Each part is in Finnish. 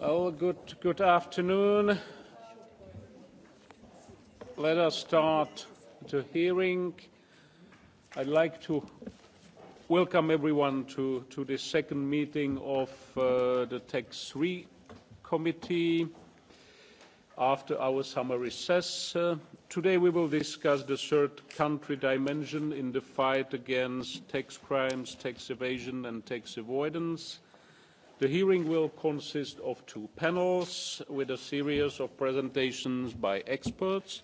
Well, good, good afternoon. Let us start the hearing. I'd like to welcome everyone to, to this second meeting of uh, the Tax 3 Committee after our summer recess. Uh, today we will discuss the third country dimension in the fight against tax crimes, tax evasion and tax avoidance The hearing will consist of two panels with a series of presentations by experts.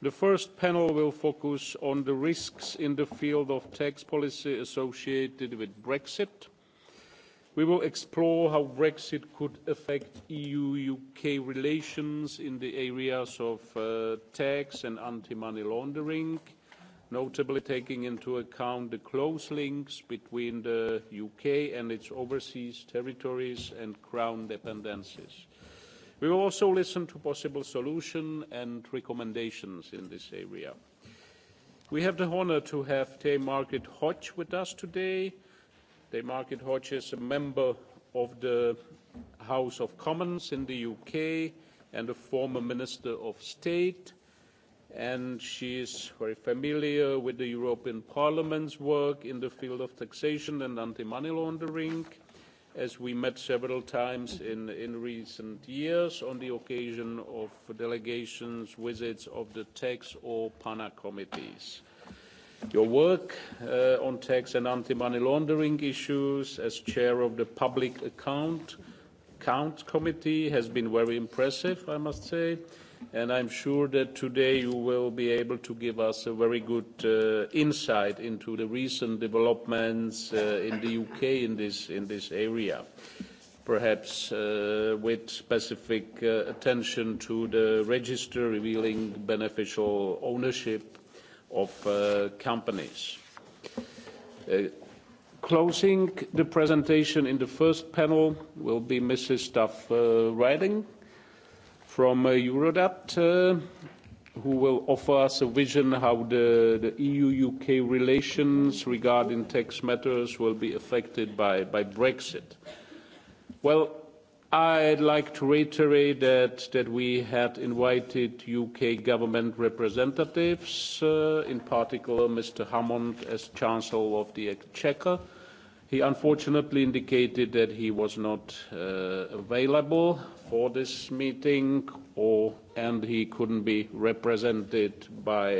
The first panel will focus on the risks in the field of tax policy associated with Brexit. We will explore how Brexit could affect EU-U.K. relations in the areas of uh, tax and anti-money laundering, notably taking into account the close links between the U.K. and its overseas territories and Crown dependencies. We will also listen to possible solutions and recommendations in this area. We have the honor to have Dame Margaret Hodge with us today. Dame Margaret Hodge is a member of the House of Commons in the U.K. and a former Minister of State and she is very familiar with the European Parliament's work in the field of taxation and anti-money laundering, as we met several times in, in recent years on the occasion of delegations, visits of the tax or PANA committees. Your work uh, on tax and anti-money laundering issues as chair of the Public Account Count Committee has been very impressive, I must say and I'm sure that today you will be able to give us a very good uh, insight into the recent developments uh, in the U.K. in this, in this area perhaps uh, with specific uh, attention to the register revealing beneficial ownership of uh, companies. Uh, closing the presentation in the first panel will be Mrs. Staff Reding, from uh, Eurodac, uh, who will offer us a vision how the, the EU-U.K. relations regarding tax matters will be affected by, by Brexit. Well, I'd like to reiterate that, that we had invited U.K. government representatives, uh, in particular Mr. Hammond as Chancellor of the Exchequer, he unfortunately indicated that he was not uh, available for this meeting or and he couldn't be represented by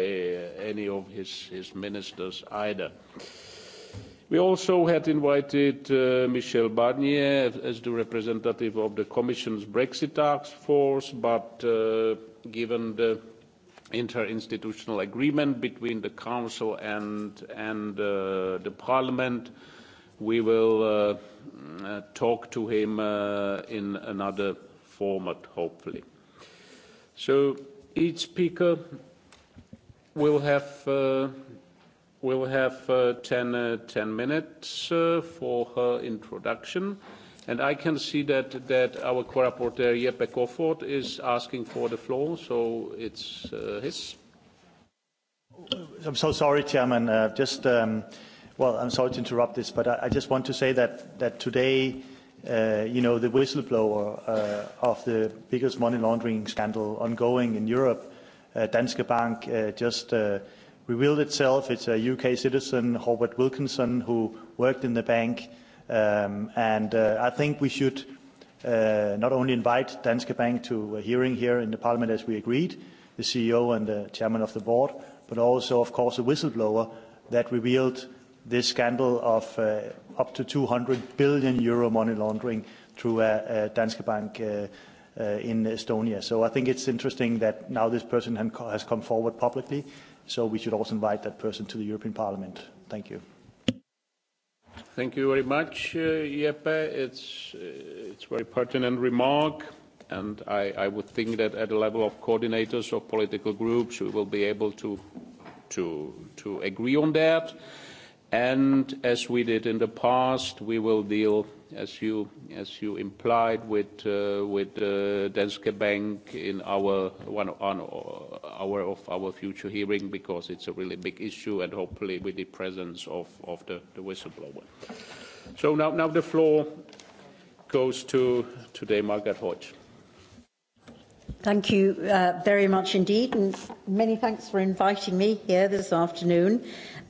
any of his, his ministers either. We also had invited uh, Michel Barnier as the representative of the Commission's Brexit Task Force, but uh, given the interinstitutional agreement between the Council and, and uh, the Parliament, We will uh, uh, talk to him uh, in another format, hopefully. So each speaker will have will have 10, 10 minutes for her introduction. And I can see that, that our co-rapporteur Jeppe Kofod is asking for the floor, so it's uh, his. I'm so sorry, Chairman. Uh, just um, Well, I'm sorry to interrupt this, but I, I just want to say that, that today, uh, you know, the whistleblower uh, of the biggest money laundering scandal ongoing in Europe, uh, Danske Bank, uh, just uh, revealed itself. It's a UK citizen, Howard Wilkinson, who worked in the bank. Um, and uh, I think we should uh, not only invite Danske Bank to a hearing here in the Parliament as we agreed, the CEO and the chairman of the board, but also, of course, a whistleblower that revealed this scandal of uh, up to 200 billion euro money laundering through Danske Bank uh, uh, in Estonia. So I think it's interesting that now this person has come forward publicly, so we should also invite that person to the European Parliament. Thank you. Thank you very much, Jeppe. It's, it's very pertinent remark and I, would think that at the level of coordinators of political groups, we will be able to, to, to agree on that as we did in the past, we will deal, as you, implied, with, uh, uh, Danske Bank in one, on of our future hearing, because it's a really big issue, and hopefully with the presence of, the, whistleblower. now, the floor goes to Dame Margaret Hodge. Thank you uh, very much indeed, many thanks for inviting me here this afternoon.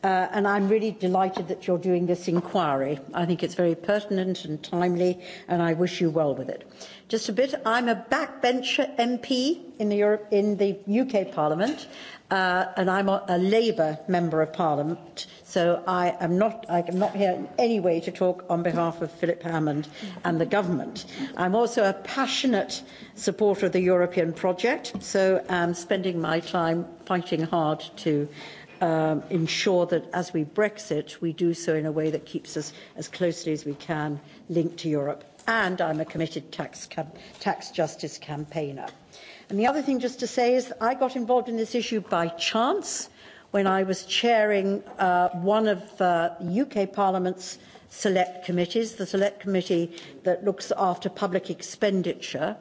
Uh, and I'm really delighted that you're doing this inquiry. I think it's very pertinent and timely, and I wish you well with it. Just a bit, I'm a backbencher MP in the, Europe, in the UK Parliament, uh, and I'm a, a Labour Member of Parliament, so I am not, I am not here in any way to talk on behalf of Philip Hammond and the government. I'm also a passionate supporter of the European project, so I'm spending my time time fighting hard to um, ensure that as we Brexit, we do so in a way that keeps us as closely as we can linked to Europe. And I'm a committed tax, tax justice campaigner. And the other thing just to say is that I got involved in this issue by chance when I was chairing uh, one of uh, UK Parliament's select committees, the select committee that looks after public expenditure.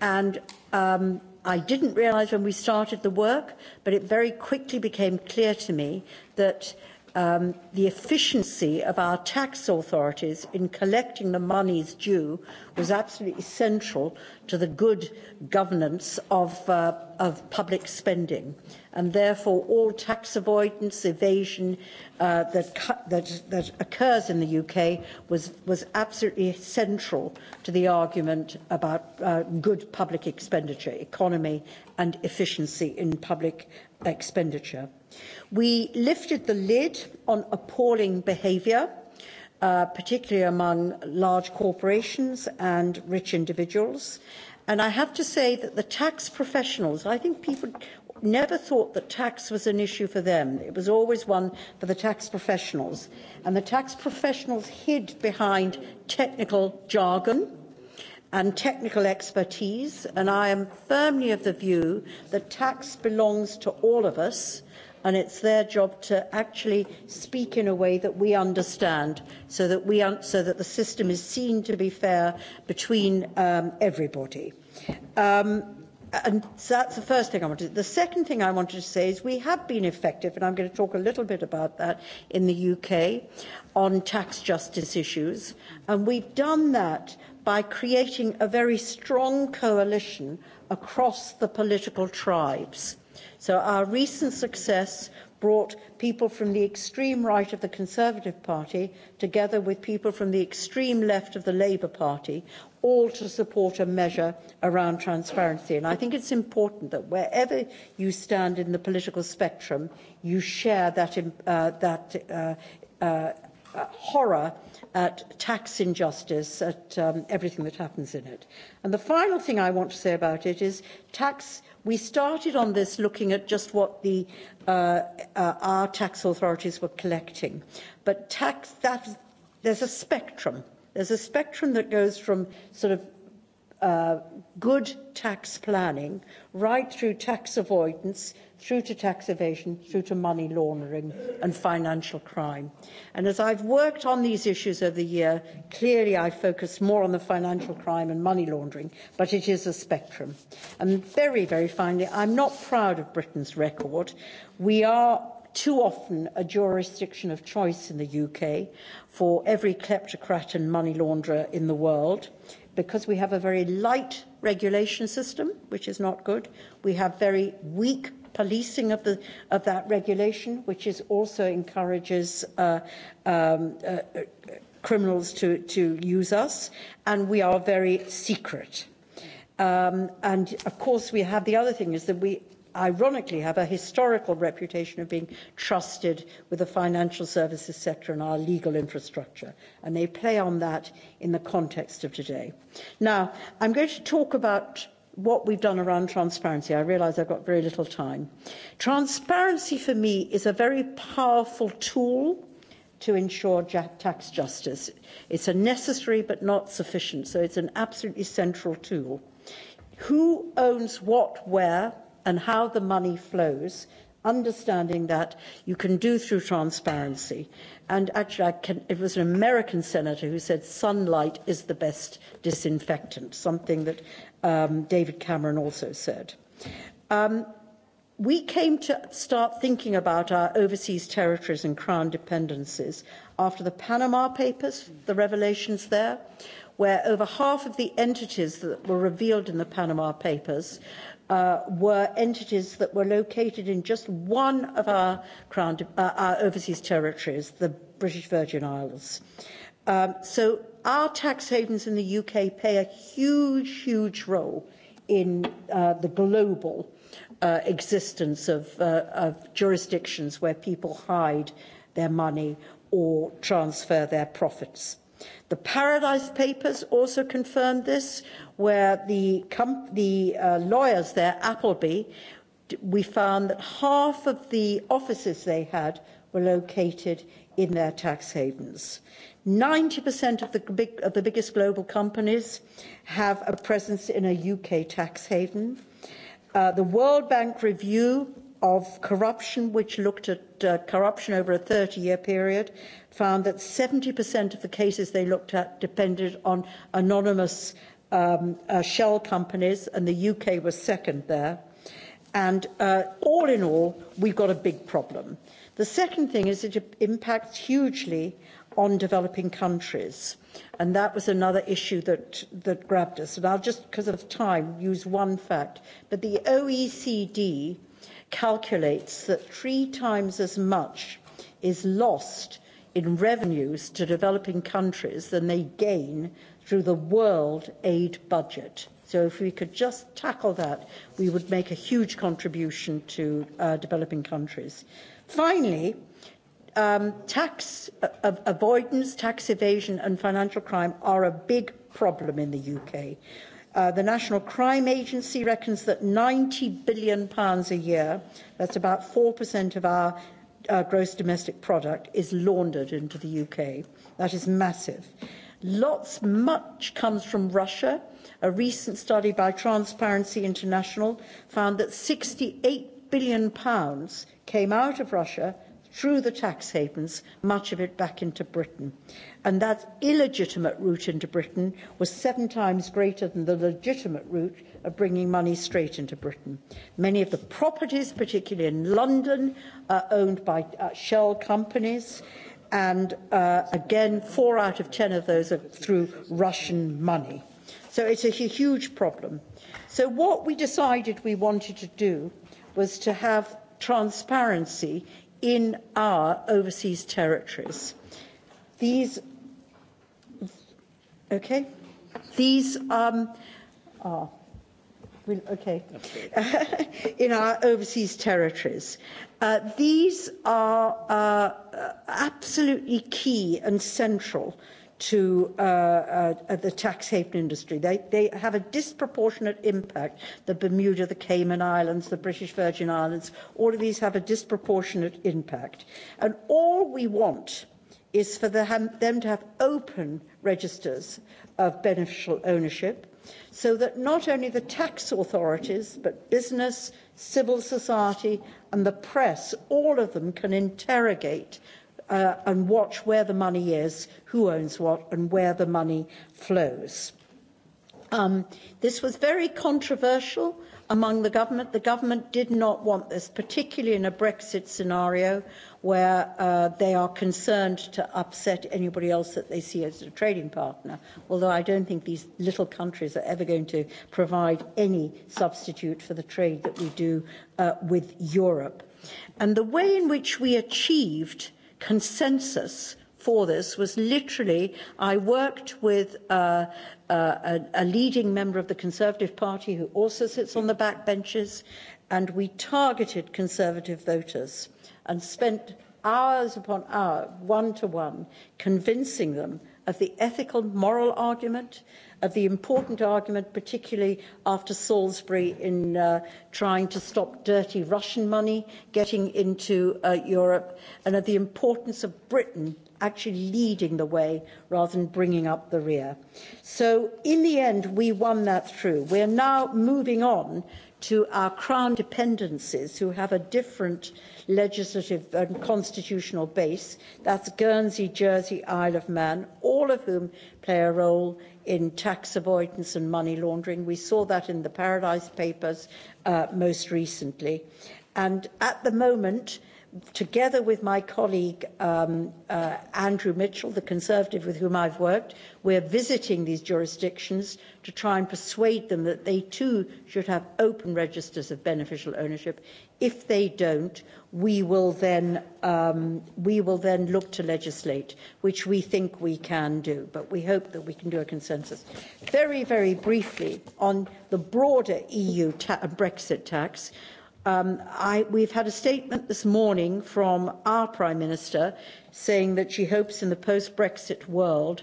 And um, I didn't realise when we started the work, but it very quickly became clear to me that um, the efficiency of our tax authorities in collecting the monies due was absolutely central to the good governance of, uh, of public spending. And therefore, all tax avoidance, evasion uh, that, that, that occurs in the UK was, was absolutely central to the argument about uh, good public expenditure, economy and efficiency in public expenditure. We lifted the lid on appalling behaviour, uh, particularly among large corporations and rich individuals. And I have to say that the tax professionals, I think people never thought that tax was an issue for them. It was always one for the tax professionals. And the tax professionals hid behind technical jargon and technical expertise, and I am firmly of the view that tax belongs to all of us, and it's their job to actually speak in a way that we understand, so that we un- so that the system is seen to be fair between um, everybody. Um, and so that's the first thing I wanted. The second thing I wanted to say is we have been effective, and I'm going to talk a little bit about that in the UK on tax justice issues, and we've done that by creating a very strong coalition across the political tribes. So our recent success brought people from the extreme right of the Conservative Party together with people from the extreme left of the Labour Party, all to support a measure around transparency. And I think it's important that wherever you stand in the political spectrum, you share that, uh, that uh, uh, uh, horror at tax injustice, at um, everything that happens in it. And the final thing I want to say about it is tax. We started on this looking at just what the, uh, uh, our tax authorities were collecting, but tax that there's a spectrum. There's a spectrum that goes from sort of uh, good tax planning, right through tax avoidance, through to tax evasion, through to money laundering and financial crime. And as I've worked on these issues over the year, clearly I focus more on the financial crime and money laundering, but it is a spectrum. And very, very finally, I'm not proud of Britain's record. We are too often a jurisdiction of choice in the UK for every kleptocrat and money launderer in the world because we have a very light regulation system, which is not good. We have very weak policing of, the, of that regulation, which is also encourages uh, um, uh, uh criminals to, to use us, and we are very secret. Um, and of course, we have the other thing is that we ironically have a historical reputation of being trusted with the financial services sector and our legal infrastructure and they play on that in the context of today. Now, I'm going to talk about what we've done around transparency. I realise I've got very little time. Transparency for me is a very powerful tool to ensure tax justice. It's a necessary but not sufficient, so it's an absolutely central tool. Who owns what where and how the money flows, understanding that you can do through transparency. And actually, I can, it was an American senator who said sunlight is the best disinfectant, something that um, David Cameron also said. Um, we came to start thinking about our overseas territories and crown dependencies after the Panama Papers, the revelations there, where over half of the entities that were revealed in the Panama Papers uh, were entities that were located in just one of our, crown, uh, our overseas territories, the British Virgin Islands. Um, so our tax havens in the UK play a huge, huge role in uh, the global uh, existence of, uh, of jurisdictions where people hide their money or transfer their profits. The Paradise Papers also confirmed this, where the, com- the uh, lawyers there, Appleby, we found that half of the offices they had were located in their tax havens. 90% of the, big, of the biggest global companies have a presence in a UK tax haven. Uh, the World Bank review of corruption, which looked at uh, corruption over a 30 year period, found that 70% of the cases they looked at depended on anonymous um, uh, shell companies, and the UK was second there. And uh, all in all, we've got a big problem. The second thing is it impacts hugely on developing countries. And that was another issue that, that grabbed us. And I'll just, because of time, use one fact. But the OECD calculates that three times as much is lost in revenues to developing countries than they gain through the world aid budget. So if we could just tackle that, we would make a huge contribution to uh, developing countries. Finally, um, tax uh, avoidance, tax evasion and financial crime are a big problem in the UK. Uh, the National Crime Agency reckons that £90 billion a year, that's about 4% of our uh, gross domestic product is laundered into the UK. That is massive. Lots, much comes from Russia. A recent study by Transparency International found that 68 billion pounds came out of Russia through the tax havens, much of it back into Britain. And that illegitimate route into Britain was seven times greater than the legitimate route of bringing money straight into Britain. Many of the properties, particularly in London, are owned by uh, shell companies. And uh, again, four out of ten of those are through Russian money. So it's a huge problem. So what we decided we wanted to do was to have transparency in our overseas territories. These, okay, these um, are. Oh, we'll, okay. in our overseas territories. Uh, these are uh, absolutely key and central uh, to uh, uh, the tax haven industry. They, they have a disproportionate impact. The Bermuda, the Cayman Islands, the British Virgin Islands, all of these have a disproportionate impact. And all we want is for the, them to have open registers of beneficial ownership so that not only the tax authorities, but business, civil society, and the press, all of them can interrogate uh, and watch where the money is, who owns what, and where the money flows. Um, this was very controversial among the government. The government did not want this, particularly in a Brexit scenario where uh, they are concerned to upset anybody else that they see as a trading partner, although I don't think these little countries are ever going to provide any substitute for the trade that we do uh, with Europe. And the way in which we achieved consensus for this was literally I worked with uh, uh, a, a leading member of the Conservative Party who also sits on the backbenches, and we targeted Conservative voters and spent hours upon hour, one to one, convincing them of the ethical, moral argument, of the important argument, particularly after Salisbury, in uh, trying to stop dirty Russian money getting into uh, Europe, and of the importance of Britain actually leading the way rather than bringing up the rear. So in the end, we won that through. We are now moving on to our crown dependencies who have a different legislative and constitutional base that's Guernsey, Jersey, Isle of Man, all of whom play a role in tax avoidance and money laundering. We saw that in the Paradise Papers uh, most recently. And at the moment, together with my colleague um, uh, Andrew Mitchell, the Conservative with whom I've worked, we're visiting these jurisdictions to try and persuade them that they too should have open registers of beneficial ownership. If they don't, we will then um, we will then look to legislate, which we think we can do. But we hope that we can do a consensus. Very, very briefly on the broader EU ta- Brexit tax. Um, I, we've had a statement this morning from our Prime Minister saying that she hopes in the post Brexit world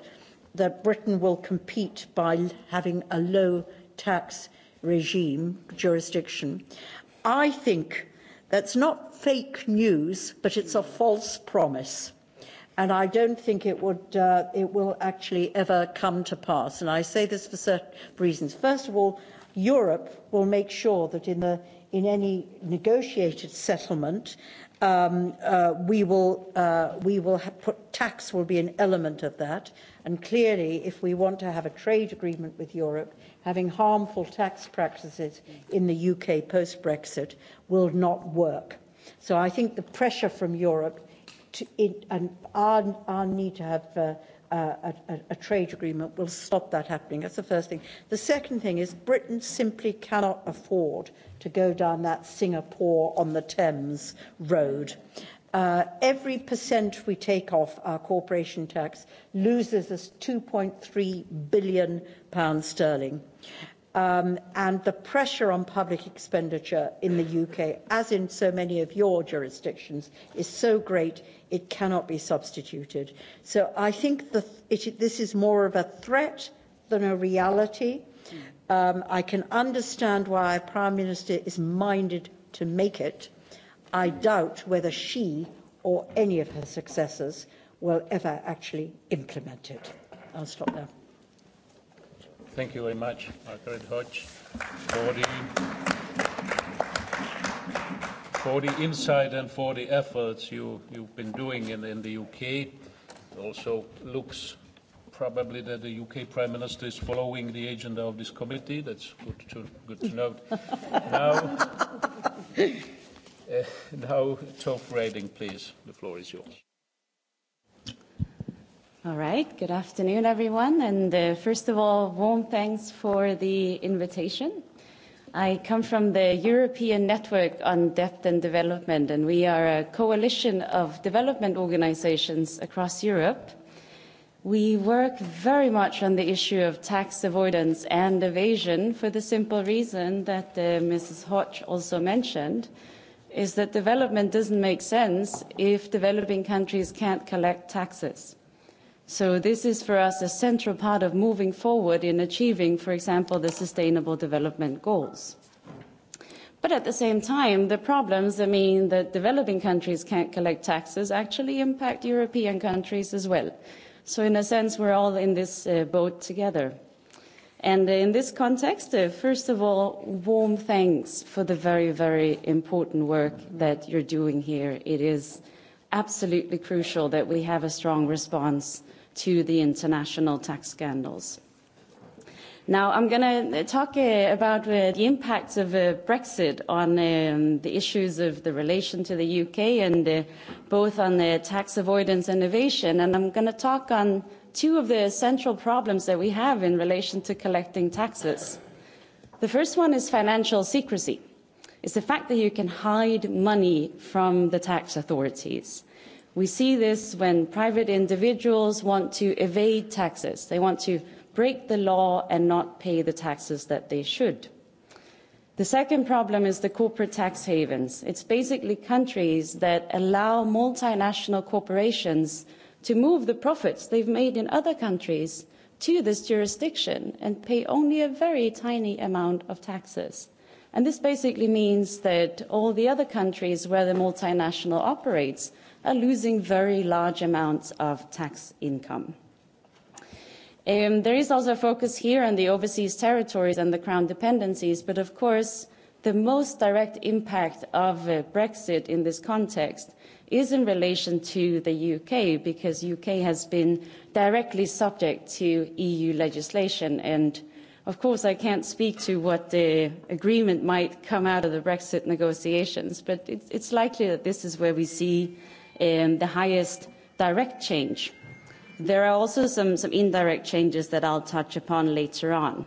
that Britain will compete by having a low tax regime jurisdiction. I think that's not fake news, but it's a false promise. And I don't think it, would, uh, it will actually ever come to pass. And I say this for certain reasons. First of all, Europe will make sure that in the in any negotiated settlement, um, uh, we will, uh, we will have put tax will be an element of that. And clearly, if we want to have a trade agreement with Europe, having harmful tax practices in the UK post Brexit will not work. So I think the pressure from Europe to, in, and our, our need to have uh, a, a, a trade agreement will stop that happening. That's the first thing. The second thing is Britain simply cannot afford to go down that Singapore on the Thames road. Uh, every percent we take off our corporation tax loses us 2.3 billion pounds sterling. Um, and the pressure on public expenditure in the UK, as in so many of your jurisdictions, is so great It cannot be substituted. So I think the, it, this is more of a threat than a reality. Um, I can understand why a Prime Minister is minded to make it. I doubt whether she or any of her successors will ever actually implement it. I'll stop there. Thank you very much, Margaret Hodge. Body for the insight and for the efforts you've been doing in the U.K. It also looks probably that the U.K. Prime Minister is following the agenda of this committee. That's good to note. Now, eh, Tove Reading, please. The floor is yours. All right. Good afternoon, everyone. Uh, first of all, warm thanks for the invitation. I come from the European Network on Debt and Development, and we are a coalition of development organizations across Europe. We work very much on the issue of tax avoidance and evasion for the simple reason that uh, Mrs. Hodge also mentioned, is that development doesn't make sense if developing countries can't collect taxes this is for us a central part of moving forward in achieving, for example, the sustainable development goals. at the same time, the problems, that mean, that developing countries can't collect taxes actually impact European countries as well. in a sense, we're all in this uh, boat together. in this context, uh, first of all, warm thanks for the very, very important work that you're doing here. It is absolutely crucial that we have a strong response to the international tax scandals. Now, I'm going to talk uh, about uh, the impact of uh, Brexit on um, the issues of the relation to the UK and uh, both on the tax avoidance and evasion. And I'm going to talk on two of the central problems that we have in relation to collecting taxes. The first one is financial secrecy. It's the fact that you can hide money from the tax authorities. We see this when private individuals want to evade taxes. They want to break the law and not pay the taxes that they should. The second problem is the corporate tax havens. It's basically countries that allow multinational corporations to move the profits they've made in other countries to this jurisdiction and pay only a very tiny amount of taxes. And this basically means that all the other countries where the multinational operates are losing very large amounts of tax income. Um, there is also a focus here on the overseas territories and the crown dependencies, but of course, the most direct impact of uh, Brexit in this context is in relation to the UK, because UK has been directly subject to EU legislation. And of course, I can't speak to what the agreement might come out of the Brexit negotiations, but it's, it's likely that this is where we see um, the highest direct change. There are also some, some indirect changes that I'll touch upon later on.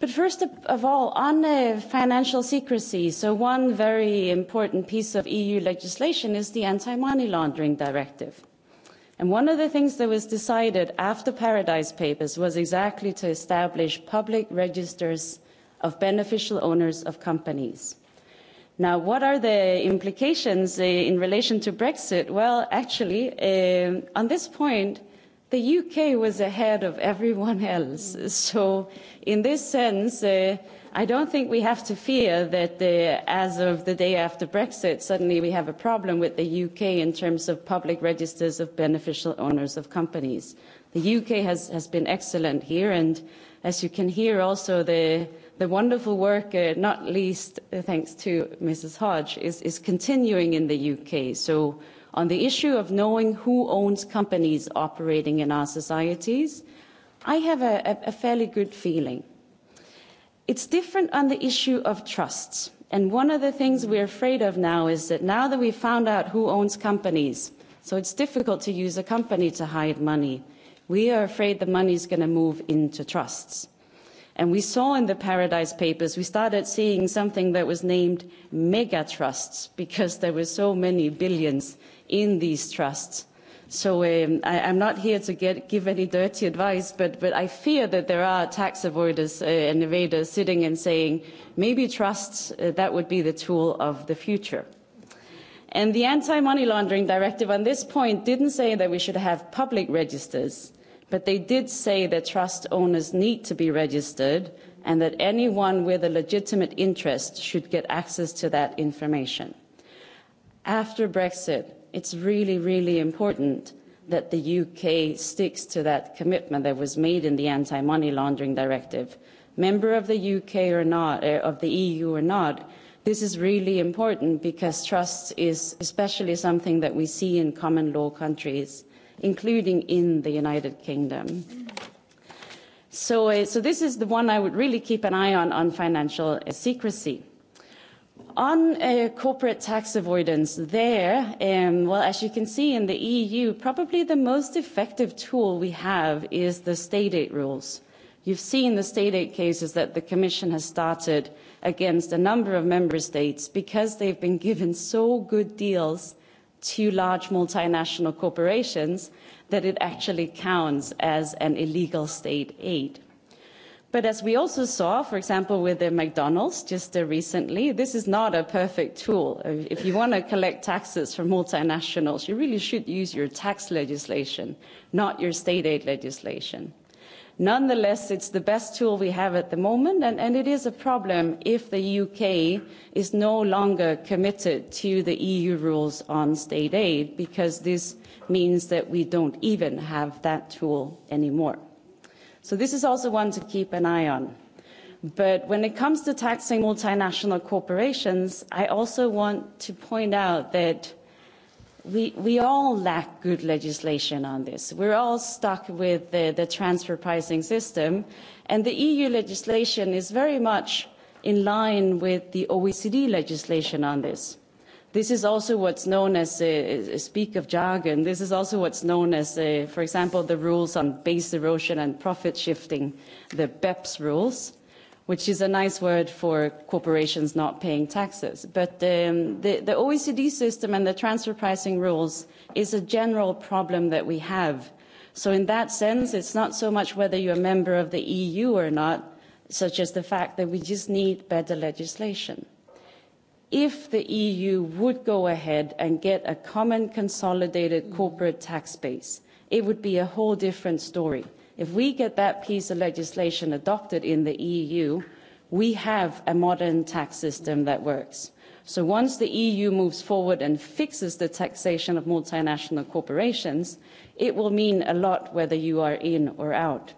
But first of all, on uh, financial secrecy, so one very important piece of EU legislation is the Anti-Money Laundering Directive. And one of the things that was decided after Paradise Papers was exactly to establish public registers of beneficial owners of companies. Now, what are the implications uh, in relation to Brexit? Well, actually, uh, on this point, the UK was ahead of everyone else. So, in this sense, uh, I don't think we have to fear that uh, as of the day after Brexit, suddenly we have a problem with the UK in terms of public registers of beneficial owners of companies. The UK has, has been excellent here, and as you can hear, also the the wonderful work, uh, not least uh, thanks to Mrs. Hodge, is, is continuing in the UK. So on the issue of knowing who owns companies operating in our societies, I have a, a fairly good feeling. It's different on the issue of trusts. And one of the things we're afraid of now is that now that we've found out who owns companies, so it's difficult to use a company to hide money, we are afraid the money is going to move into trusts. And we saw in the Paradise Papers, we started seeing something that was named mega trusts because there were so many billions in these trusts. So um, I, I'm not here to get, give any dirty advice, but, but I fear that there are tax avoiders uh, and evaders sitting and saying maybe trusts, uh, that would be the tool of the future. And the anti-money laundering directive on this point didn't say that we should have public registers but they did say that trust owners need to be registered and that anyone with a legitimate interest should get access to that information. after brexit it's really really important that the uk sticks to that commitment that was made in the anti money laundering directive. member of the uk or not uh, of the eu or not this is really important because trust is especially something that we see in common law countries including in the United Kingdom. So, uh, so this is the one I would really keep an eye on, on financial uh, secrecy. On uh, corporate tax avoidance, there, um, well, as you can see in the EU, probably the most effective tool we have is the state aid rules. You've seen the state aid cases that the Commission has started against a number of member states because they've been given so good deals to large multinational corporations that it actually counts as an illegal state aid. But as we also saw, for example, with the McDonald's just uh, recently, this is not a perfect tool. If you want to collect taxes from multinationals, you really should use your tax legislation, not your state aid legislation. Nonetheless, it's the best tool we have at the moment, and, and it is a problem if the UK is no longer committed to the EU rules on state aid, because this means that we don't even have that tool anymore. So this is also one to keep an eye on. But when it comes to taxing multinational corporations, I also want to point out that we, we all lack good legislation on this. We're all stuck with the, the transfer pricing system, and the EU legislation is very much in line with the OECD legislation on this. This is also what's known as, a uh, uh, speak of jargon, this is also what's known as, uh, for example, the rules on base erosion and profit shifting, the BEPS rules which is a nice word for corporations not paying taxes. But um, the, the OECD system and the transfer pricing rules is a general problem that we have. So in that sense, it's not so much whether you're a member of the EU or not, such as the fact that we just need better legislation. If the EU would go ahead and get a common consolidated corporate tax base, it would be a whole different story If we get that piece of legislation adopted in the EU, we have a modern tax system that works. So once the EU moves forward and fixes the taxation of multinational corporations, it will mean a lot whether you are in or out.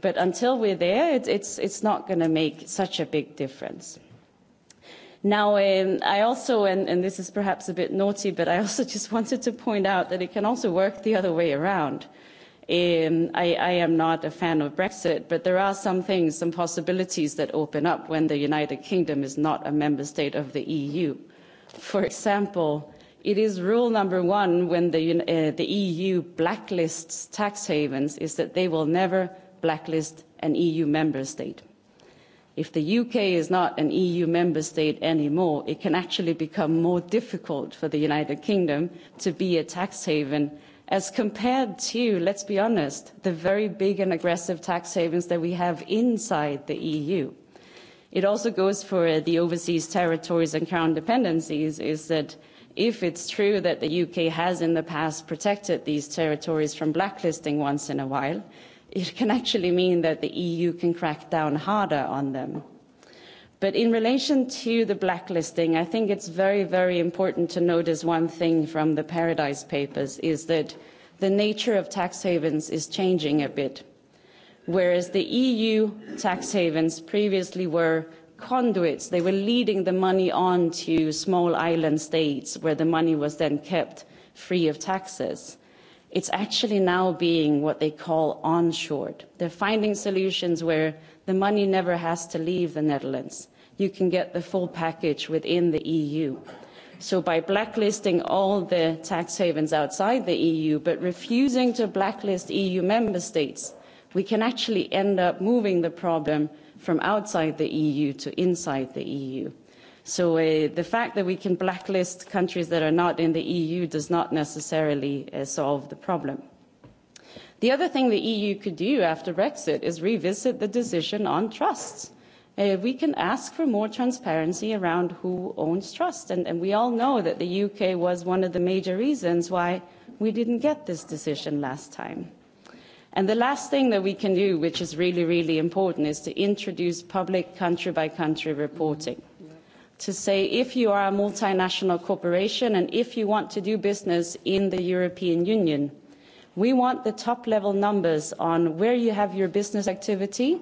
But until we're there, it, it's, it's not going to make such a big difference. Now, um, I also, and, and this is perhaps a bit naughty, but I also just wanted to point out that it can also work the other way around. Um, I, I am not a fan of Brexit, but there are some things, some possibilities that open up when the United Kingdom is not a member state of the EU. For example, it is rule number one when the, uh, the EU blacklists tax havens is that they will never blacklist an EU member state. If the UK is not an EU member state anymore, it can actually become more difficult for the United Kingdom to be a tax haven as compared to, let's be honest, the very big and aggressive tax havens that we have inside the EU. It also goes for the overseas territories and crown dependencies is that if it's true that the UK has in the past protected these territories from blacklisting once in a while, it can actually mean that the EU can crack down harder on them. But in relation to the blacklisting, I think it's very, very important to notice one thing from the Paradise Papers is that the nature of tax havens is changing a bit. Whereas the EU tax havens previously were conduits, they were leading the money on to small island states where the money was then kept free of taxes. It's actually now being what they call onshored. They're finding solutions where the money never has to leave the Netherlands. You can get the full package within the EU. So by blacklisting all the tax havens outside the EU, but refusing to blacklist EU member states, we can actually end up moving the problem from outside the EU to inside the EU. So uh, the fact that we can blacklist countries that are not in the EU does not necessarily uh, solve the problem. The other thing the EU could do after Brexit is revisit the decision on trusts. Uh, we can ask for more transparency around who owns trust. And, and we all know that the UK was one of the major reasons why we didn't get this decision last time. And the last thing that we can do, which is really, really important, is to introduce public country by country reporting. Yeah. To say if you are a multinational corporation and if you want to do business in the European Union, We want the top level numbers on where you have your business activity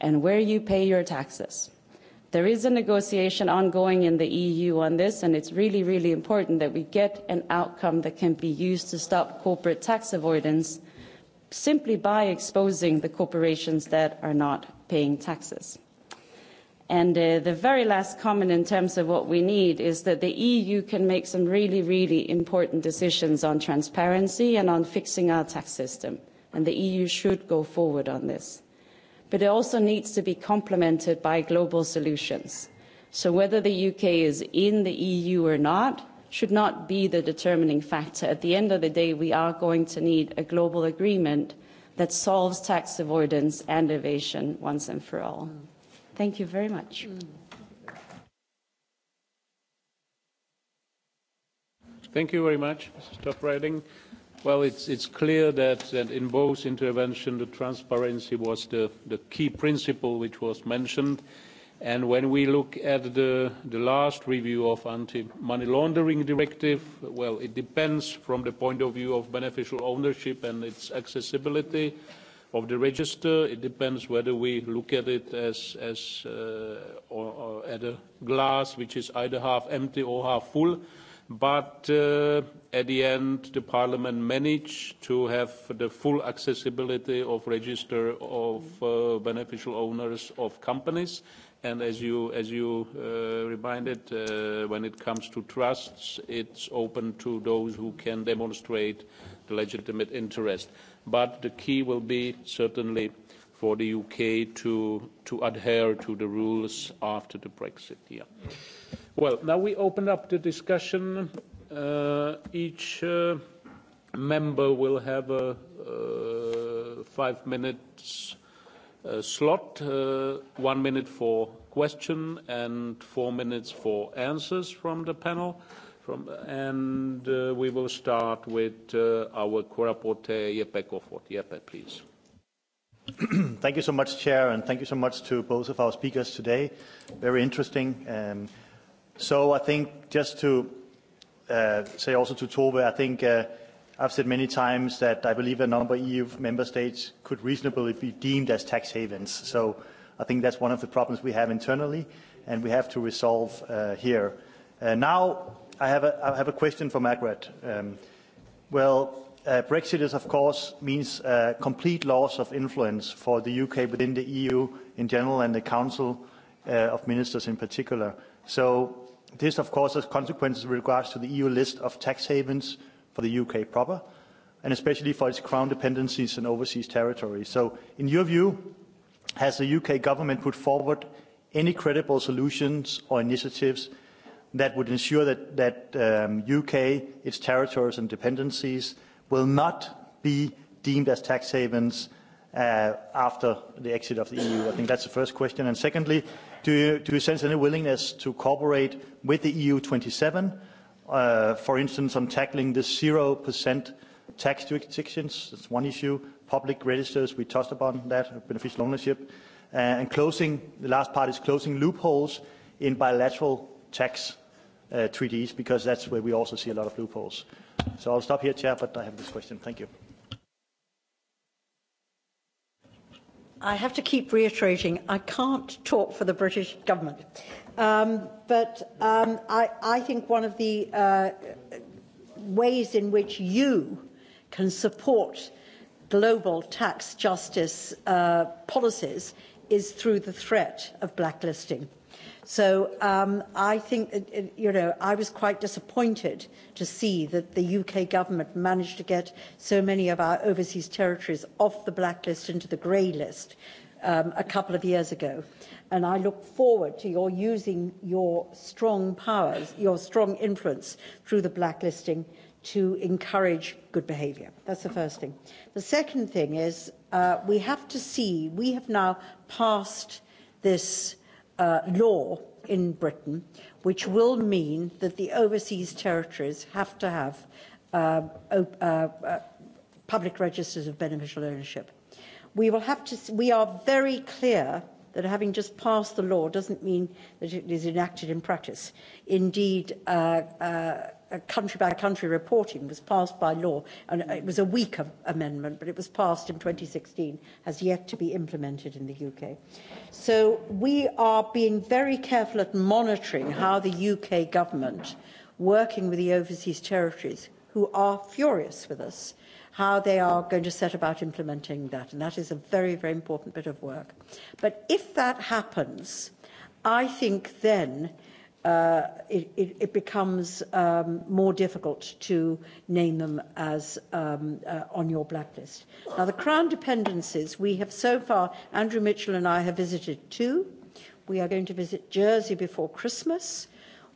and where you pay your taxes. There is a negotiation ongoing in the EU on this, and it's really, really important that we get an outcome that can be used to stop corporate tax avoidance simply by exposing the corporations that are not paying taxes. And uh, the very last comment in terms of what we need is that the EU can make some really, really important decisions on transparency and on fixing our tax system. And the EU should go forward on this. But it also needs to be complemented by global solutions. So whether the UK is in the EU or not should not be the determining factor. At the end of the day, we are going to need a global agreement that solves tax avoidance and evasion once and for all. Mm. Thank you very much. Thank you very much, Mrs. top Well, it's, it's clear that, that in both interventions, the transparency was the, the key principle which was mentioned. And when we look at the, the last review of anti-money laundering directive, well, it depends from the point of view of beneficial ownership and its accessibility of the register. It depends whether we look at it as, as uh, or, or at a glass which is either half empty or half full. But uh, at the end, the Parliament managed to have the full accessibility of register of uh, beneficial owners of companies. And as you, as you uh, reminded, uh, when it comes to trusts, it's open to those who can demonstrate the legitimate interest but the key will be certainly for the UK to, to adhere to the rules after the Brexit. Yeah. Well, now we open up the discussion. Uh, each uh, member will have a uh, five minutes uh, slot, uh, one minute for question and four minutes for answers from the panel. From, and uh, we will start with uh, our co-rapporteur, Jeppe Kofod. Jeppe, please. thank you so much, Chair, and thank you so much to both of our speakers today. Very interesting. Um, so I think just to uh, say also to Tove, I think uh, I've said many times that I believe a number of EU member states could reasonably be deemed as tax havens. So I think that's one of the problems we have internally, and we have to resolve uh, here. Uh, now, I have a, I have a question for Margaret. Um, well, uh, Brexit is, of course, means a complete loss of influence for the UK within the EU in general and the Council uh, of Ministers in particular. So this, of course, has consequences with regards to the EU list of tax havens for the UK proper, and especially for its crown dependencies and overseas territories. So in your view, has the UK government put forward any credible solutions or initiatives – that would ensure that, that um, UK, its territories and dependencies will not be deemed as tax havens uh, after the exit of the EU? I think that's the first question. And secondly, do you, do you sense any willingness to cooperate with the EU 27, uh, for instance, on tackling the 0% tax jurisdictions? That's one issue. Public registers, we touched upon that, beneficial ownership. Uh, and closing, the last part is closing loopholes in bilateral tax 3Ds, uh, because that's where we also see a lot of loopholes. So I'll stop here, Chair, but I have this question. Thank you. I have to keep reiterating, I can't talk for the British government. Um, but um, I, think one of the uh, ways in which you can support global tax justice uh, policies is through the threat of blacklisting. So um, I think, uh, uh, you know, I was quite disappointed to see that the UK government managed to get so many of our overseas territories off the blacklist into the grey list um, a couple of years ago. And I look forward to your using your strong powers, your strong influence through the blacklisting to encourage good behaviour. That's the first thing. The second thing is uh, we have to see, we have now passed this uh, law in Britain, which will mean that the overseas territories have to have uh, uh, uh, public registers of beneficial ownership. We will have to. We are very clear that having just passed the law doesn't mean that it is enacted in practice. Indeed. Uh, uh, country by country reporting was passed by law, and it was a weak amendment, but it was passed in 2016, has yet to be implemented in the UK. So we are being very careful at monitoring how the UK government, working with the overseas territories, who are furious with us, how they are going to set about implementing that. And that is a very, very important bit of work. But if that happens, I think then Uh, it, it, it becomes um, more difficult to name them as um, uh, on your blacklist. Now, the Crown dependencies, we have so far, Andrew Mitchell and I have visited two. We are going to visit Jersey before Christmas.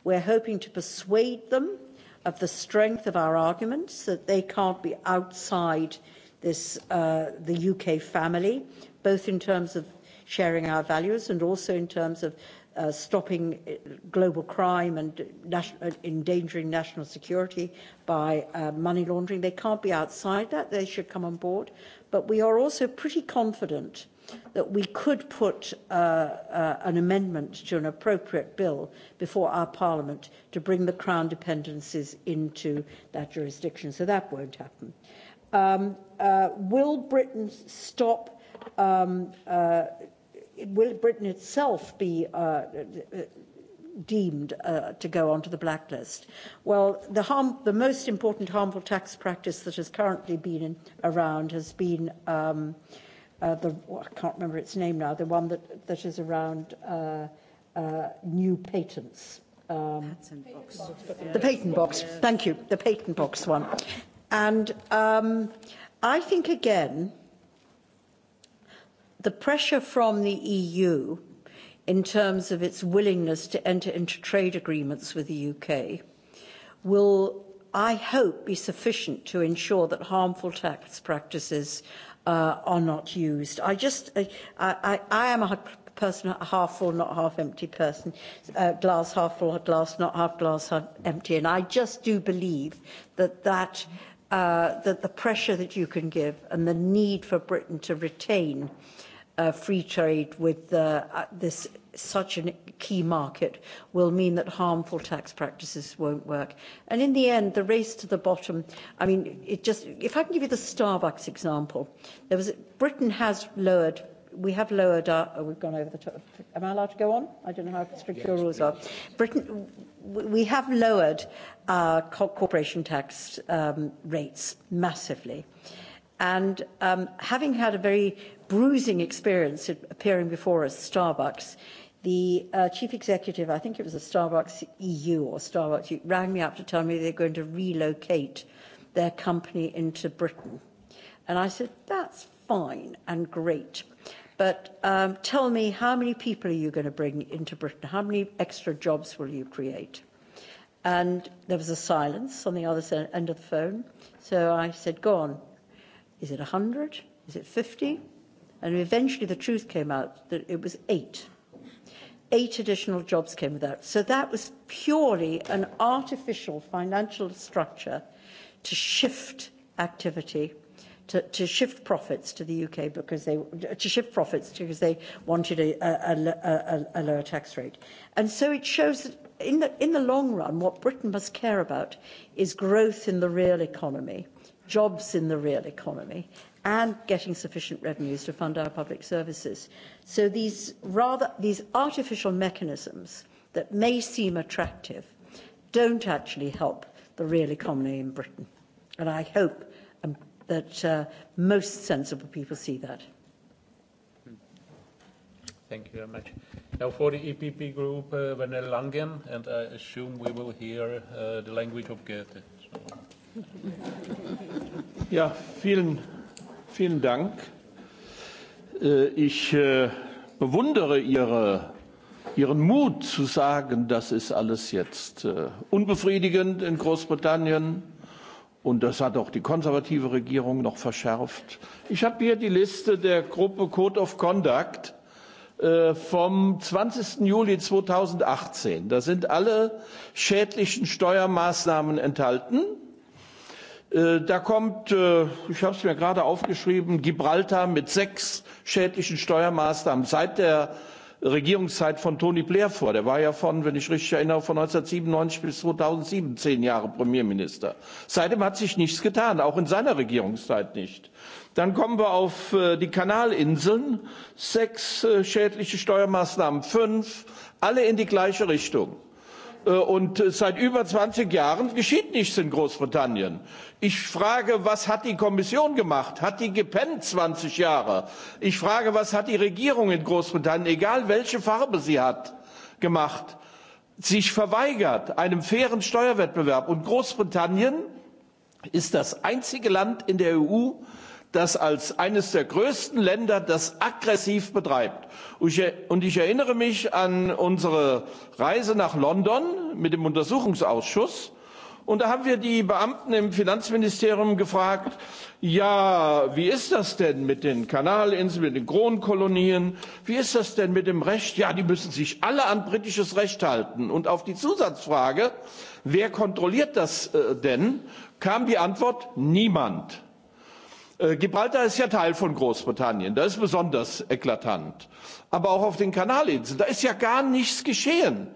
We're hoping to persuade them of the strength of our arguments that they can't be outside this, uh, the UK family, both in terms of sharing our values and also in terms of uh, stopping uh, global crime and national, uh, endangering national security by uh, money laundering. They can't be outside that. They should come on board. But we are also pretty confident that we could put uh, uh, an amendment to an appropriate bill before our parliament to bring the crown dependencies into that jurisdiction. So that won't happen. Um, uh, will Britain stop um, uh, will Britain itself be uh, uh, deemed uh, to go onto the blacklist? Well, the, harm, the most important harmful tax practice that has currently been in, around has been um, uh, the well, oh, I can't remember its name now. The one that that is around uh, uh, new patents. Um, patent box. The patent box. Thank you. The patent box one, and um, I think again the pressure from the EU in terms of its willingness to enter into trade agreements with the UK will, I hope, be sufficient to ensure that harmful tax practices uh, are not used. I just, I, I, I am a person, a half full, not half empty person, uh, glass half full, glass not half glass half empty. And I just do believe that that, uh, that the pressure that you can give and the need for Britain to retain free trade with uh, this such a key market will mean that harmful tax practices won't work. And in the end, the race to the bottom, I mean, it just, if I can give you the Starbucks example, there was, Britain has lowered, we have lowered our, oh, we've gone over the top, am I allowed to go on? I don't know how strict yes, your rules please. are. Britain, we have lowered our corporation tax um, rates massively. And um, having had a very bruising experience appearing before us, Starbucks, the uh, chief executive, I think it was a Starbucks EU or Starbucks, rang me up to tell me they're going to relocate their company into Britain. And I said, that's fine and great. But um, tell me, how many people are you going to bring into Britain? How many extra jobs will you create? And there was a silence on the other end of the phone. So I said, go on. Is it 100? Is it 50? And eventually the truth came out that it was eight. Eight additional jobs came with that. So that was purely an artificial financial structure to shift activity, to, to shift profits to the UK because they to shift profits because they wanted a, a, a, a lower tax rate. And so it shows that in the in the long run, what Britain must care about is growth in the real economy, jobs in the real economy, and getting sufficient revenues to fund our public services. So these rather these artificial mechanisms that may seem attractive don't actually help the real economy in Britain. And I hope um, that uh, most sensible people see that. Thank you very much. Now for the EPP group, uh, Vanel Langen, and I assume we will hear uh, the language of Goethe. So. Ja, vielen Vielen Dank. Äh, ich äh, bewundere Ihre, Ihren Mut zu sagen, das ist alles jetzt äh, unbefriedigend in Großbritannien. Und das hat auch die konservative Regierung noch verschärft. Ich habe hier die Liste der Gruppe Code of Conduct vom 20. Juli 2018. Da sind alle schädlichen Steuermaßnahmen enthalten Äh, da kommt, äh, ich habe es mir gerade aufgeschrieben, Gibraltar mit sechs schädlichen Steuermaßnahmen seit der Regierungszeit von Tony Blair vor. Der war ja von, wenn ich richtig erinnere, von 1997 bis 2007 zehn Jahre Premierminister. Seitdem hat sich nichts getan, auch in seiner Regierungszeit nicht. Dann kommen wir auf äh, die Kanalinseln. Sechs schädliche Steuermaßnahmen, fünf, alle in die gleiche Richtung. Äh, und äh, seit über 20 Jahren geschieht nichts in Großbritannien. Ich frage, was hat die Kommission gemacht? Hat die gepennt 20 Jahre? Ich frage, was hat die Regierung in Großbritannien, egal welche Farbe sie hat, gemacht? Sich verweigert einem fairen Steuerwettbewerb. Und Großbritannien ist das einzige Land in der EU, das als eines der größten länder das aggressiv betreibt. Er-, und ich erinnere mich an unsere Reise nach London mit dem Untersuchungsausschuss. Und da haben wir die Beamten im Finanzministerium gefragt, ja, wie ist das denn mit den Kanalinseln, mit den Kronkolonien? Wie ist das denn mit dem Recht? Ja, die müssen sich alle an britisches Recht halten. Und auf die Zusatzfrage, wer kontrolliert das äh, denn, kam die Antwort, niemand. Äh, Gibraltar ist ja Teil von Großbritannien, das ist besonders eklatant. Aber auch auf den Kanalinseln, da ist ja gar nichts geschehen.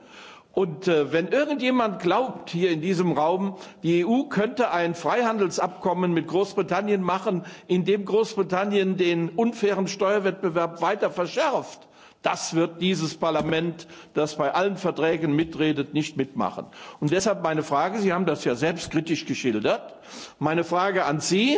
Und äh, wenn irgendjemand glaubt hier in diesem Raum, die EU könnte ein Freihandelsabkommen mit Großbritannien machen, in dem Großbritannien den unfairen Steuerwettbewerb weiter verschärft, das wird dieses Parlament, das bei allen Verträgen mitredet, nicht mitmachen. Und deshalb meine Frage, Sie haben das ja selbstkritisch geschildert, meine Frage an Sie,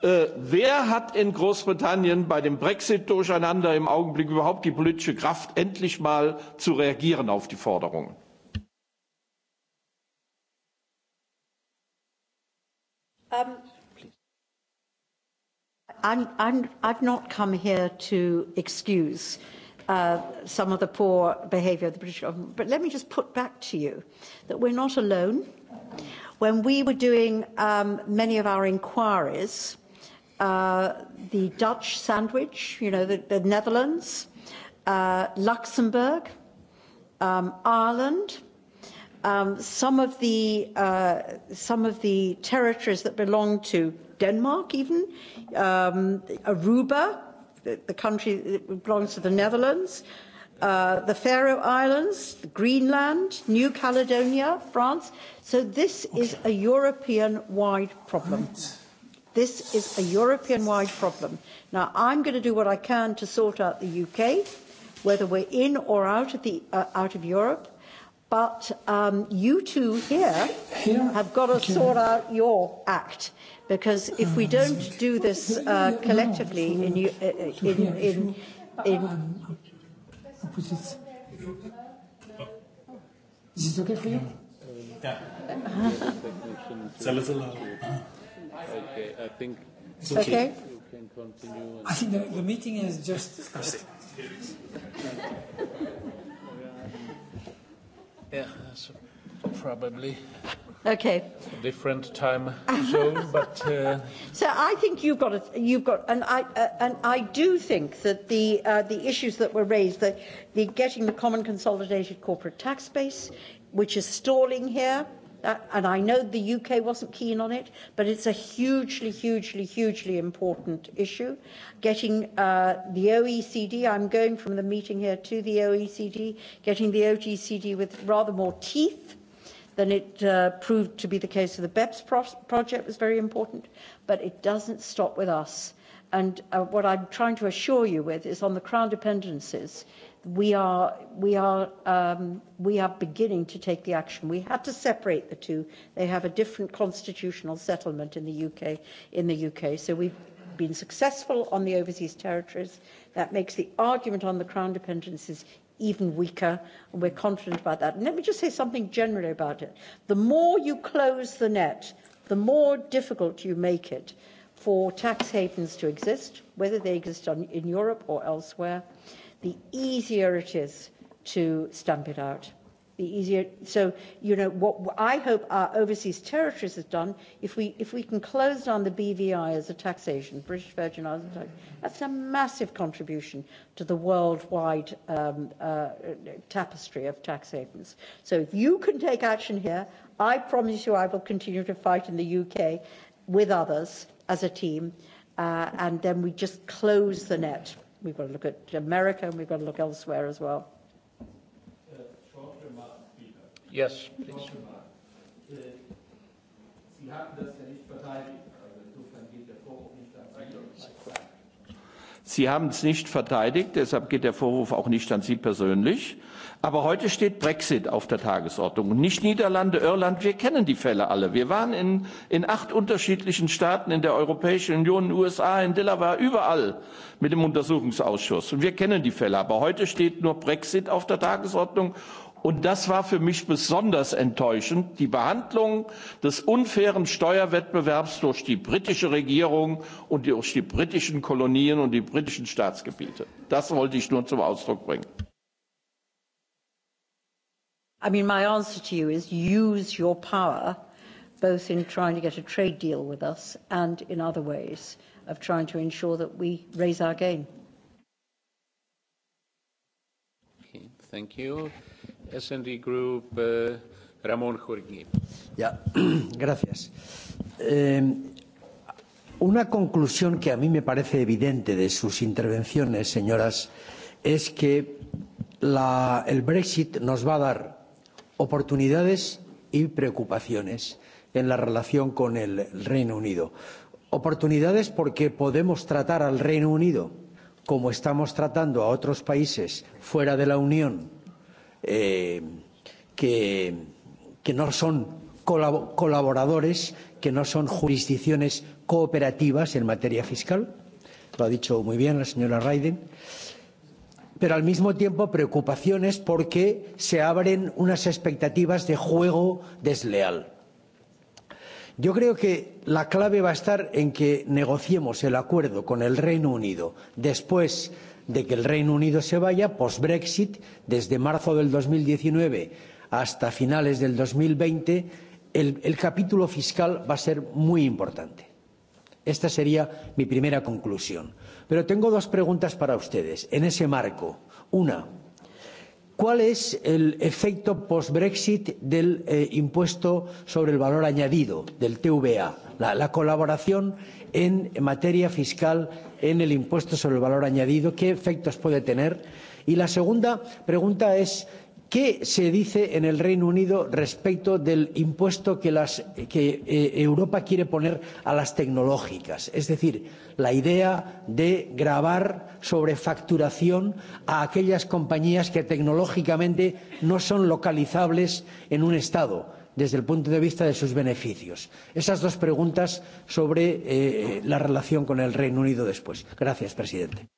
Äh, wer hat in großbritannien bei dem brexit durcheinander im augenblick überhaupt die politische kraft endlich mal zu reagieren auf die forderungen? Um, I, I, I've not come here to excuse uh, some of the poor behaviour of the British government, but let me just put back to you that we're not alone. When we were doing um, many of our inquiries, uh, the Dutch sandwich, you know, the, the Netherlands, uh, Luxembourg, um, Ireland, um, some of the uh, some of the territories that belong to Denmark, even um, Aruba, the, the country that belongs to the Netherlands, uh, the Faroe Islands, Greenland, New Caledonia, France. So this okay. is a European-wide problem. Right. This is a European-wide problem. Now, I'm going to do what I can to sort out the UK, whether we're in or out of, the, uh, out of Europe. But um, you two here yeah. have got to okay. sort out your act. Because if we don't do this uh, collectively uh, in, in, in, um, in, Is it okay for you? Yeah. Uh-huh. Okay, I think. It's okay. You can continue. I think the, the meeting has just started. yeah, so probably. Okay. Different time zone, but. Uh... So I think you've got a, you've got, and I uh, and I do think that the uh, the issues that were raised, the, the getting the common consolidated corporate tax base, which is stalling here Uh, and I know the UK wasn't keen on it, but it's a hugely, hugely, hugely important issue. Getting uh, the OECD, I'm going from the meeting here to the OECD, getting the OECD with rather more teeth than it uh, proved to be the case of the BEPS pro- project was very important, but it doesn't stop with us. And uh, what I'm trying to assure you with is on the crown dependencies, we are we are um, we are beginning to take the action. We had to separate the two. They have a different constitutional settlement in the UK. In the UK, so we've been successful on the overseas territories. That makes the argument on the crown dependencies even weaker, and we're confident about that. And let me just say something generally about it. The more you close the net, the more difficult you make it for tax havens to exist, whether they exist on, in Europe or elsewhere the easier it is to stamp it out. The easier, so you know what I hope our overseas territories have done. If we if we can close down the BVI as a taxation, British Virgin Islands that's a massive contribution to the worldwide um, uh, tapestry of tax havens. So if you can take action here, I promise you, I will continue to fight in the UK with others as a team, uh, and then we just close the net. We've got to look at America and we've got to look elsewhere as well. Yes, please. Sie haben es nicht verteidigt, deshalb geht der Vorwurf auch nicht an Sie persönlich. Aber heute steht Brexit auf der Tagesordnung und nicht Niederlande, Irland. Wir kennen die Fälle alle. Wir waren in, in acht unterschiedlichen Staaten in der Europäischen Union, in den USA, in Delaware, überall mit dem Untersuchungsausschuss. Und wir kennen die Fälle. Aber heute steht nur Brexit auf der Tagesordnung Und das war für mich besonders enttäuschend, die Behandlung des unfairen Steuerwettbewerbs durch die britische Regierung und durch die britischen Kolonien und die britischen Staatsgebiete. Das wollte ich nur zum Ausdruck bringen. I mean, my answer to you is use your power, both in trying to get a trade deal with us and in other ways of trying to ensure that we raise our game. Okay, thank you. S&D Group, uh, Ramon Jorge. Yeah, gracias. Um, una conclusión que a mí me parece evidente de sus intervenciones, señoras, es que la, el Brexit nos va a dar oportunidades y preocupaciones en la relación con el Reino Unido. Oportunidades porque podemos tratar al Reino Unido como estamos tratando a otros países fuera de la Unión eh, que, que no son colaboradores, que no son jurisdicciones cooperativas en materia fiscal. Lo ha dicho muy bien la señora Raiden. Eh, pero al mismo tiempo preocupaciones porque se abren unas expectativas de juego desleal. Yo creo que la clave va a estar en que negociemos el acuerdo con el Reino Unido después de que el Reino Unido se vaya, post-Brexit, desde marzo del 2019 hasta finales del 2020, el, el capítulo fiscal va a ser muy importante Esta sería mi primera conclusión. Pero tengo dos preguntas para ustedes en ese marco. Una, ¿cuál es el efecto post-Brexit del eh, impuesto sobre el valor añadido, del TVA? La, la colaboración en materia fiscal en el impuesto sobre el valor añadido, ¿qué efectos puede tener? Y la segunda pregunta es qué se dice en el reino unido respecto del impuesto que, las, que eh, europa quiere poner a las tecnológicas es decir la idea de gravar sobre facturación a aquellas compañías que tecnológicamente no son localizables en un estado desde el punto de vista de sus beneficios? Esas dos preguntas sobre eh, la relación con el Reino Unido después. Gracias, presidente.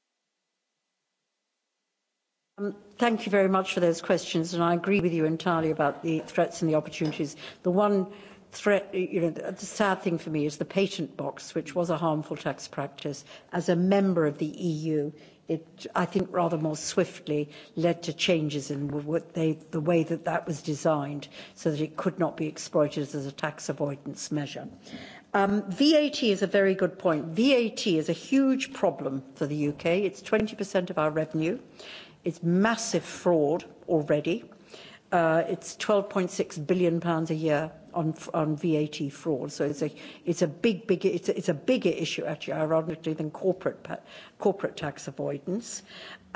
Um, thank you very much for those questions, and I agree with you entirely about the threats and the opportunities. The one threat, you know, the sad thing for me is the patent box, which was a harmful tax practice. As a member of the EU, it, I think, rather more swiftly led to changes in what they, the way that that was designed so that it could not be exploited as a tax avoidance measure. Um, VAT is a very good point. VAT is a huge problem for the UK. It's 20% of our revenue. It's massive fraud already. Uh, it's 12.6 billion pounds a year on on VAT fraud. So it's a it's a big big it's a, it's a bigger issue actually, ironically, than corporate corporate tax avoidance.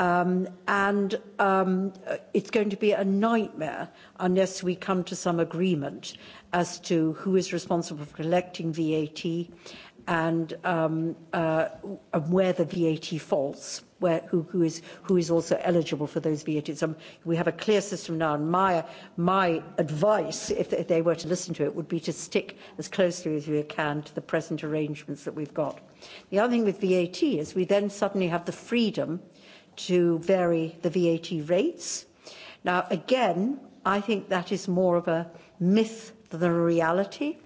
Um, and um, it's going to be a nightmare unless we come to some agreement as to who is responsible for collecting VAT and um, uh, and where the VAT falls where, who, who, is, who is also eligible for those VATs. Um, we have a clear system now, and my, my advice, if they, if they were to listen to it, would be to stick as closely as we can to the present arrangements that we've got. The other thing with VAT is we then suddenly have the freedom to vary the VAT rates. Now, again, I think that is more of a myth than a reality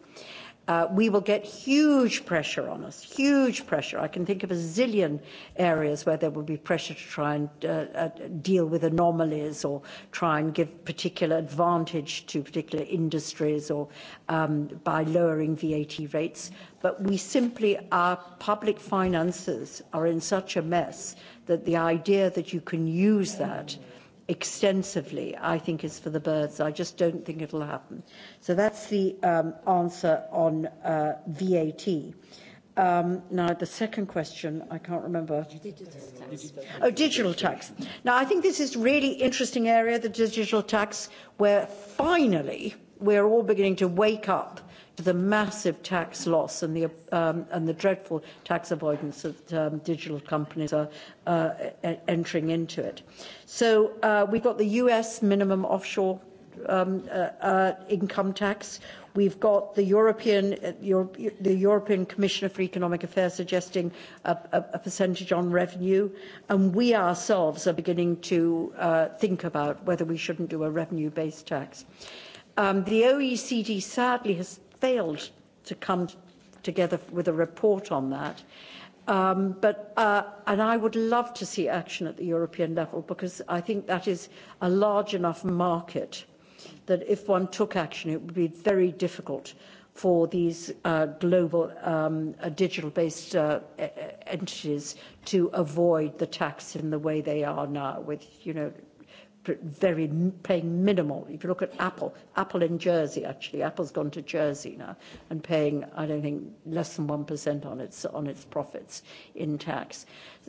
uh, we will get huge pressure on us, huge pressure. I can think of a zillion areas where there will be pressure to try and uh, uh, deal with anomalies or try and give particular advantage to particular industries or um, by lowering VAT rates. But we simply, our public finances are in such a mess that the idea that you can use that extensively, I think is for the birds. I just don't think it'll happen. So that's the um, answer on uh, VAT. Um, now, the second question, I can't remember. Digital tax. Oh, digital tax. Now, I think this is really interesting area, the digital tax, where finally we're all beginning to wake up the massive tax loss and the, um, and the dreadful tax avoidance that um, digital companies are uh, e-, entering into it. So uh, we've got the US minimum offshore um, uh, uh, income tax. We've got the European, uh, Euro the European Commissioner for Economic Affairs suggesting a, a, a percentage on revenue, and we ourselves are beginning to uh, think about whether we shouldn't do a revenue-based tax. Um, the OECD sadly has failed to come together with a report on that. Um, but uh, and I would love to see action at the European level because I think that is a large enough market that if one took action, it would be very difficult for these uh, global um, uh, digital-based uh, e-, e-, entities to avoid the tax in the way they are now, with you know very paying minimal. If you look at Apple, Apple in Jersey actually, Apple's gone to Jersey now and paying I don't think less than one percent on its on its profits in tax.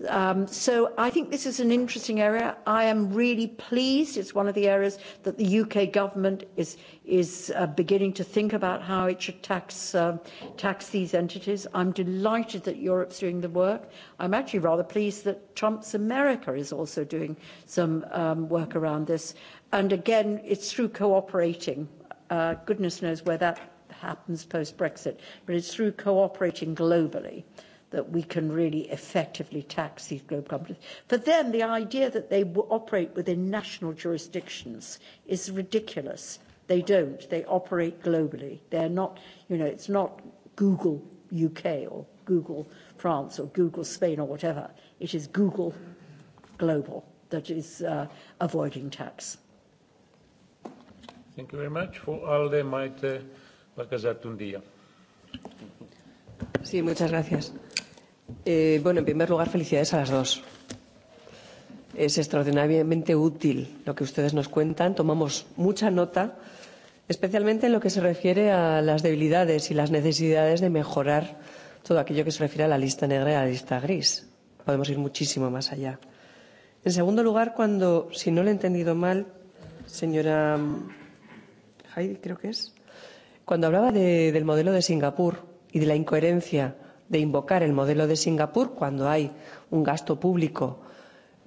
Um, so I think this is an interesting area. I am really pleased. It's one of the areas that the UK government is is uh, beginning to think about how it should tax uh, tax these entities. I'm delighted that Europe's doing the work. I'm actually rather pleased that Trump's America is also doing some um, work around this. And again, it's through cooperating. Uh, goodness knows where that happens post Brexit, but it's through cooperating globally. Uh, that we can really effectively tax these global companies. For them, the idea that they operate within national jurisdictions is ridiculous. They don't. They operate globally. They're not, you know, it's not Google UK or Google France or Google Spain or whatever. It is Google Global that is uh, avoiding tax. Thank you very much. For ALDE, Maite Lacazette-Undia. Thank you. Sí, muchas gracias. Eh, bueno, en primer lugar, felicidades a las dos. Es extraordinariamente útil lo que ustedes nos cuentan. Tomamos mucha nota, especialmente en lo que se refiere a las debilidades y las necesidades de mejorar todo aquello que se refiere a la lista negra y a la lista gris. Podemos ir muchísimo más allá. En segundo lugar, cuando, si no lo he entendido mal, señora Heidi, creo que es, cuando hablaba de, del modelo de Singapur, y de la incoherencia de invocar el modelo de Singapur cuando hay un gasto público,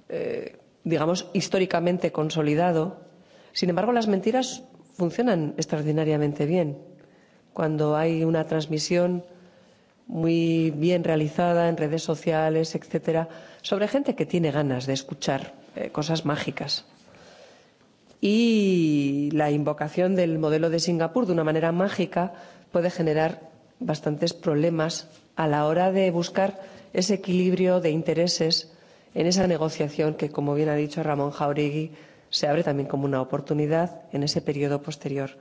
eh, digamos, históricamente consolidado. Sin embargo, las mentiras funcionan extraordinariamente bien. Cuando hay una transmisión muy bien realizada en redes sociales, etcétera, sobre gente que tiene ganas de escuchar eh, cosas mágicas. Y la invocación del modelo de Singapur de una manera mágica puede generar bastantes problemas a la hora de buscar ese equilibrio de intereses en esa negociación que, como bien ha dicho Ramón Jauregui, se abre también como una oportunidad en ese periodo posterior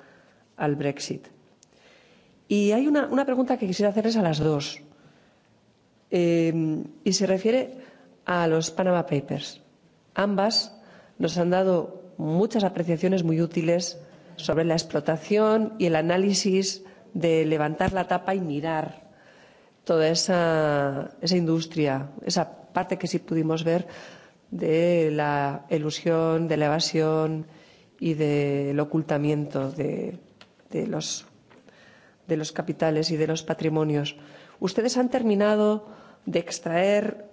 al Brexit. Y hay una, una pregunta que quisiera hacerles a las dos. Eh, y se refiere a los Panama Papers. Ambas nos han dado muchas apreciaciones muy útiles sobre la explotación y el análisis de levantar la tapa y mirar toda esa, esa industria, esa parte que sí pudimos ver de la ilusión, de la evasión y del de ocultamiento de, de, los, de los capitales y de los patrimonios. Ustedes han terminado de extraer,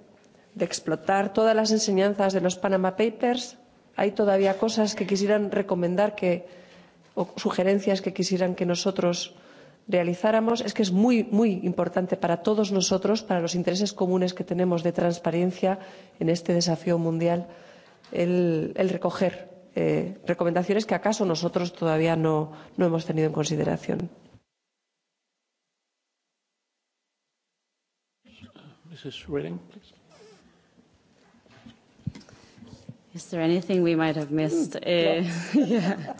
de explotar todas las enseñanzas de los Panama Papers. Hay todavía cosas que quisieran recomendar que, o sugerencias que quisieran que nosotros realizáramos es que es muy, muy importante para todos nosotros, para los intereses comunes que tenemos de transparencia en este desafío mundial, el, el recoger eh, recomendaciones que acaso nosotros todavía no, no hemos tenido en consideración. Mrs. Reading, please. Is there anything we might have missed? Mm, uh, yeah.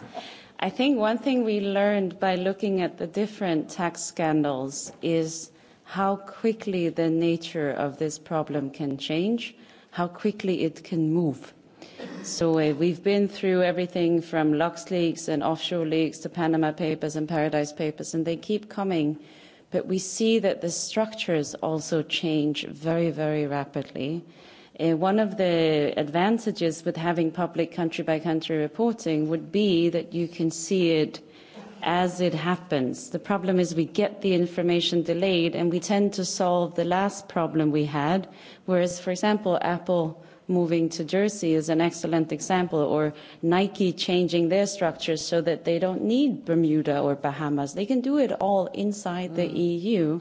I think one thing we learned by looking at the different tax scandals is how quickly the nature of this problem can change, how quickly it can move. So uh, we've been through everything from Lux leaks and offshore leaks to Panama Papers and Paradise Papers, and they keep coming. But we see that the structures also change very, very rapidly. Uh, one of the advantages with having public country-by-country -country reporting would be that you can see it as it happens. The problem is we get the information delayed, and we tend to solve the last problem we had, whereas, for example, Apple moving to Jersey is an excellent example, or Nike changing their structures so that they don't need Bermuda or Bahamas. They can do it all inside mm. the EU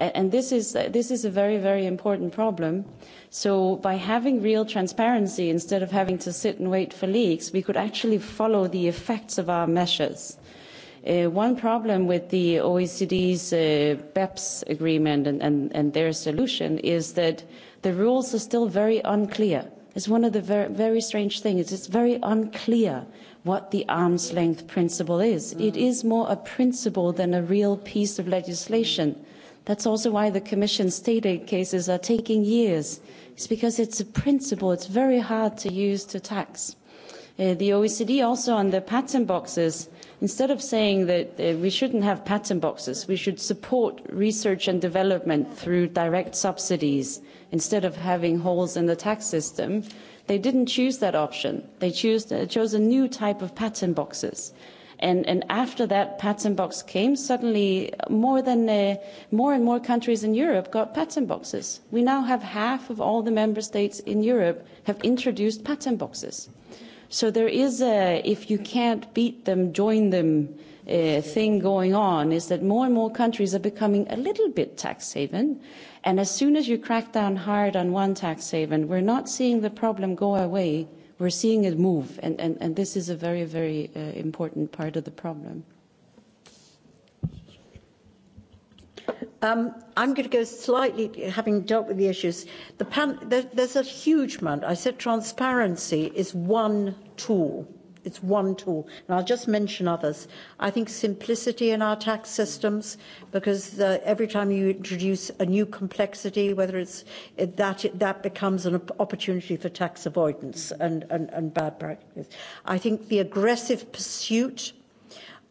And this is, this is a very, very important problem. So by having real transparency, instead of having to sit and wait for leaks, we could actually follow the effects of our measures. Uh, one problem with the OECD's uh, BEPS agreement and, and, and their solution is that the rules are still very unclear. It's one of the very, very strange things. It's very unclear what the arm's length principle is. Mm. It is more a principle than a real piece of legislation. Mm That's also why the Commission state aid cases are taking years. It's because it's a principle it's very hard to use to tax. Uh, the OECD also on the patent boxes, instead of saying that uh, we shouldn't have patent boxes, we should support research and development through direct subsidies instead of having holes in the tax system. They didn't choose that option. They choose, uh, chose a new type of patent boxes And, and after that patent box came, suddenly more, than, uh, more and more countries in Europe got patent boxes. We now have half of all the member states in Europe have introduced patent boxes. So there is a, if you can't beat them, join them uh, thing going on is that more and more countries are becoming a little bit tax haven. And as soon as you crack down hard on one tax haven, we're not seeing the problem go away we're seeing it move, and, and, and this is a very, very uh, important part of the problem. Um, I'm going to go slightly, having dealt with the issues. The pan, there, there's a huge amount. I said transparency is one tool it's one tool. And I'll just mention others. I think simplicity in our tax systems, because uh, every time you introduce a new complexity, whether it's it, that, it, that becomes an opportunity for tax avoidance and, and, and bad practice. I think the aggressive pursuit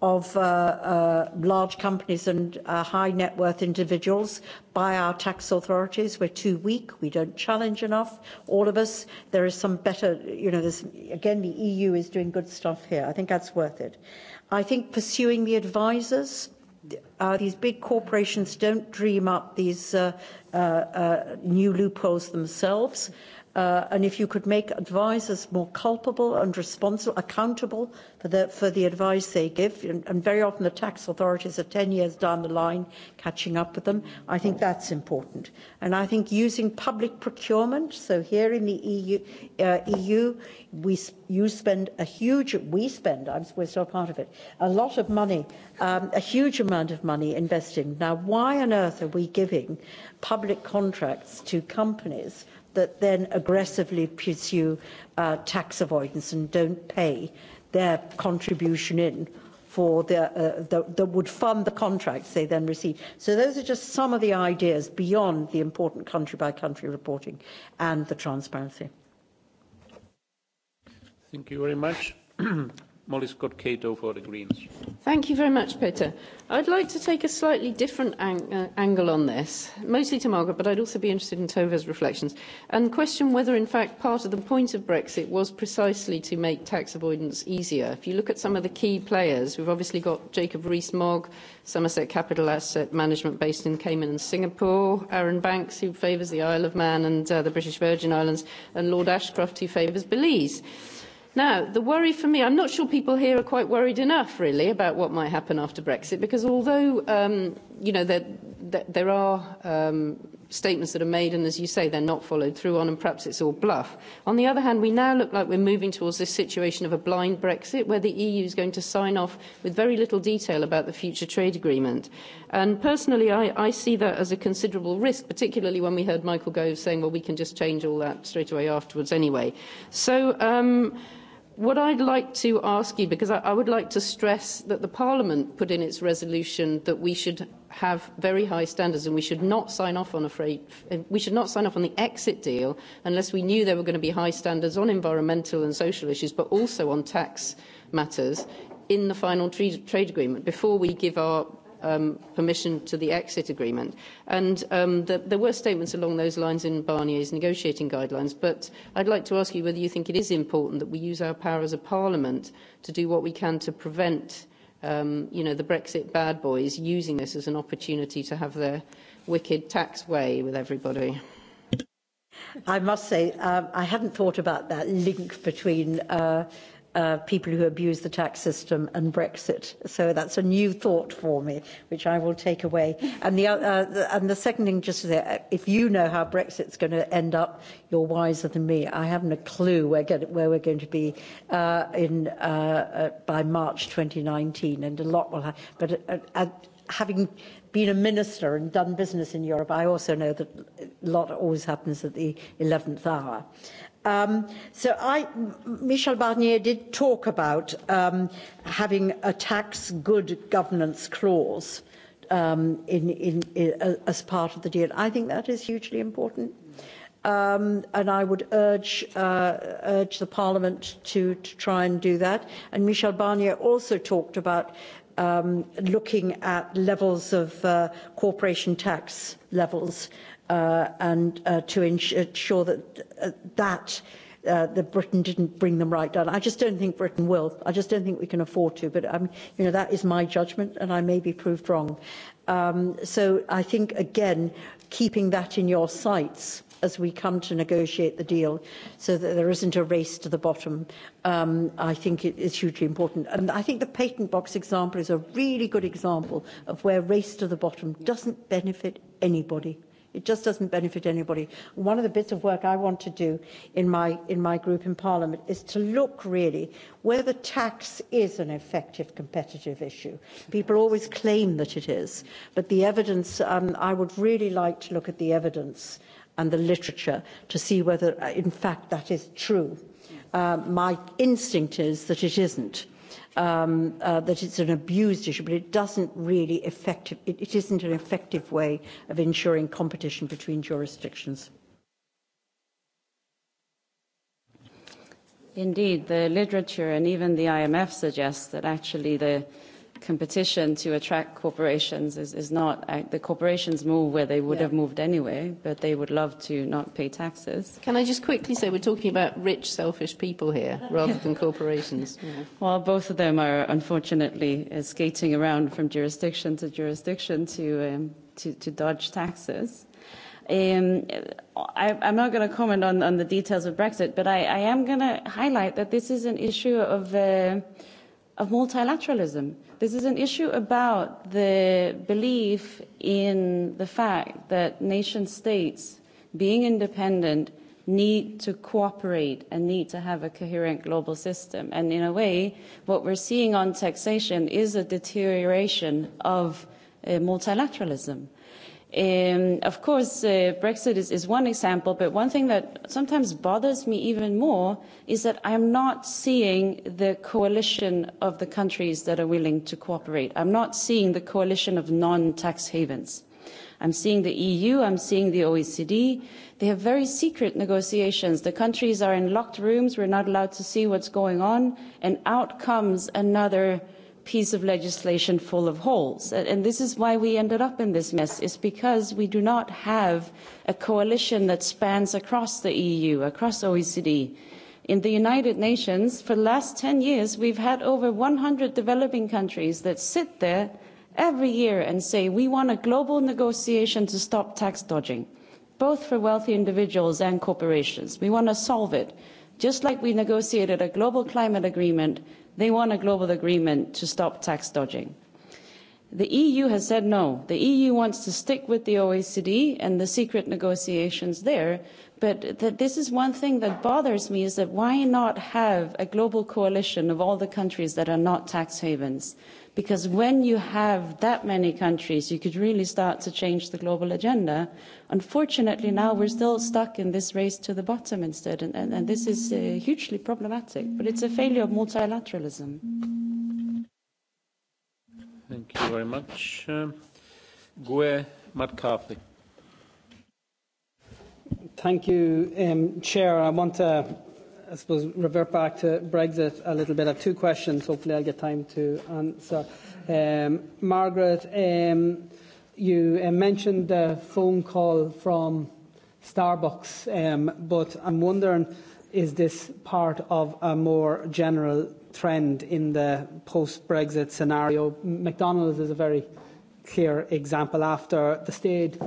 of uh, uh, large companies and uh, high net worth individuals by our tax authorities. We're too weak. We don't challenge enough. All of us. There is some better, you know, there's, again, the EU is doing good stuff here. I think that's worth it. I think pursuing the advisors. Uh, these big corporations don't dream up these uh, uh, uh, new loopholes themselves. Mm-hmm Uh, and if you could make advisers more culpable and responsible, accountable for the, for the advice they give, and, and very often the tax authorities are 10 years down the line catching up with them, I think that's important. And I think using public procurement, so here in the EU, uh, EU we, you spend a huge, we spend, I'm, we're still part of it, a lot of money, um, a huge amount of money investing. Now, why on earth are we giving public contracts to companies – that then aggressively pursue uh, tax avoidance and don't pay their contribution in for the, uh, the, that would fund the contracts they then receive. So those are just some of the ideas beyond the important country by country reporting and the transparency. Thank you very much. Molly Scott Cato for the Greens. Thank you very much, Peter. I'd like to take a slightly different ang- uh, angle on this, mostly to Margaret, but I'd also be interested in Tova's reflections, and question whether, in fact, part of the point of Brexit was precisely to make tax avoidance easier. If you look at some of the key players, we've obviously got Jacob Rees-Mogg, Somerset Capital Asset Management based in Cayman and Singapore, Aaron Banks, who favours the Isle of Man and uh, the British Virgin Islands, and Lord Ashcroft, who favours Belize. Now, the worry for me, I'm not sure people here are quite worried enough, really, about what might happen after Brexit, because although, um, you know, there, there are um, statements that are made, and as you say, they're not followed through on, and perhaps it's all bluff. On the other hand, we now look like we're moving towards this situation of a blind Brexit, where the EU is going to sign off with very little detail about the future trade agreement. And personally, I, I see that as a considerable risk, particularly when we heard Michael Gove saying, well, we can just change all that straight away afterwards anyway. So, um, What I'd like to ask you, because I, I would like to stress that the Parliament put in its resolution that we should have very high standards and we should not sign off on a freight, we should not sign off on the exit deal unless we knew there were going to be high standards on environmental and social issues, but also on tax matters in the final trade, trade agreement before we give our um, permission to the exit agreement. And um, the, there were statements along those lines in Barnier's negotiating guidelines, but I'd like to ask you whether you think it is important that we use our power as a parliament to do what we can to prevent um, you know, the Brexit bad boys using this as an opportunity to have their wicked tax way with everybody. I must say, um, I hadn't thought about that link between uh, uh, people who abuse the tax system and Brexit. So that's a new thought for me, which I will take away. And the, uh, the, and the second thing, just to say, uh, if you know how Brexit's going to end up, you're wiser than me. I haven't a clue where, get, where we're going to be uh, in, uh, uh, by March 2019, and a lot will happen. But uh, uh, having been a minister and done business in Europe, I also know that a lot always happens at the 11th hour. Um, so I, Michel Barnier did talk about um, having a tax good governance clause um, in, in, in, uh, as part of the deal. I think that is hugely important. Um, and I would urge, uh, urge the Parliament to, to try and do that. And Michel Barnier also talked about um, looking at levels of uh, corporation tax levels uh, and uh, to ensure uh, that uh, that uh, that Britain didn't bring them right down. I just don't think Britain will. I just don't think we can afford to. But um, you know that is my judgment, and I may be proved wrong. Um, so I think again, keeping that in your sights as we come to negotiate the deal, so that there isn't a race to the bottom, um, I think it is hugely important. And I think the patent box example is a really good example of where race to the bottom doesn't benefit anybody It just doesn't benefit anybody. one of the bits of work I want to do in my, in my group in Parliament is to look really where the tax is an effective competitive issue. People always claim that it is, but the evidence, um, I would really like to look at the evidence and the literature to see whether, uh, in fact, that is true. Uh, my instinct is that it isn't um, uh, that it's an abused issue, but it doesn't really effective, it, it isn't an effective way of ensuring competition between jurisdictions. Indeed, the literature and even the IMF suggests that actually the competition to attract corporations is, is not uh, the corporations move where they would yeah. have moved anyway, but they would love to not pay taxes. Can I just quickly say we're talking about rich, selfish people here rather than corporations? Yeah. Well, both of them are unfortunately uh, skating around from jurisdiction to jurisdiction to um, to, to dodge taxes. Um, I, I'm not going to comment on, on the details of Brexit, but I, I am going to highlight that this is an issue of. Uh, of multilateralism. This is an issue about the belief in the fact that nation states, being independent, need to cooperate and need to have a coherent global system. And in a way, what we're seeing on taxation is a deterioration of uh, multilateralism Um, of course, uh, Brexit is, is one example, but one thing that sometimes bothers me even more is that I'm not seeing the coalition of the countries that are willing to cooperate. I'm not seeing the coalition of non-tax havens. I'm seeing the EU, I'm seeing the OECD. They have very secret negotiations. The countries are in locked rooms. We're not allowed to see what's going on. And out comes another piece of legislation full of holes. And this is why we ended up in this mess, is because we do not have a coalition that spans across the EU, across OECD. In the United Nations, for the last 10 years, we've had over 100 developing countries that sit there every year and say, we want a global negotiation to stop tax dodging, both for wealthy individuals and corporations. We want to solve it just like we negotiated a global climate agreement They want a global agreement to stop tax dodging. The EU has said no. The EU wants to stick with the OECD and the secret negotiations there. But th this is one thing that bothers me is that why not have a global coalition of all the countries that are not tax havens? because when you have that many countries you could really start to change the global agenda. unfortunately now we're still stuck in this race to the bottom instead and, and, and this is uh, hugely problematic but it's a failure of multilateralism. thank you very much. Uh, um, Gwe mccarthy. thank you, um, chair. i want to I suppose, revert back to Brexit a little bit. I have two questions. Hopefully, I'll get time to answer. Um, Margaret, um, you uh, mentioned the phone call from Starbucks, um, but I'm wondering, is this part of a more general trend in the post-Brexit scenario? McDonald's is a very clear example. After the state,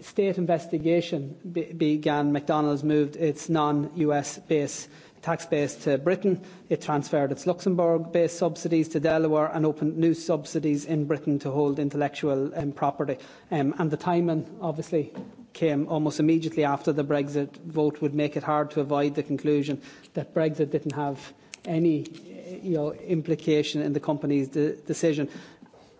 state investigation be began, McDonald's moved its non-US base tax base to uh, Britain. It transferred its Luxembourg-based subsidies to Delaware and opened new subsidies in Britain to hold intellectual um, property. Um, and the timing, obviously, came almost immediately after the Brexit vote would make it hard to avoid the conclusion that Brexit didn't have any you know, implication in the company's de decision.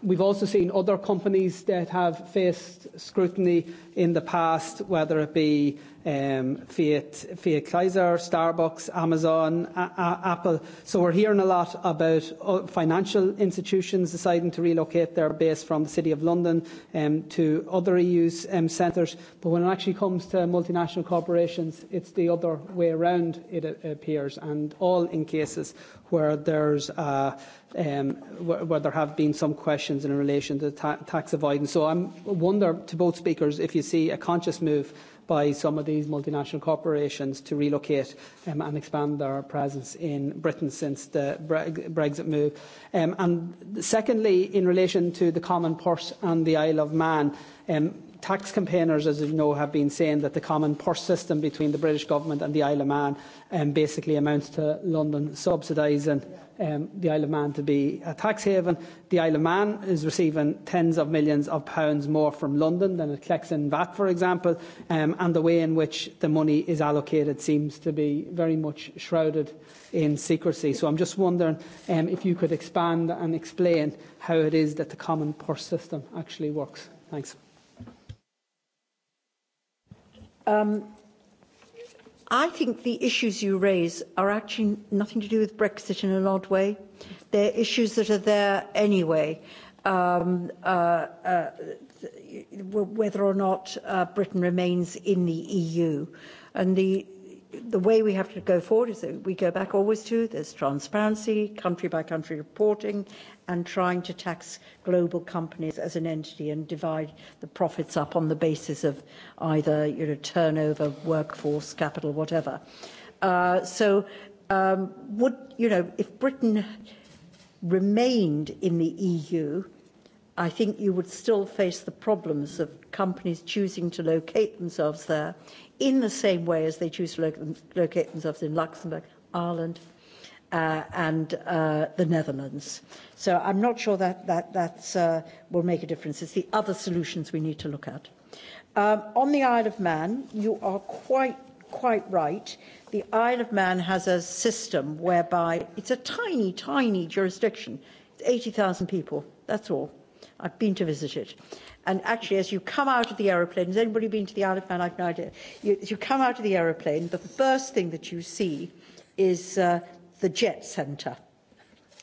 We've also seen other companies that have faced scrutiny in the past, whether it be um, Fiat, Fiat Chrysler, Starbucks, Amazon, a a Apple. So we're hearing a lot about uh, financial institutions deciding to relocate their base from the City of London um, to other EU um, centres. But when it actually comes to multinational corporations, it's the other way around, it appears, and all in cases where there's uh, um, where, where there have been some questions in relation to ta tax avoidance. So I wonder to both speakers if you see a conscious move by some of these multinational corporations to relocate um, and expand their presence in Britain since the Brexit move. Um, and secondly, in relation to the Common Port and the Isle of Man, um, tax campaigners, as you know, have been saying that the common purse system between the British government and the Isle of Man um, basically amounts to London subsidising um, the Isle of Man to be a tax haven. The Isle of Man is receiving tens of millions of pounds more from London than it collects in VAT, for example, um, and the way in which the money is allocated seems to be very much shrouded in secrecy. So I'm just wondering um, if you could expand and explain how it is that the common purse system actually works. Thanks. Um, I think the issues you raise are actually nothing to do with Brexit in an odd way. They're issues that are there anyway. Um, uh, uh, whether or not uh, Britain remains in the EU. And the the way we have to go forward is that we go back always to this transparency, country by country reporting, and trying to tax global companies as an entity and divide the profits up on the basis of either you know turnover, workforce, capital, whatever. Uh, so, um, would you know if Britain remained in the EU? I think you would still face the problems of companies choosing to locate themselves there in the same way as they choose to lo- locate themselves in Luxembourg, Ireland, uh, and uh, the Netherlands. So I'm not sure that that that's, uh, will make a difference. It's the other solutions we need to look at. Um, on the Isle of Man, you are quite quite right. The Isle of Man has a system whereby it's a tiny, tiny jurisdiction. It's 80,000 people. That's all. I've been to visit it. And actually, as you come out of the aeroplane, has anybody been to the Isle of Man? I've no idea. You, as you come out of the aeroplane, the first thing that you see is uh, the jet centre.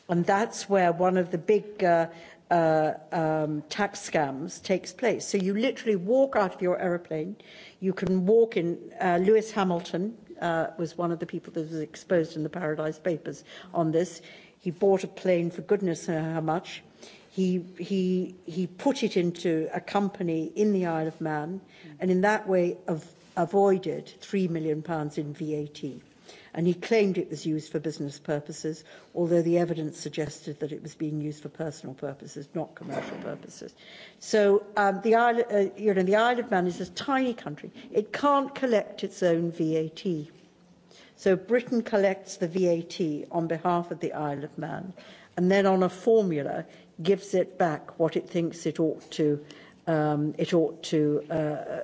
And that's where one of the big uh, uh, um, tax scams takes place. So you literally walk out of your aeroplane. You can walk in. Uh, Lewis Hamilton uh, was one of the people that was exposed in the Paradise Papers on this. He bought a plane for goodness knows uh, how much. Uh, he, he, he put it into a company in the Isle of Man and in that way av- avoided three million pounds in VAT. And he claimed it was used for business purposes, although the evidence suggested that it was being used for personal purposes, not commercial purposes. So um, the, Isle, uh, you know, the Isle of Man is a tiny country. It can't collect its own VAT. So Britain collects the VAT on behalf of the Isle of Man, and then on a formula, gives it back what it thinks it ought to um, it ought to uh,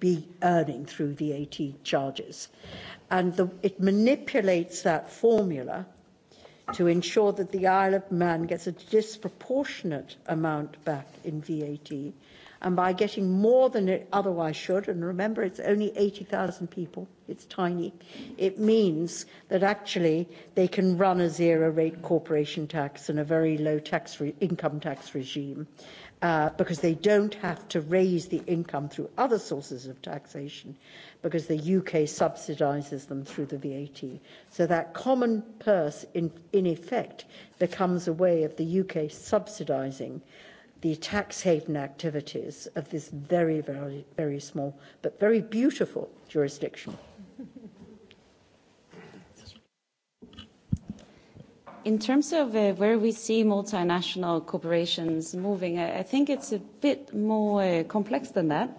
be earning through VAT charges. And the, it manipulates that formula to ensure that the Isle of Man gets a disproportionate amount back in VAT and by getting more than it otherwise should, and remember it's only 80,000 people, it's tiny, it means that actually they can run a zero rate corporation tax and a very low tax re- income tax regime uh, because they don't have to raise the income through other sources of taxation because the UK subsidises them through the VAT. So that common purse, in, in effect, becomes a way of the UK subsidising the tax haven activities of this very, very, very small but very beautiful jurisdiction. In terms of uh, where we see multinational corporations moving, I, I think it's a bit more uh, complex than that.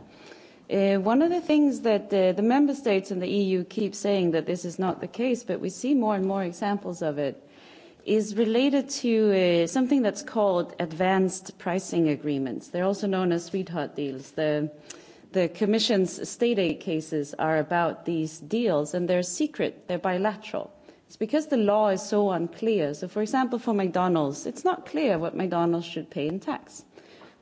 Uh, one of the things that uh, the member states and the EU keep saying that this is not the case, but we see more and more examples of it is related to uh, something that's called advanced pricing agreements. They're also known as sweetheart deals. The, the Commission's state aid cases are about these deals, and they're secret, they're bilateral. It's because the law is so unclear. So, for example, for McDonald's, it's not clear what McDonald's should pay in tax.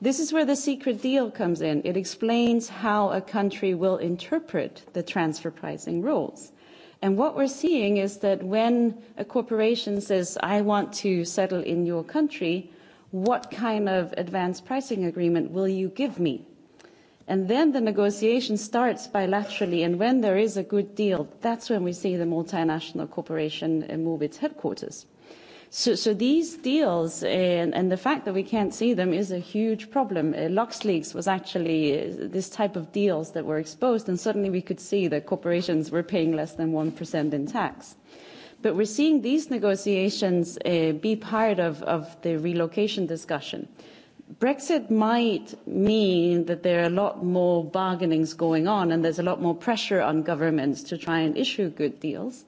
This is where the secret deal comes in. It explains how a country will interpret the transfer pricing rules. And what we're seeing is that when a corporation says, I want to settle in your country, what kind of advance pricing agreement will you give me? And then the negotiation starts bilaterally, and when there is a good deal, that's when we see the multinational corporation move its headquarters. So, so these deals and, and the fact that we can't see them is a huge problem. Uh, LuxLeaks was actually uh, this type of deals that were exposed, and suddenly we could see that corporations were paying less than 1% in tax. But we're seeing these negotiations uh, be part of, of the relocation discussion. Brexit might mean that there are a lot more bargainings going on and there's a lot more pressure on governments to try and issue good deals.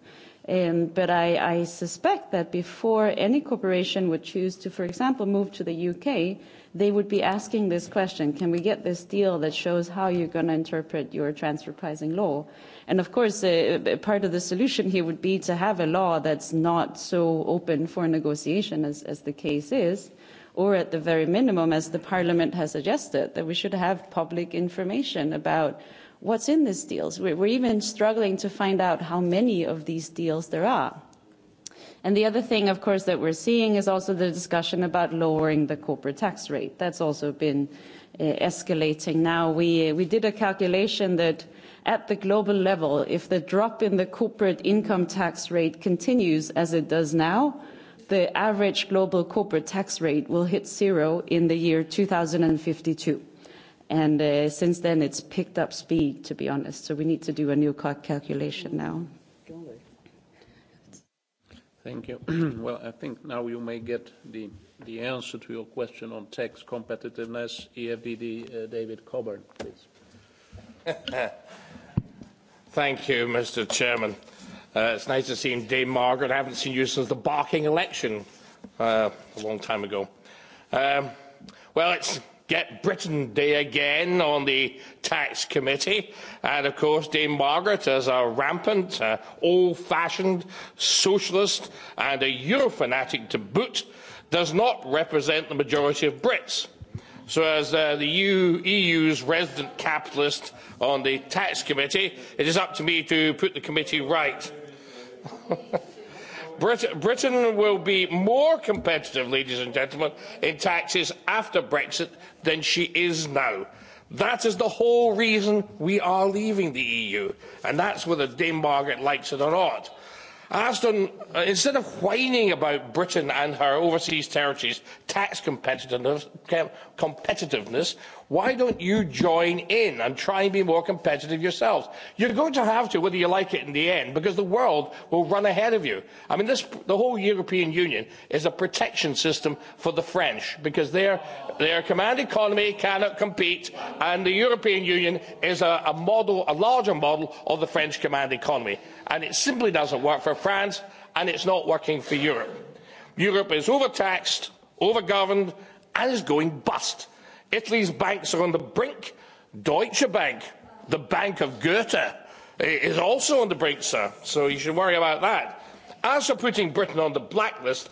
Um, but I, I suspect that before any corporation would choose to, for example, move to the UK, they would be asking this question, can we get this deal that shows how you're going to interpret your transfer pricing law? And of course, uh, uh, part of the solution here would be to have a law that's not so open for negotiation as, as the case is, or at the very minimum, as the Parliament has suggested, that we should have public information about what's in these deals. We're, even struggling to find out how many of these deals there are. And the other thing, of course, that we're seeing is also the discussion about lowering the corporate tax rate. That's also been uh, escalating now. We, we did a calculation that at the global level, if the drop in the corporate income tax rate continues as it does now, the average global corporate tax rate will hit zero in the year 2052. And uh, since then, it's picked up speed, to be honest. So we need to do a new cal calculation now. Thank you. well, I think now you may get the, the answer to your question on tax competitiveness, EFDD, uh, David Coburn, please. Thank you, Mr. Chairman. Uh, it's nice to see you, Dame Margaret. I haven't seen you since the barking election uh, a long time ago. Um, well, it's Get Britain Day again on the Tax Committee. And of course, Dame Margaret is a rampant, uh, old-fashioned socialist and a Eurofanatic to boot, does not represent the majority of Brits. So as uh, the EU, EU's resident capitalist on the Tax Committee, it is up to me to put the committee right. Brit- Britain will be more competitive, ladies and gentlemen, in taxes after Brexit than she is now. That is the whole reason we are leaving the EU, and that's whether Dame Margaret likes it or not. Aston, uh, instead of whining about Britain and her overseas territories' tax competitiveness, competitiveness, Why don't you join in and try and be more competitive yourselves? You're going to have to, whether you like it in the end, because the world will run ahead of you. I mean, this, the whole European Union is a protection system for the French because their, their command economy cannot compete, and the European Union is a, a model, a larger model of the French command economy. And it simply doesn't work for France, and it's not working for Europe. Europe is overtaxed, overgoverned, and is going bust Italy's banks are on the brink. Deutsche Bank, the bank of Goethe, is also on the brink, sir. So you should worry about that. As for putting Britain on the blacklist,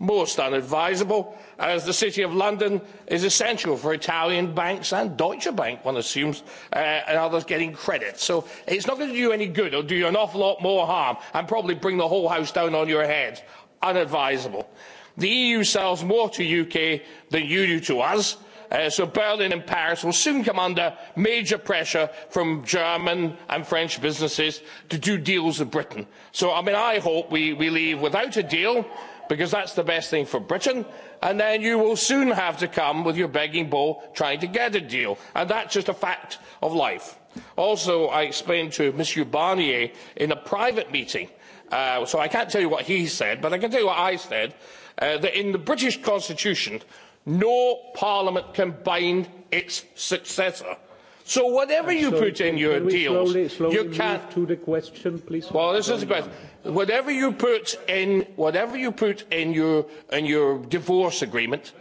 most unadvisable, as the City of London is essential for Italian banks and Deutsche Bank, one assumes, uh, and others getting credit. So it's not going to do you any good. It'll do you an awful lot more harm and probably bring the whole house down on your head. Unadvisable. The EU sells more to UK than you do to us Uh, so Berlin and Paris will soon come under major pressure from German and French businesses to do deals with Britain. So I mean, I hope we, we leave without a deal because that's the best thing for Britain. And then you will soon have to come with your begging bowl trying to get a deal. And that's just a fact of life. Also, I explained to Monsieur Barnier in a private meeting, uh, so I can't tell you what he said, but I can tell you what I said, uh, that in the British Constitution, No parliament can bind its successor. So whatever you sorry, put in your deals, slowly, slowly you can't. To the question, please. Well, this is the question. Whatever you put in, whatever you put in your in your divorce agreement,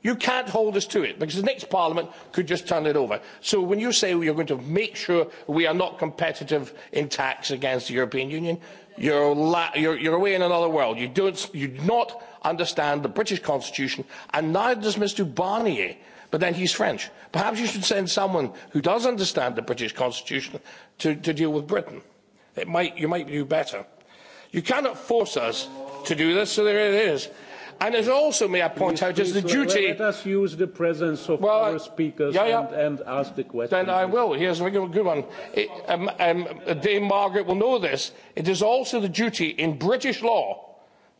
you can't hold us to it because the next parliament could just turn it over. So when you say we are going to make sure we are not competitive in tax against the European Union, you're, la- you're, you're away in another world. You don't. You're not understand the British Constitution, and neither does Mr Barnier, but then he's French. Perhaps you should send someone who does understand the British Constitution to, to deal with Britain. It might, you might do better. You cannot force us to do this, so there it is. And it also, may I point please, out, is the duty. Let us use the presence of well, our speakers yeah, yeah. And, and ask the question. Then I will. Here's a good one. It, um, um, Dame Margaret will know this. It is also the duty in British law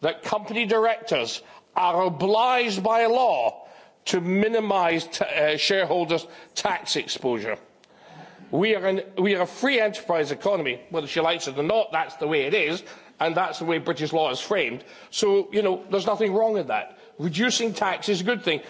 that company directors are obliged by law to minimise t- uh, shareholders' tax exposure. We are, an, we are a free enterprise economy, whether she likes it or not, that's the way it is, and that's the way British law is framed. So, you know, there's nothing wrong in that. Reducing tax is a good thing.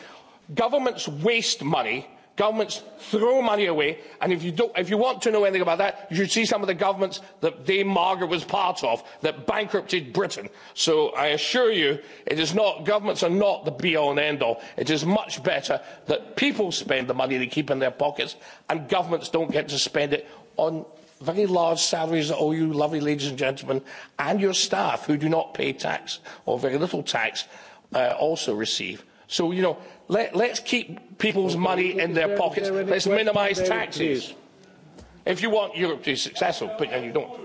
Governments waste money Governments throw money away, and if you, don't, if you want to know anything about that, you should see some of the governments that Dame Margaret was part of that bankrupted Britain. So I assure you, it is not, governments are not the be-all and end-all. It is much better that people spend the money they keep in their pockets, and governments don't get to spend it on very large salaries that all you lovely ladies and gentlemen and your staff who do not pay tax or very little tax uh, also receive. So, you know, Let, let's keep people's money in their pockets. Let's minimise taxes. If you want Europe to be successful, but then you don't.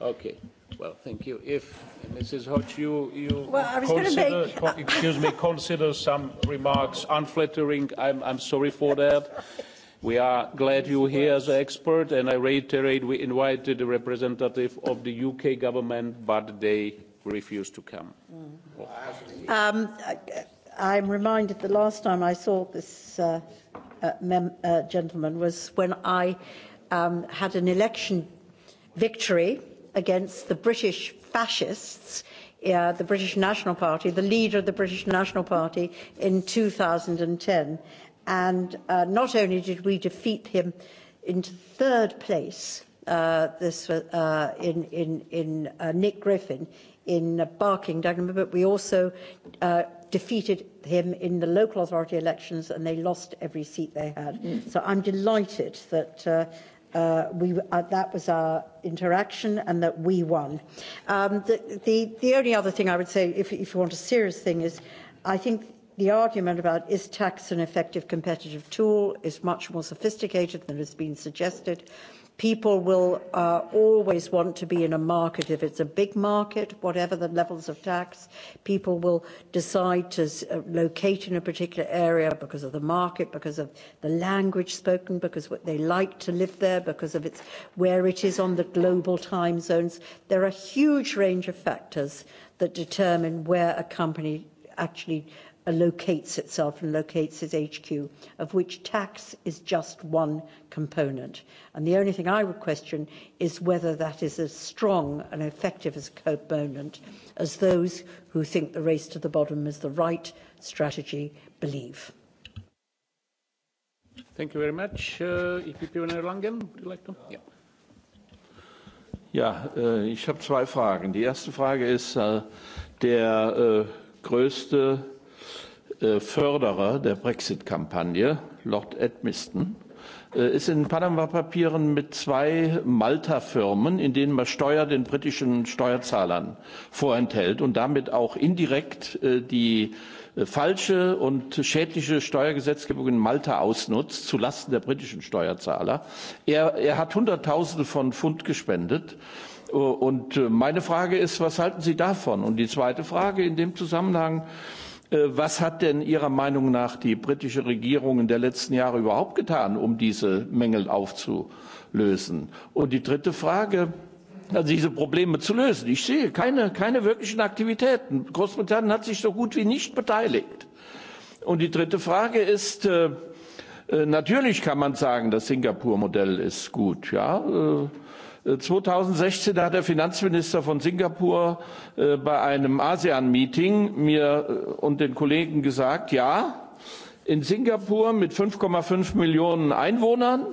Okay. Well, thank you. If Mrs. Hodge, you, you well, I was consider, make... co- excuse me, consider some remarks unflattering. I'm, I'm sorry for that. We are glad you're here as an expert, and I reiterate we invited a representative of the UK government, but they refused to come. Um, I'm reminded the last time I saw this uh, uh, mem- uh, gentleman was when I um, had an election victory against the British fascists, uh, the British National Party, the leader of the British National Party in 2010. And uh, not only did we defeat him into third place, uh, this uh, in, in, in uh, Nick Griffin, in Barking, but we also uh, defeated him in the local authority elections and they lost every seat they had. Mm. So I'm delighted that uh, uh, we, uh, that was our interaction and that we won. Um, the, the, the only other thing I would say, if, if you want a serious thing, is I think the argument about is tax an effective competitive tool is much more sophisticated than has been suggested. Uh, people will uh, always want to be in a market. If it's a big market, whatever the levels of tax, people will decide to uh, locate in a particular area because of the market, because of the language spoken, because they like to live there, because of its, where it is on the global time zones. There are a huge range of factors that determine where a company actually uh, Uh, locates itself and locates its HQ, of which tax is just one component. And the only thing I would question is whether that is as strong and effective as a component as those who think the race to the bottom is the right strategy believe. Thank you very much. Uh, EPP Langen, would you like to? Yeah. Ja, äh, ich habe zwei Fragen. Die erste Frage ist, äh, der äh, größte Eh, Förderer der Brexit-Kampagne, Lord Edmiston, eh, ist in Panama-Papieren mit zwei Malta-Firmen, in denen man Steuer den britischen Steuerzahlern vorenthält und damit auch indirekt eh, die falsche und schädliche Steuergesetzgebung in Malta ausnutzt, zulasten der britischen Steuerzahler. Er, er hat Hunderttausende von Pfund gespendet. Oh, und meine Frage ist, was halten Sie davon? Und die zweite Frage in dem Zusammenhang, Äh, was hat denn Ihrer Meinung nach die britische Regierung in der letzten Jahre überhaupt getan, um diese Mängel aufzulösen? Und die dritte Frage, also diese Probleme zu lösen. Ich sehe keine, keine wirklichen Aktivitäten. Großbritannien hat sich so gut wie nicht beteiligt. Und die dritte Frage ist, äh, äh, natürlich kann man sagen, das Singapur-Modell ist gut, ja. 2016 hat der Finanzminister von Singapur äh, bei einem ASEAN-Meeting mir äh, und den Kollegen gesagt, ja, in Singapur mit 5,5 Millionen Einwohnern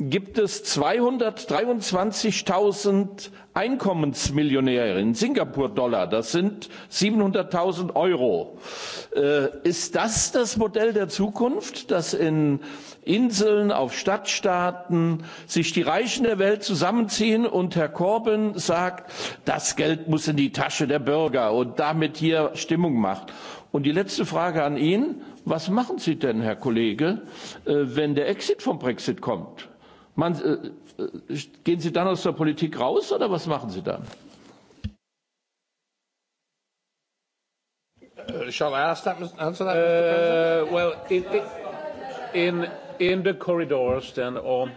gibt es 223.000 Einkommensmillionäre in Singapur-Dollar. Das sind 700.000 Euro. Äh, ist das das Modell der Zukunft, dass in Inseln, auf Stadtstaaten sich die Reichen der Welt zusammenziehen und Herr Corbyn sagt, das Geld muss in die Tasche der Bürger und damit hier Stimmung macht? Und die letzte Frage an ihn. Was machen Sie denn, Herr Kollege, äh, wenn der Exit vom Brexit kommt? Man, äh, äh, gehen Sie dann aus der Politik raus oder was machen Sie dann? Uh, shall I ask that, answer that, Mr. Uh, President? Uh, well, it, it, in in the corridors then, or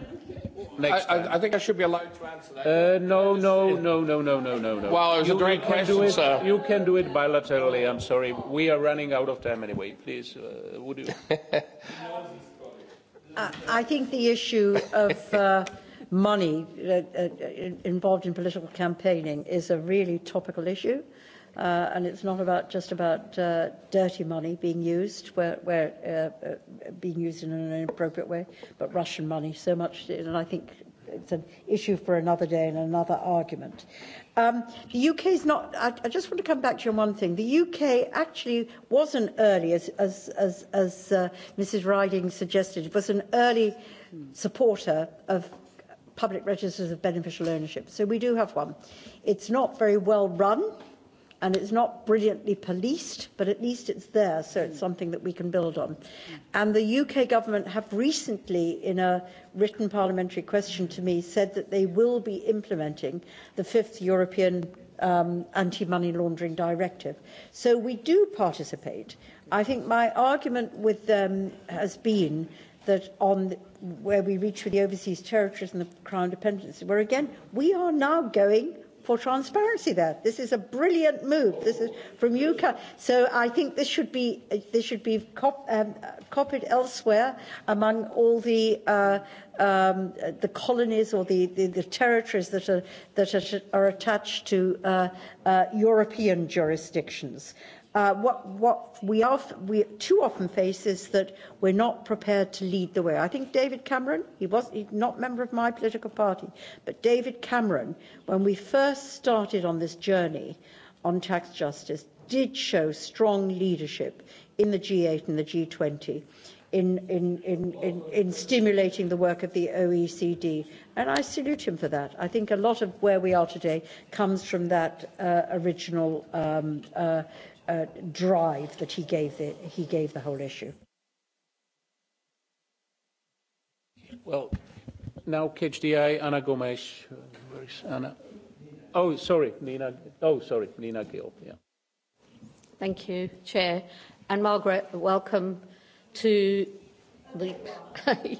next. I, I, I think I should be allowed to answer that. Uh, no, no, no, no, no, no, no, no. Well, it was you, a great question, it, sir. You can do it bilaterally. I'm sorry, we are running out of time anyway. Please, uh, would you? I think the issue of uh, money uh, uh, involved in political campaigning is a really topical issue. Uh, and it's not about just about uh, dirty money being used where, where uh, uh, being used in an inappropriate way, but Russian money so much. And I think it's an issue for another day and another argument. Um, the UK is not. I, I just want to come back to you on one thing. The UK actually was an early, as as as, as uh, Mrs. Riding suggested, was an early supporter of public registers of beneficial ownership. So we do have one. It's not very well run and it's not brilliantly policed, but at least it's there, so it's mm. something that we can build on. Mm. And the UK government have recently, in a written parliamentary question to me, said that they will be implementing the fifth European um, anti-money laundering directive. So we do participate. I think my argument with them has been that on the, where we reach with the overseas territories and the crown dependency, where again, we are now going for transparency there. This is a brilliant move. This is from you. So I think this should be this should be cop, um, copied elsewhere among all the uh, um, the colonies or the, the, the territories that are that are, are attached to uh, uh, European jurisdictions. Uh, what, what we, of, we too often face is that we're not prepared to lead the way. I think David Cameron, he was he's not member of my political party, but David Cameron, when we first started on this journey on tax justice, did show strong leadership in the G8 and the G20 in, in, in, in, in stimulating the work of the OECD. And I salute him for that. I think a lot of where we are today comes from that uh, original um, uh, uh, drive that he gave the, he gave the whole issue. Well, now KHDI, Anna Gomes. Where is Anna? Oh, sorry, Nina. Oh, sorry, Nina Gill. Yeah. Thank you, Chair. And Margaret, welcome to the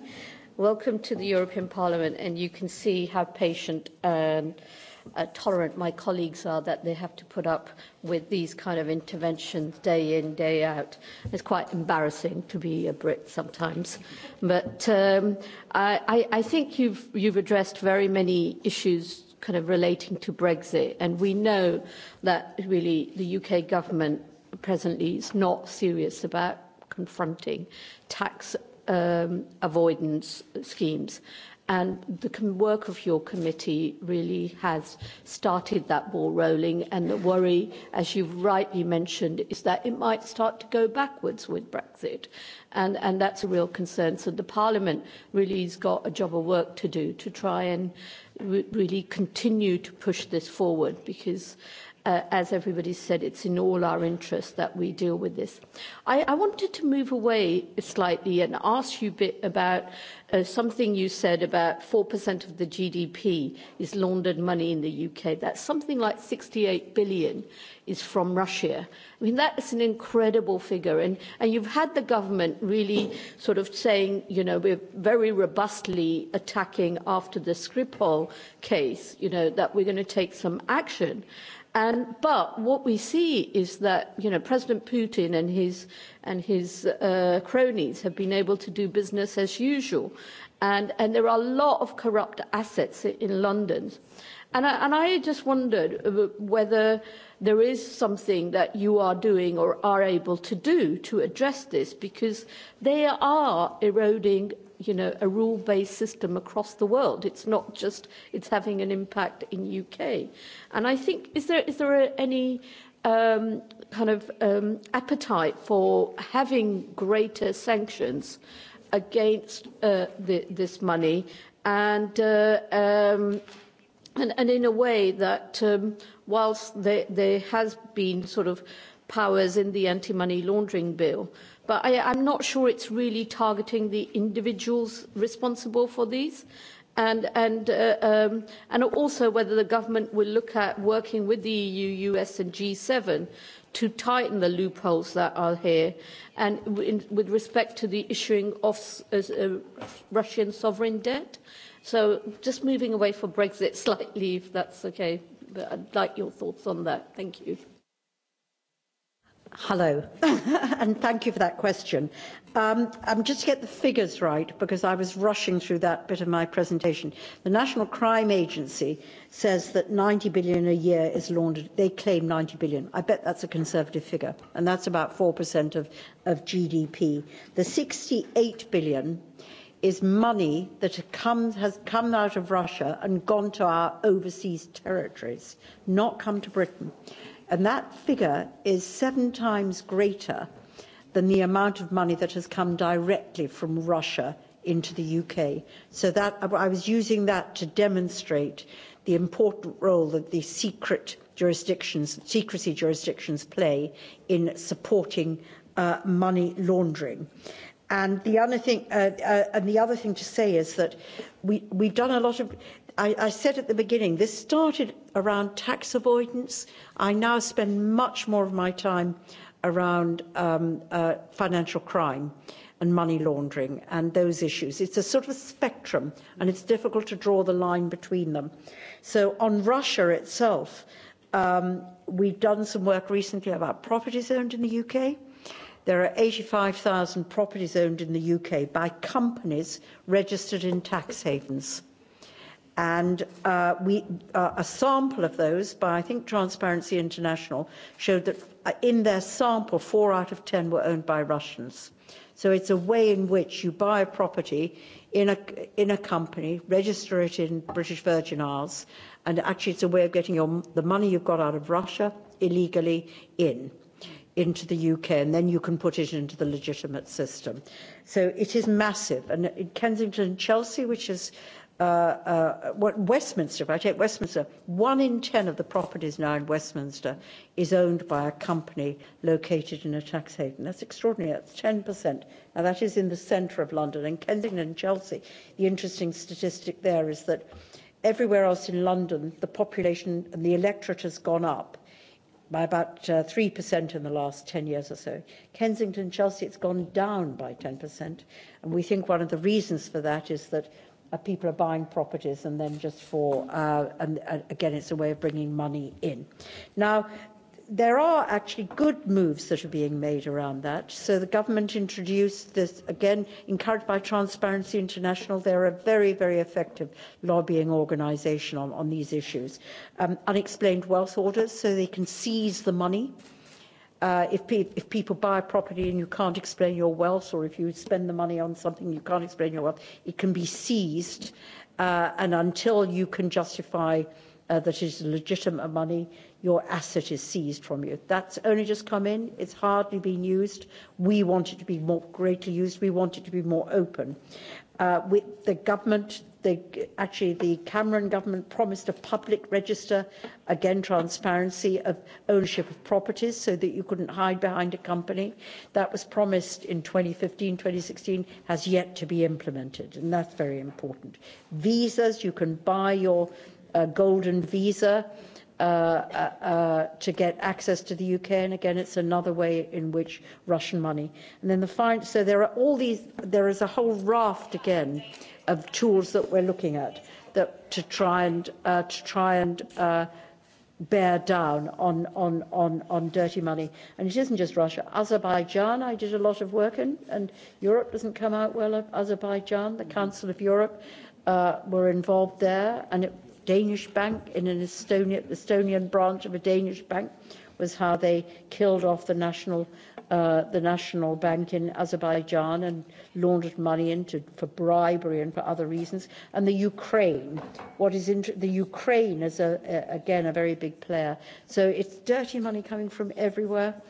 welcome to the European Parliament. And you can see how patient. Um, uh, tolerant my colleagues are that they have to put up with these kind of interventions day in, day out. It's quite embarrassing to be a Brit sometimes. But um, I, I think you've, you've addressed very many issues kind of relating to Brexit. And we know that really the UK government presently is not serious about confronting tax um, avoidance schemes and the work of your committee really has started that ball rolling and the worry as you've rightly mentioned is that it might start to go backwards with brexit and, and that's a real concern so the parliament really has got a job of work to do to try and re really continue to push this forward because uh, as everybody said, it's in all our interest that we deal with this. I, I wanted to move away slightly and ask you a bit about uh, something you said about 4% of the GDP is laundered money in the UK. That's something like 68 billion is from Russia. I mean, that is an incredible figure. And, and you've had the government really sort of saying, you know, we're very robustly attacking after the Skripal case, you know, that we're going to take some action. And, but what we see is that you know President Putin and his and his uh, cronies have been able to do business as usual, and and there are a lot of corrupt assets in London, and I, and I just wondered uh, whether there is something that you are doing or are able to do to address this because they are eroding you know, a rule-based system across the world. It's not just it's having an impact in UK. And I think is there is there any um, kind of um, appetite for having greater sanctions against uh, the, this money and uh, um, and, and in a way that um, whilst there, there has been sort of powers in the anti-money laundering bill, but I, I'm not sure it's really targeting the individuals responsible for these. And, and, uh, um, and also whether the government will look at working with the EU, US and G7 to tighten the loopholes that are here and in, with respect to the issuing of uh, uh, Russian sovereign debt. So just moving away from Brexit slightly, if that's okay. But I'd like your thoughts on that. Thank you. Hello, and thank you for that question. Um, I'm just to get the figures right because I was rushing through that bit of my presentation. The National Crime Agency says that 90 billion a year is laundered. They claim 90 billion. I bet that's a conservative figure, and that's about 4% of, of GDP. The 68 billion is money that comes, has come out of Russia and gone to our overseas territories, not come to Britain and that figure is seven times greater than the amount of money that has come directly from Russia into the UK. So that I was using that to demonstrate the important role that the secret jurisdictions, secrecy jurisdictions play in supporting uh, money laundering. And the other thing, uh, uh, and the other thing to say is that we, we've done a lot of. I, I said at the beginning, this started around tax avoidance. I now spend much more of my time around um, uh, financial crime and money laundering and those issues. It's a sort of a spectrum and it's difficult to draw the line between them. So on Russia itself, um, we've done some work recently about properties owned in the UK. There are 85,000 properties owned in the UK by companies registered in tax havens. And uh, we, uh, a sample of those by, I think, Transparency International showed that uh, in their sample, four out of ten were owned by Russians. So it's a way in which you buy a property in a, in a company, register it in British Virgin Isles, and actually it's a way of getting your, the money you've got out of Russia illegally in into the UK, and then you can put it into the legitimate system. So it is massive. And in Kensington and Chelsea, which is uh, uh, Westminster, if I take Westminster, one in ten of the properties now in Westminster is owned by a company located in a tax haven. That's extraordinary. That's 10%. Now, that is in the centre of London. And Kensington and Chelsea, the interesting statistic there is that everywhere else in London, the population and the electorate has gone up by about uh, 3% in the last 10 years or so. Kensington, Chelsea, it's gone down by 10%. And we think one of the reasons for that is that uh, people are buying properties and then just for, uh, and, and again, it's a way of bringing money in. Now, there are actually good moves that are being made around that. So the government introduced this, again, encouraged by Transparency International. They're a very, very effective lobbying organisation on, on these issues. Um, unexplained wealth orders, so they can seize the money Uh, if, pe if people buy a property and you can't explain your wealth, or if you spend the money on something you can't explain your wealth, it can be seized. Uh, and until you can justify uh, that it is legitimate money, your asset is seized from you. That's only just come in. It's hardly been used. We want it to be more greatly used. We want it to be more open. Uh, we, the government, the, actually the Cameron government promised a public register, again transparency of ownership of properties so that you couldn't hide behind a company. That was promised in 2015, 2016, has yet to be implemented, and that's very important. Visas, you can buy your uh, golden visa Uh, uh, uh, to get access to the UK. And again, it's another way in which Russian money. And then the fine. So there are all these. There is a whole raft again of tools that we're looking at that to try and uh, to try and. Uh, bear down on, on, on, on dirty money. And it isn't just Russia. Azerbaijan, I did a lot of work in, and Europe doesn't come out well of Azerbaijan. The Council of Europe uh, were involved there, and it Danish bank in an Estonia, Estonian branch of a Danish bank was how they killed off the national uh, the national bank in Azerbaijan and laundered money into for bribery and for other reasons. And the Ukraine, what is inter- the Ukraine is a, a, again a very big player. So it's dirty money coming from everywhere,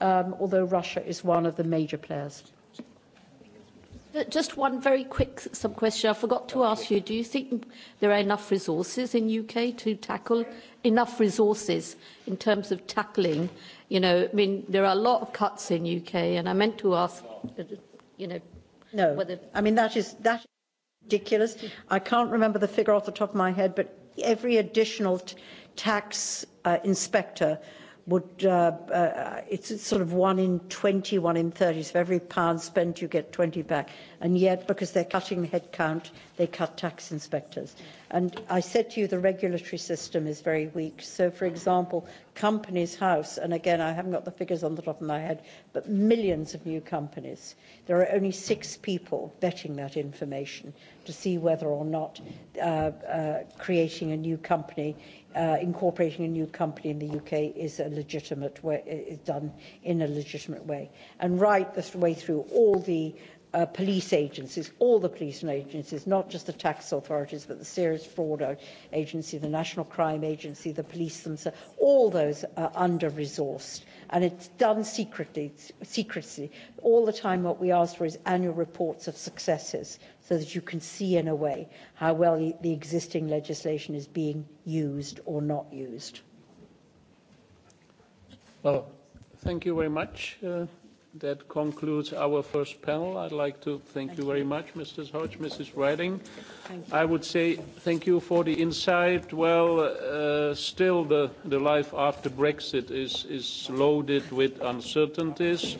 um, although Russia is one of the major players. Just one very quick sub-question. I forgot to ask you, do you think there are enough resources in U.K. to tackle enough resources in terms of tackling? You know, I mean, there are a lot of cuts in U.K., and I meant to ask, uh, you know, no. whether... I mean, that is, that is ridiculous. I can't remember the figure off the top of my head, but every additional tax uh, inspector would uh, uh, it's, it's sort of one in 20, one in 30. So every pound spent, you get 20 back. And yet, because they're cutting the headcount, they cut tax inspectors. And I said to you, the regulatory system is very weak. So, for example, Companies House, and again, I haven't got the figures on the top of my head, but millions of new companies. There are only six people vetting that information to see whether or not uh, uh, creating a new company uh, incorporating a new company in the UK is a legitimate way, is done in a legitimate way. And right the way through all the uh, police agencies, all the police agencies, not just the tax authorities, but the serious fraud agency, the national crime agency, the police themselves, all those are under-resourced and it's done secretly, secrecy. All the time what we ask for is annual reports of successes so that you can see in a way how well the existing legislation is being used or not used. Well, thank you very much. Uh, that concludes our first panel. I'd like to thank, thank you very you. much, Mrs. Hodge, Mrs. Redding. I would say thank you for the insight. Well, uh, still the, the life after Brexit is, is loaded with uncertainties. Yeah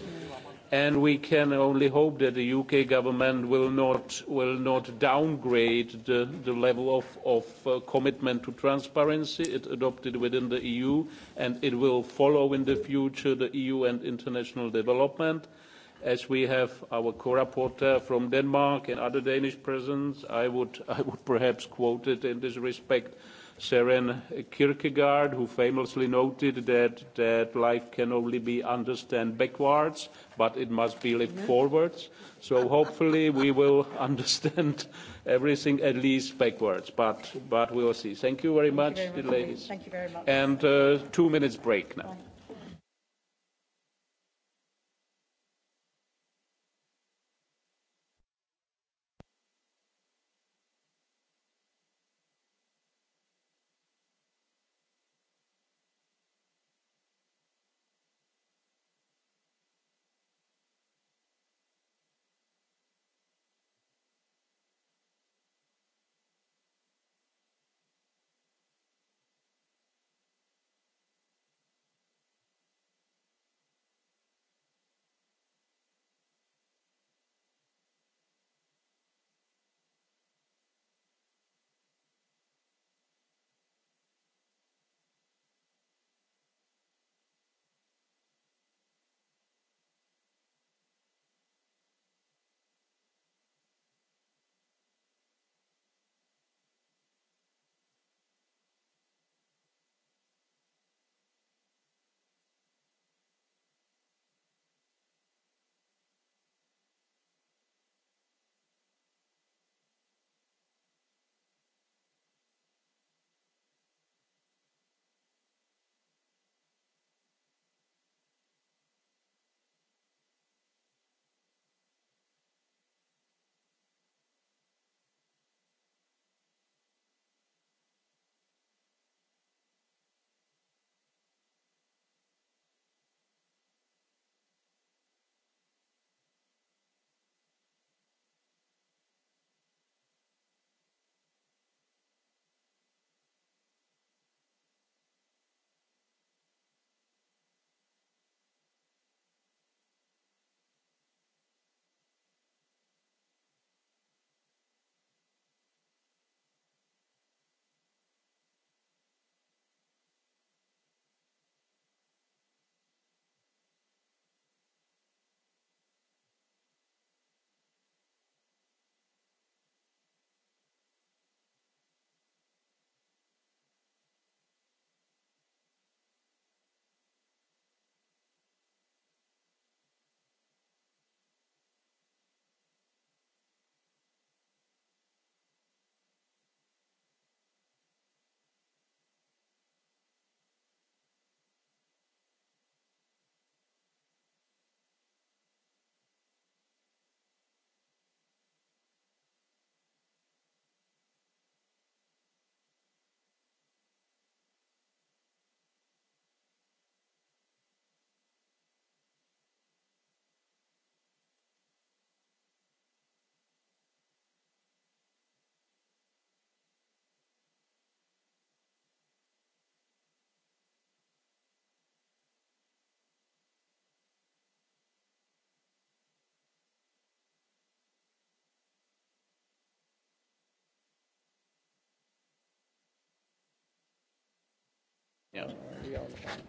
and we can only hope that the UK government will not, will not downgrade the, the level of, of uh, commitment to transparency it adopted within the EU, and it will follow in the future the EU and international development. As we have our co-rapporteur from Denmark and other Danish presence, I would, I would perhaps quote it in this respect, Søren Kierkegaard, who famously noted that, that life can only be understood backwards, but it must be lived forwards. So hopefully we will understand everything at least backwards, but, but we'll see. Thank you very Thank much, you very much. ladies. Thank you very much. And uh, two minutes break now. Bye.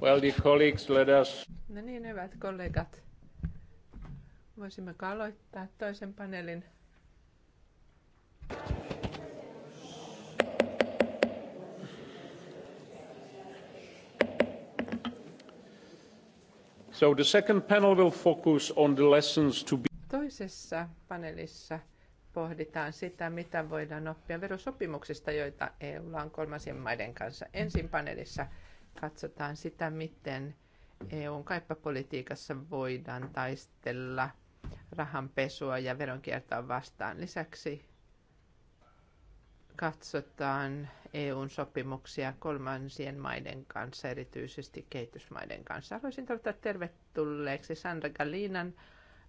Well, the colleagues, let us... No niin, hyvät kollegat. Voisimme aloittaa toisen paneelin. So the second panel will focus on the lessons to be... Toisessa paneelissa pohditaan sitä, mitä voidaan oppia verosopimuksista, joita EUlla on kolmansien maiden kanssa. Ensin paneelissa katsotaan sitä, miten EUn kaippapolitiikassa voidaan taistella rahanpesua ja veronkiertoa vastaan. Lisäksi katsotaan EUn sopimuksia kolmansien maiden kanssa, erityisesti kehitysmaiden kanssa. Haluaisin toivottaa tervetulleeksi Sandra Galinan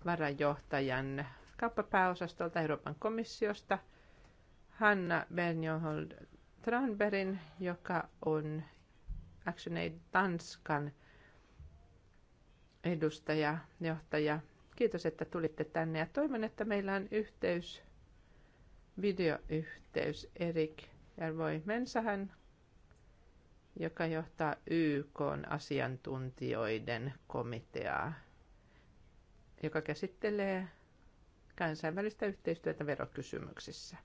varajohtajan kauppapääosastolta Euroopan komissiosta, Hanna Bernjohold Tranberin, joka on Action Tanskan edustaja, johtaja. Kiitos, että tulitte tänne ja toivon, että meillä on yhteys, videoyhteys Erik Järvoi Mensahan, joka johtaa YK asiantuntijoiden komiteaa, joka käsittelee kansainvälistä yhteistyötä verokysymyksissä.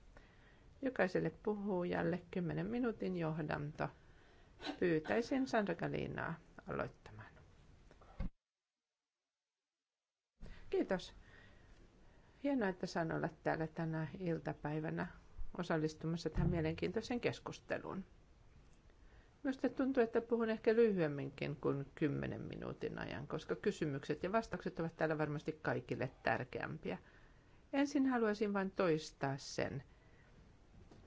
Jokaiselle puhujalle 10 minuutin johdanto Pyytäisin Sandra Galinaa aloittamaan. Kiitos. Hienoa, että saan olla täällä tänä iltapäivänä osallistumassa tähän mielenkiintoiseen keskusteluun. Minusta tuntuu, että puhun ehkä lyhyemminkin kuin 10 minuutin ajan, koska kysymykset ja vastaukset ovat täällä varmasti kaikille tärkeämpiä. Ensin haluaisin vain toistaa sen,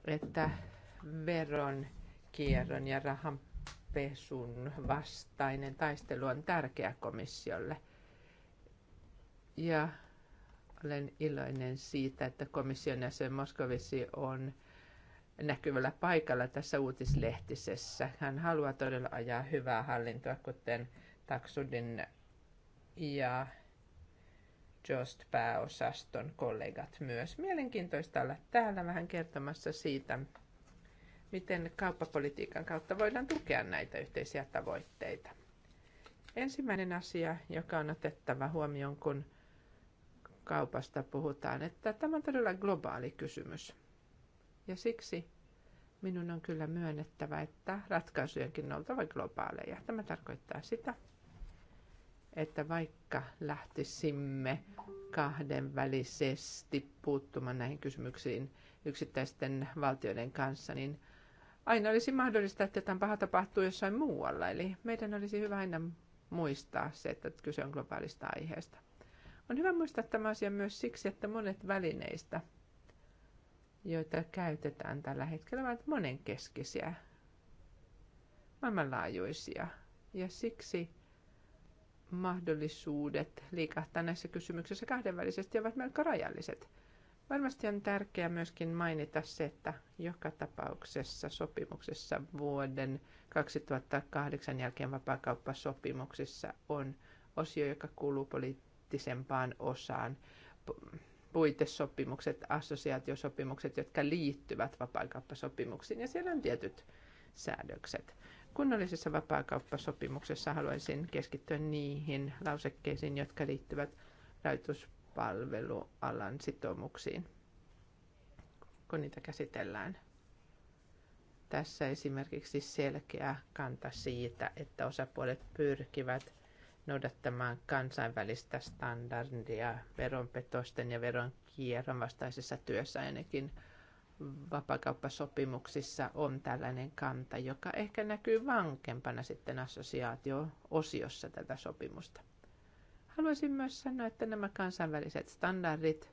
että veron veronkierron ja rahanpesun vastainen taistelu on tärkeä komissiolle. Ja olen iloinen siitä, että komission jäsen Moskovisi on näkyvällä paikalla tässä uutislehtisessä. Hän haluaa todella ajaa hyvää hallintoa, kuten Taksudin ja Just pääosaston kollegat myös. Mielenkiintoista olla täällä vähän kertomassa siitä, miten kauppapolitiikan kautta voidaan tukea näitä yhteisiä tavoitteita. Ensimmäinen asia, joka on otettava huomioon, kun kaupasta puhutaan, että tämä on todella globaali kysymys. Ja siksi minun on kyllä myönnettävä, että ratkaisujenkin on oltava globaaleja. Tämä tarkoittaa sitä, että vaikka lähtisimme kahdenvälisesti puuttumaan näihin kysymyksiin yksittäisten valtioiden kanssa, niin aina olisi mahdollista, että jotain paha tapahtuu jossain muualla. Eli meidän olisi hyvä aina muistaa se, että kyse on globaalista aiheesta. On hyvä muistaa tämä asia myös siksi, että monet välineistä, joita käytetään tällä hetkellä, ovat monenkeskisiä, maailmanlaajuisia. Ja siksi mahdollisuudet liikahtaa näissä kysymyksissä kahdenvälisesti ovat melko rajalliset. Varmasti on tärkeää myöskin mainita se, että joka tapauksessa sopimuksessa vuoden 2008 jälkeen vapaakauppasopimuksessa on osio, joka kuuluu poliittisempaan osaan. Puitesopimukset, assosiaatiosopimukset, jotka liittyvät vapaakauppasopimuksiin ja siellä on tietyt säädökset. Kunnollisessa vapaakauppasopimuksessa haluaisin keskittyä niihin lausekkeisiin, jotka liittyvät rajoitus palvelualan sitoumuksiin, kun niitä käsitellään. Tässä esimerkiksi selkeä kanta siitä, että osapuolet pyrkivät noudattamaan kansainvälistä standardia veronpetosten ja veronkierron vastaisessa työssä ainakin vapakauppasopimuksissa on tällainen kanta, joka ehkä näkyy vankempana sitten assosiaatio-osiossa tätä sopimusta. Haluaisin myös sanoa, että nämä kansainväliset standardit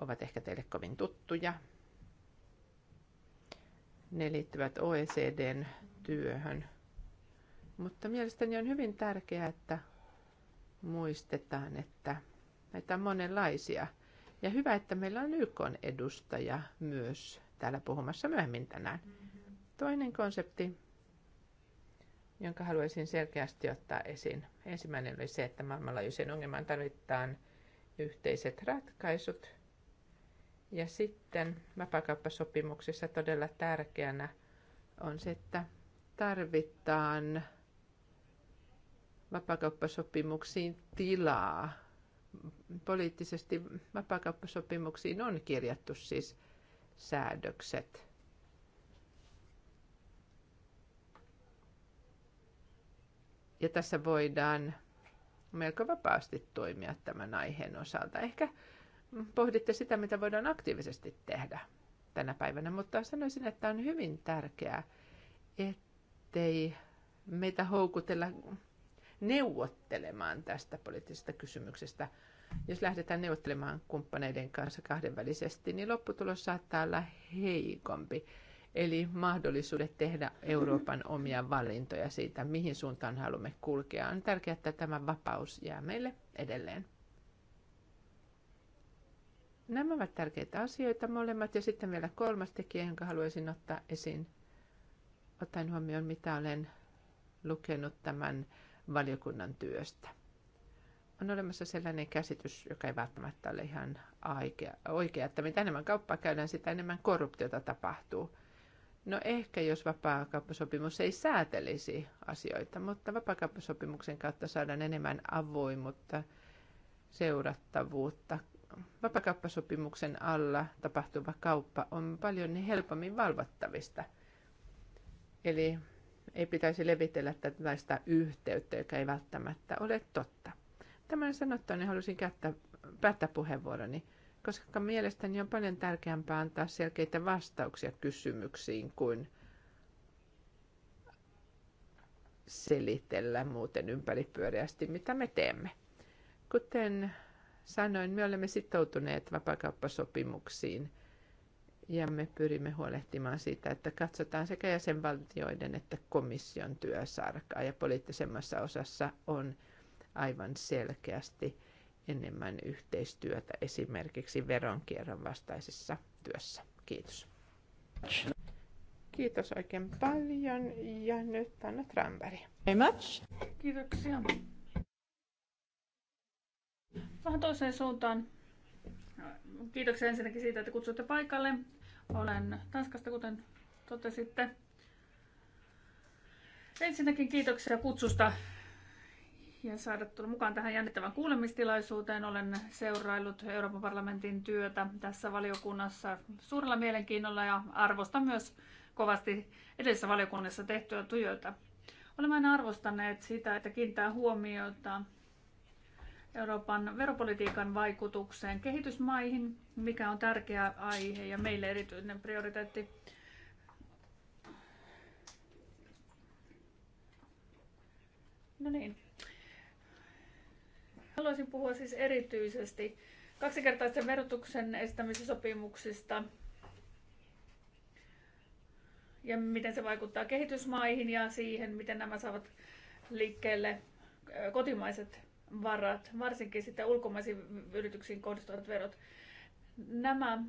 ovat ehkä teille kovin tuttuja. Ne liittyvät OECDn työhön. Mutta mielestäni on hyvin tärkeää, että muistetaan, että näitä on monenlaisia. Ja hyvä, että meillä on YK edustaja myös täällä puhumassa myöhemmin tänään. Toinen konsepti, jonka haluaisin selkeästi ottaa esiin. Ensimmäinen oli se, että maailmanlaajuisen ongelman tarvitaan yhteiset ratkaisut. Ja sitten vapakauppasopimuksissa todella tärkeänä on se, että tarvitaan vapakauppasopimuksiin tilaa. Poliittisesti vapakauppasopimuksiin on kirjattu siis säädökset – Ja tässä voidaan melko vapaasti toimia tämän aiheen osalta. Ehkä pohditte sitä, mitä voidaan aktiivisesti tehdä tänä päivänä, mutta sanoisin, että on hyvin tärkeää, ettei meitä houkutella neuvottelemaan tästä poliittisesta kysymyksestä. Jos lähdetään neuvottelemaan kumppaneiden kanssa kahdenvälisesti, niin lopputulos saattaa olla heikompi Eli mahdollisuudet tehdä Euroopan omia valintoja siitä, mihin suuntaan haluamme kulkea. On tärkeää, että tämä vapaus jää meille edelleen. Nämä ovat tärkeitä asioita molemmat. Ja sitten vielä kolmas tekijä, jonka haluaisin ottaa esiin. Otan huomioon, mitä olen lukenut tämän valiokunnan työstä. On olemassa sellainen käsitys, joka ei välttämättä ole ihan oikea, oikea että mitä enemmän kauppaa käydään, sitä enemmän korruptiota tapahtuu. No ehkä jos vapaakauppasopimus ei säätelisi asioita, mutta vapaakauppasopimuksen kautta saadaan enemmän avoimuutta, seurattavuutta. Vapaakauppasopimuksen alla tapahtuva kauppa on paljon helpommin valvottavista. Eli ei pitäisi levitellä tällaista yhteyttä, joka ei välttämättä ole totta. Tämän sanottua niin halusin käyttää, päättää puheenvuoroni. Niin koska mielestäni on paljon tärkeämpää antaa selkeitä vastauksia kysymyksiin kuin selitellä muuten ympäripyöreästi, mitä me teemme. Kuten sanoin, me olemme sitoutuneet vapakauppasopimuksiin ja me pyrimme huolehtimaan siitä, että katsotaan sekä jäsenvaltioiden että komission työsarkaa ja poliittisemmassa osassa on aivan selkeästi – enemmän yhteistyötä esimerkiksi veronkierron vastaisessa työssä. Kiitos. Kiitos oikein paljon ja nyt Anna Tranberg. Very much. Kiitoksia. Vähän toiseen suuntaan. Kiitoksia ensinnäkin siitä, että kutsutte paikalle. Olen Tanskasta, kuten totesitte. Ensinnäkin kiitoksia kutsusta ja saada tulla mukaan tähän jännittävään kuulemistilaisuuteen. Olen seuraillut Euroopan parlamentin työtä tässä valiokunnassa suurella mielenkiinnolla ja arvostan myös kovasti edellisessä valiokunnassa tehtyä työtä. Olemme aina arvostaneet sitä, että kiinnittää huomiota Euroopan veropolitiikan vaikutukseen kehitysmaihin, mikä on tärkeä aihe ja meille erityinen prioriteetti. No niin, Haluaisin puhua siis erityisesti kaksinkertaisen verotuksen estämisesopimuksista ja miten se vaikuttaa kehitysmaihin ja siihen, miten nämä saavat liikkeelle kotimaiset varat, varsinkin sitten ulkomaisiin yrityksiin kohdistuvat verot. Nämä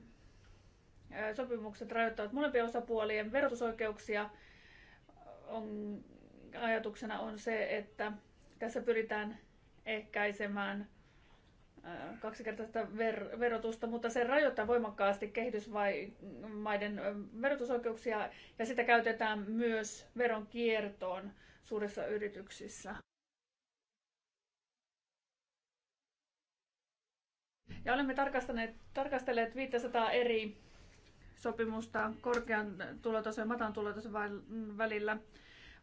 sopimukset rajoittavat molempien osapuolien verotusoikeuksia. On, ajatuksena on se, että tässä pyritään ehkäisemään äh, kaksikertaista ver- verotusta, mutta se rajoittaa voimakkaasti kehitysmaiden äh, verotusoikeuksia ja sitä käytetään myös veronkiertoon suurissa yrityksissä. Ja olemme tarkastaneet, tarkastelleet 500 eri sopimusta korkean tulotason ja matan tulotason välillä.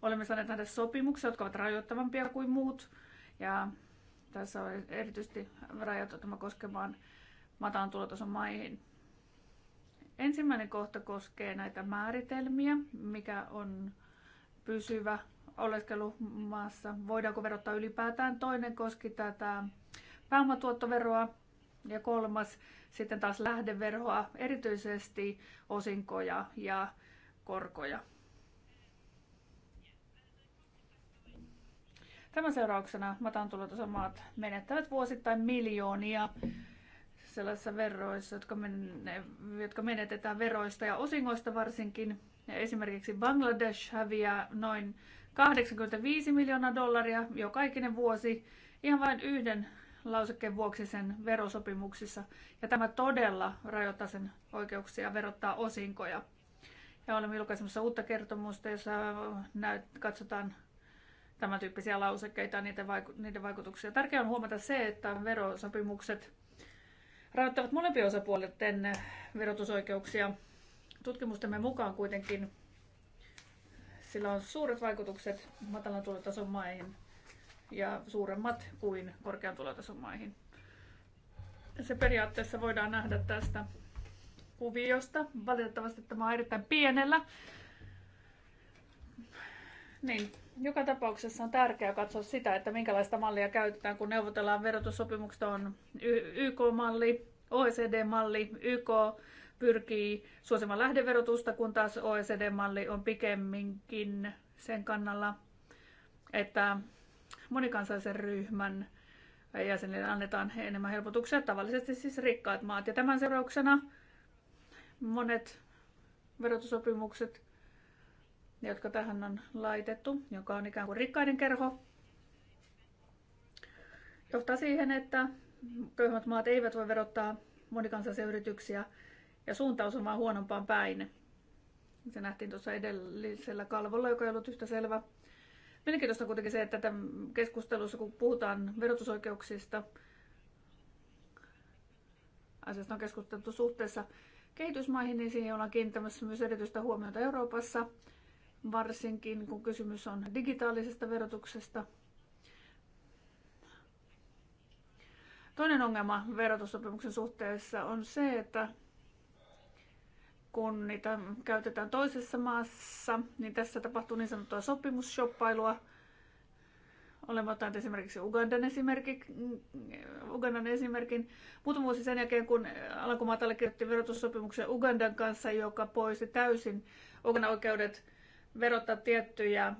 Olemme saaneet nähdä sopimuksia, jotka ovat rajoittavampia kuin muut. Ja tässä on erityisesti rajatutuma koskemaan matalan tulotason maihin. Ensimmäinen kohta koskee näitä määritelmiä, mikä on pysyvä oleskelumaassa. Voidaanko verottaa ylipäätään? Toinen koski tätä pääomatuottoveroa ja kolmas sitten taas lähdeveroa, erityisesti osinkoja ja korkoja. Tämän seurauksena matantulotason maat menettävät vuosittain miljoonia sellaisissa veroissa, jotka, men, jotka menetetään veroista ja osingoista varsinkin. ja Esimerkiksi Bangladesh häviää noin 85 miljoonaa dollaria joka ikinen vuosi ihan vain yhden lausekkeen vuoksi sen verosopimuksissa. Ja tämä todella rajoittaa sen oikeuksia verottaa osinkoja. Ja olemme julkaisemassa uutta kertomusta, jossa näyt, katsotaan tämän tyyppisiä lausekkeita ja niiden vaikutuksia. Tärkeää on huomata se, että verosopimukset rajoittavat molempien osapuolten verotusoikeuksia. Tutkimustemme mukaan kuitenkin sillä on suuret vaikutukset matalan tulotason maihin ja suuremmat kuin korkean tulotason maihin. Se periaatteessa voidaan nähdä tästä kuviosta. Valitettavasti tämä on erittäin pienellä. Niin, joka tapauksessa on tärkeää katsoa sitä, että minkälaista mallia käytetään, kun neuvotellaan verotussopimuksesta on YK-malli, OECD-malli, YK pyrkii suosimaan lähdeverotusta, kun taas OECD-malli on pikemminkin sen kannalla, että monikansallisen ryhmän jäsenille annetaan enemmän helpotuksia, tavallisesti siis rikkaat maat. Ja tämän seurauksena monet verotusopimukset jotka tähän on laitettu, joka on ikään kuin rikkaiden kerho, johtaa siihen, että köyhät maat eivät voi verottaa monikansallisia yrityksiä ja suuntaus on vaan huonompaan päin. Se nähtiin tuossa edellisellä kalvolla, joka ei ollut yhtä selvä. Mielenkiintoista on kuitenkin se, että tämän keskustelussa, kun puhutaan verotusoikeuksista, asiasta on keskusteltu suhteessa kehitysmaihin, niin siihen ollaan kiinnittämässä myös erityistä huomiota Euroopassa – varsinkin kun kysymys on digitaalisesta verotuksesta. Toinen ongelma verotussopimuksen suhteessa on se, että kun niitä käytetään toisessa maassa, niin tässä tapahtuu niin sanottua sopimusshoppailua. Olemme ottaneet esimerkiksi Ugandan, esimerkki, Ugandan esimerkin. Muutama vuosi sen jälkeen, kun Alankomaat allekirjoitti verotussopimuksen Ugandan kanssa, joka poisti täysin Ugandan oikeudet verottaa tiettyjä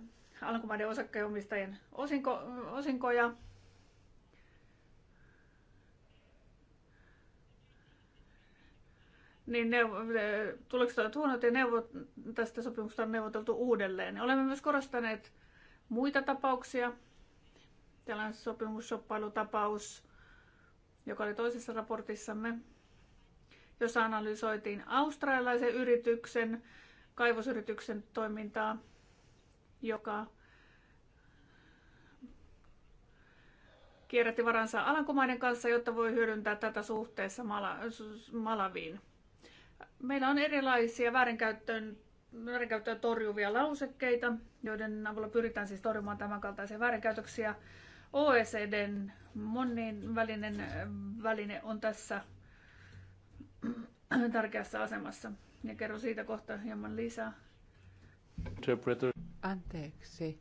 alkumaiden osakkeenomistajien osinko, osinkoja. Niin tulokset ovat huonot ja neuvot, tästä sopimuksesta on neuvoteltu uudelleen. Olemme myös korostaneet muita tapauksia. Tällainen sopimusshoppailutapaus, joka oli toisessa raportissamme, jossa analysoitiin australialaisen yrityksen kaivosyrityksen toimintaa, joka kierrätti varansa Alankomaiden kanssa, jotta voi hyödyntää tätä suhteessa Malaviin. Meillä on erilaisia väärinkäyttöön väärinkäyttöä torjuvia lausekkeita, joiden avulla pyritään siis torjumaan tämänkaltaisia väärinkäytöksiä. OECDn monin välinen väline on tässä tärkeässä asemassa ja kerro siitä kohta hieman lisää. Interpreter. Anteeksi.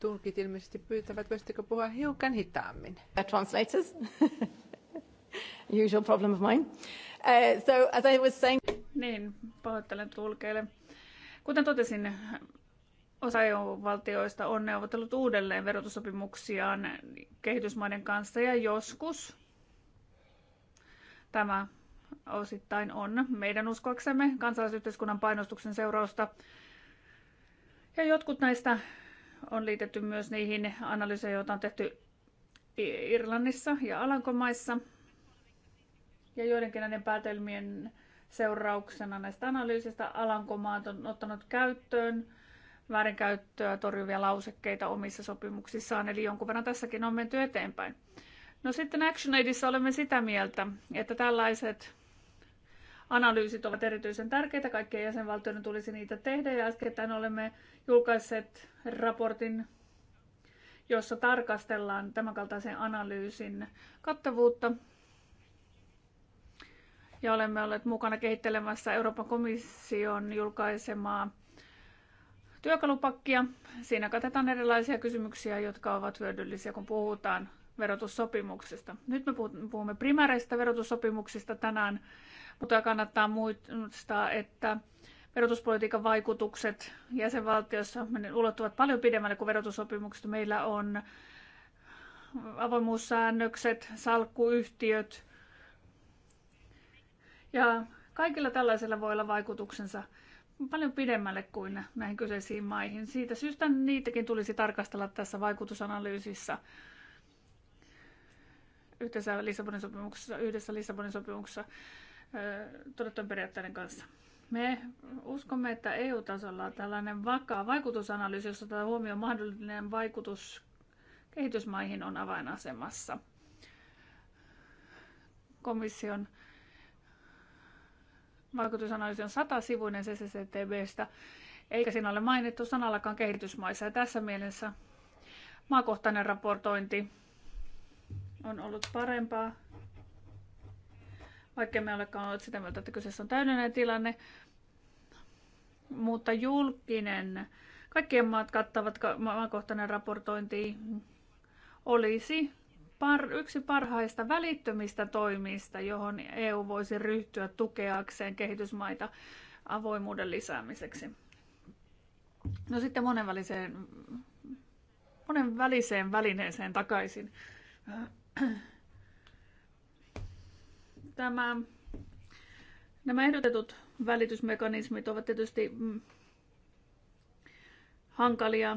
Tulkit ilmeisesti pyytävät, voisitteko puhua hiukan hitaammin? That translates. Usual problem of mine. Uh, so as I was saying... Niin, pahoittelen tulkeille. Kuten totesin, osa EU-valtioista on neuvotellut uudelleen verotussopimuksiaan kehitysmaiden kanssa ja joskus tämä osittain on meidän uskoaksemme kansalaisyhteiskunnan painostuksen seurausta. Ja jotkut näistä on liitetty myös niihin analyyseihin, joita on tehty Irlannissa ja Alankomaissa. Ja joidenkin näiden päätelmien seurauksena näistä analyysistä Alankomaat on ottanut käyttöön väärinkäyttöä torjuvia lausekkeita omissa sopimuksissaan, eli jonkun verran tässäkin on menty eteenpäin. No sitten ActionAidissa olemme sitä mieltä, että tällaiset analyysit ovat erityisen tärkeitä. Kaikkien jäsenvaltioiden tulisi niitä tehdä ja äskettäin olemme julkaisseet raportin, jossa tarkastellaan tämänkaltaisen analyysin kattavuutta. Ja olemme olleet mukana kehittelemässä Euroopan komission julkaisemaa työkalupakkia. Siinä katetaan erilaisia kysymyksiä, jotka ovat hyödyllisiä, kun puhutaan verotussopimuksesta. Nyt me puhumme primääreistä verotussopimuksista tänään mutta kannattaa muistaa, että verotuspolitiikan vaikutukset jäsenvaltiossa ulottuvat paljon pidemmälle kuin verotussopimukset. Meillä on avoimuussäännökset, salkkuyhtiöt ja kaikilla tällaisilla voi olla vaikutuksensa paljon pidemmälle kuin näihin kyseisiin maihin. Siitä syystä niitäkin tulisi tarkastella tässä vaikutusanalyysissä yhdessä Lissabonin sopimuksessa, yhdessä Lissabonin sopimuksessa todettujen periaatteiden kanssa. Me uskomme, että EU-tasolla on tällainen vakaa vaikutusanalyysi, jossa tämä huomioon mahdollinen vaikutus kehitysmaihin on avainasemassa. Komission vaikutusanalyysi on satasivuinen CCCTBstä, eikä siinä ole mainittu sanallakaan kehitysmaissa. Ja tässä mielessä maakohtainen raportointi on ollut parempaa vaikka me olekaan ollut sitä mieltä, että kyseessä on täydellinen tilanne. Mutta julkinen, kaikkien maat kattavat maakohtainen raportointi olisi par, yksi parhaista välittömistä toimista, johon EU voisi ryhtyä tukeakseen kehitysmaita avoimuuden lisäämiseksi. No sitten monenväliseen, monenväliseen välineeseen takaisin. Tämä, nämä ehdotetut välitysmekanismit ovat tietysti mm, hankalia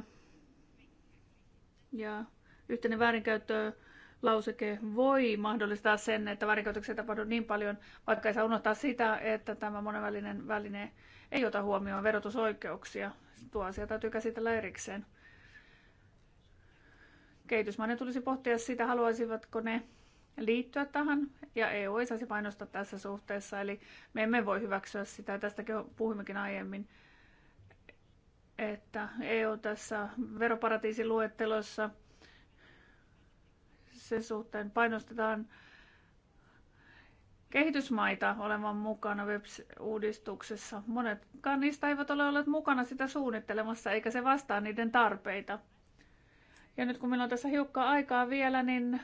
ja yhteinen väärinkäyttö lauseke voi mahdollistaa sen, että väärinkäytöksiä tapahtuu niin paljon, vaikka ei saa unohtaa sitä, että tämä monenvälinen väline ei ota huomioon verotusoikeuksia. Tuo asia täytyy käsitellä erikseen. Kehitysmaiden tulisi pohtia sitä, haluaisivatko ne liittyä tähän, ja EU ei saisi painostaa tässä suhteessa, eli me emme voi hyväksyä sitä, tästäkin puhuimmekin aiemmin, että EU tässä veroparatiisiluettelossa sen suhteen painostetaan kehitysmaita olevan mukana WEPS-uudistuksessa. Monetkaan niistä eivät ole olleet mukana sitä suunnittelemassa, eikä se vastaa niiden tarpeita. Ja nyt kun meillä on tässä hiukka aikaa vielä, niin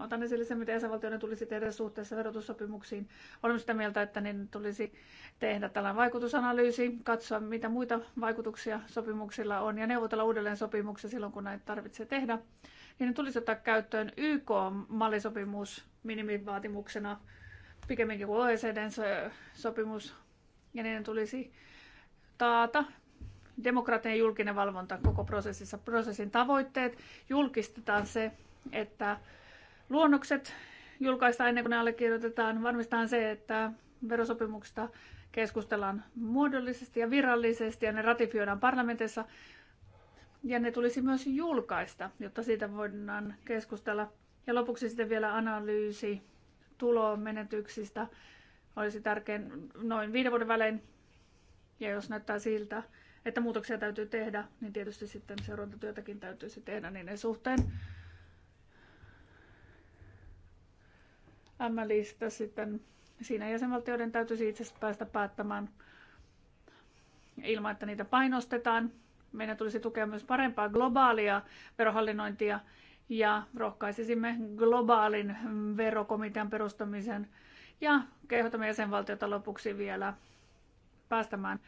Otan esille sen, mitä jäsenvaltioiden tulisi tehdä suhteessa verotussopimuksiin. Olemme sitä mieltä, että niin tulisi tehdä tällainen vaikutusanalyysi, katsoa mitä muita vaikutuksia sopimuksilla on ja neuvotella uudelleen sopimuksia silloin, kun näitä tarvitsee tehdä. Niin tulisi ottaa käyttöön YK-mallisopimus minimivaatimuksena, pikemminkin kuin OECDn sopimus, ja niiden tulisi taata demokratian julkinen valvonta koko prosessissa. Prosessin tavoitteet julkistetaan se, että luonnokset julkaistaan ennen kuin ne allekirjoitetaan. Varmistetaan se, että verosopimuksista keskustellaan muodollisesti ja virallisesti ja ne ratifioidaan parlamentissa. Ja ne tulisi myös julkaista, jotta siitä voidaan keskustella. Ja lopuksi sitten vielä analyysi tulomenetyksistä olisi tärkein noin viiden vuoden välein. Ja jos näyttää siltä, että muutoksia täytyy tehdä, niin tietysti sitten seurantatyötäkin täytyisi tehdä niiden suhteen. m sitten. Siinä jäsenvaltioiden täytyisi itse päästä päättämään ilman, että niitä painostetaan. Meidän tulisi tukea myös parempaa globaalia verohallinnointia ja rohkaisisimme globaalin verokomitean perustamisen ja kehotamme jäsenvaltiota lopuksi vielä päästämään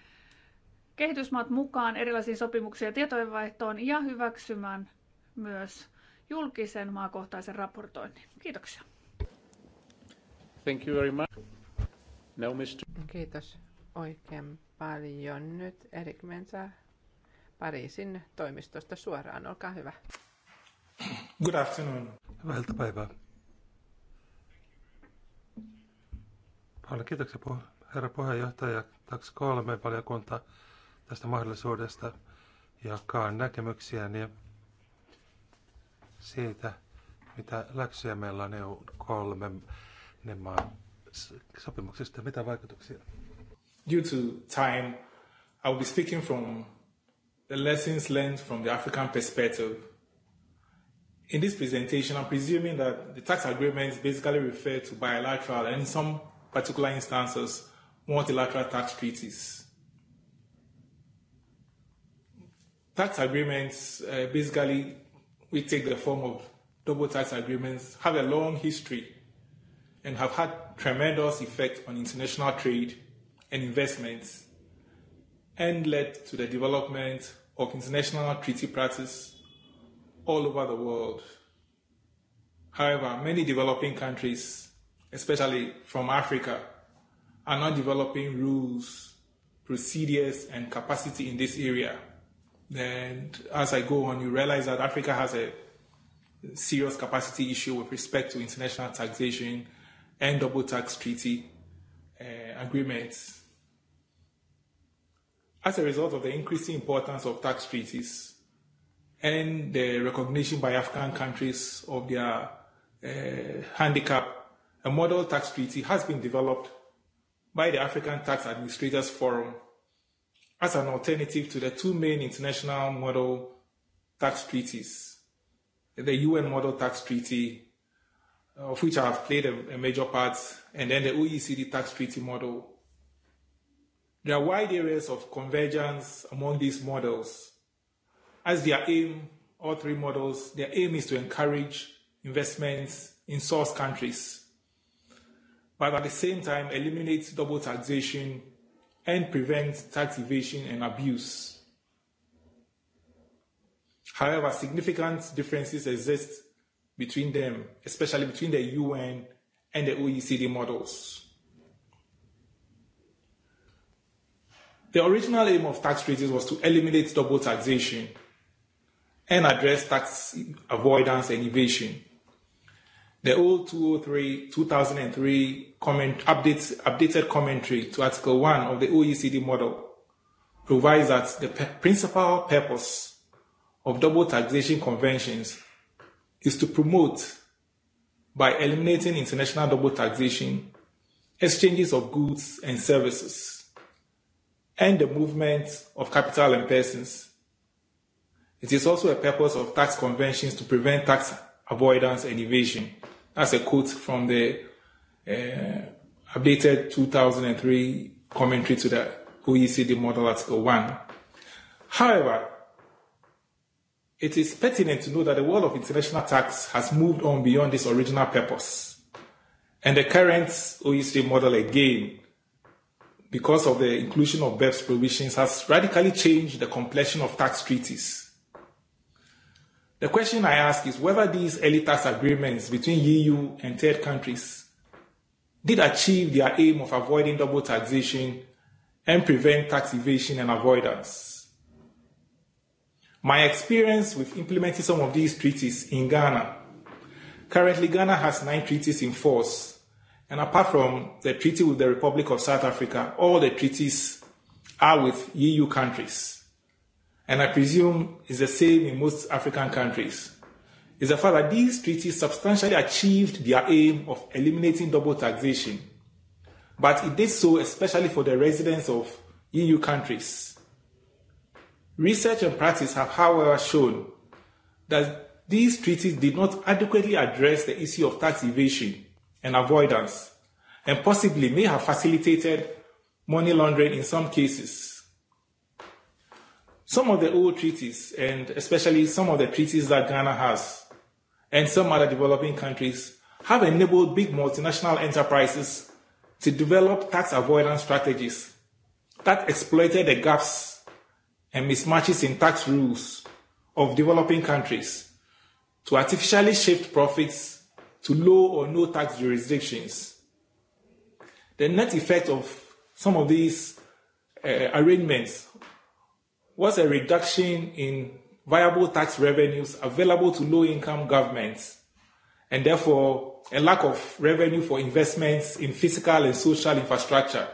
kehitysmaat mukaan erilaisiin sopimuksiin ja tietojenvaihtoon ja hyväksymään myös julkisen maakohtaisen raportoinnin. Kiitoksia. Thank you very much. No, Mr. Kiitos oikein paljon. Nyt Erik Mensä Pariisin toimistosta suoraan. Olkaa hyvä. Good afternoon. Hyvää iltapäivää. Paljon kiitoksia herra puheenjohtaja TAX 3 valiokunta tästä mahdollisuudesta jakaa näkemyksiä ja siitä, mitä läksyjä meillä on EU 3 maan sopimuksesta. Mitä vaikutuksia? Due to time, I will be speaking from the lessons learned from the African perspective. In this presentation, I'm presuming that the tax agreements basically refer to bilateral and in some particular instances, multilateral tax treaties. Tax agreements uh, basically we take the form of double tax agreements, have a long history and have had tremendous effect on international trade and investments and led to the development of international treaty practice all over the world. However, many developing countries, especially from Africa, are not developing rules, procedures, and capacity in this area. And as I go on, you realize that Africa has a serious capacity issue with respect to international taxation End double tax treaty uh, agreements. As a result of the increasing importance of tax treaties and the recognition by African countries of their uh, handicap, a model tax treaty has been developed by the African Tax Administrators Forum as an alternative to the two main international model tax treaties the UN Model Tax Treaty of which I have played a, a major part, and then the OECD tax treaty model. There are wide areas of convergence among these models. As their aim, all three models, their aim is to encourage investments in source countries, but at the same time eliminate double taxation and prevent tax evasion and abuse. However, significant differences exist between them, especially between the UN and the OECD models. The original aim of tax treaties was to eliminate double taxation and address tax avoidance and evasion. The old 203, 2003 comment, updates, updated commentary to Article 1 of the OECD model provides that the principal purpose of double taxation conventions is to promote, by eliminating international double taxation, exchanges of goods and services, and the movement of capital and persons. It is also a purpose of tax conventions to prevent tax avoidance and evasion. That's a quote from the uh, updated 2003 commentary to the OECD model article 1. However, it is pertinent to know that the world of international tax has moved on beyond its original purpose. And the current OECD model, again, because of the inclusion of BEPS provisions, has radically changed the complexion of tax treaties. The question I ask is whether these early tax agreements between EU and third countries did achieve their aim of avoiding double taxation and prevent tax evasion and avoidance. My experience with implementing some of these treaties in Ghana. Currently, Ghana has nine treaties in force. And apart from the treaty with the Republic of South Africa, all the treaties are with EU countries. And I presume it's the same in most African countries. It's the fact that these treaties substantially achieved their aim of eliminating double taxation. But it did so especially for the residents of EU countries. Research and practice have, however, shown that these treaties did not adequately address the issue of tax evasion and avoidance, and possibly may have facilitated money laundering in some cases. Some of the old treaties, and especially some of the treaties that Ghana has, and some other developing countries, have enabled big multinational enterprises to develop tax avoidance strategies that exploited the gaps and mismatches in tax rules of developing countries to artificially shift profits to low or no tax jurisdictions. The net effect of some of these uh, arrangements was a reduction in viable tax revenues available to low income governments, and therefore a lack of revenue for investments in physical and social infrastructure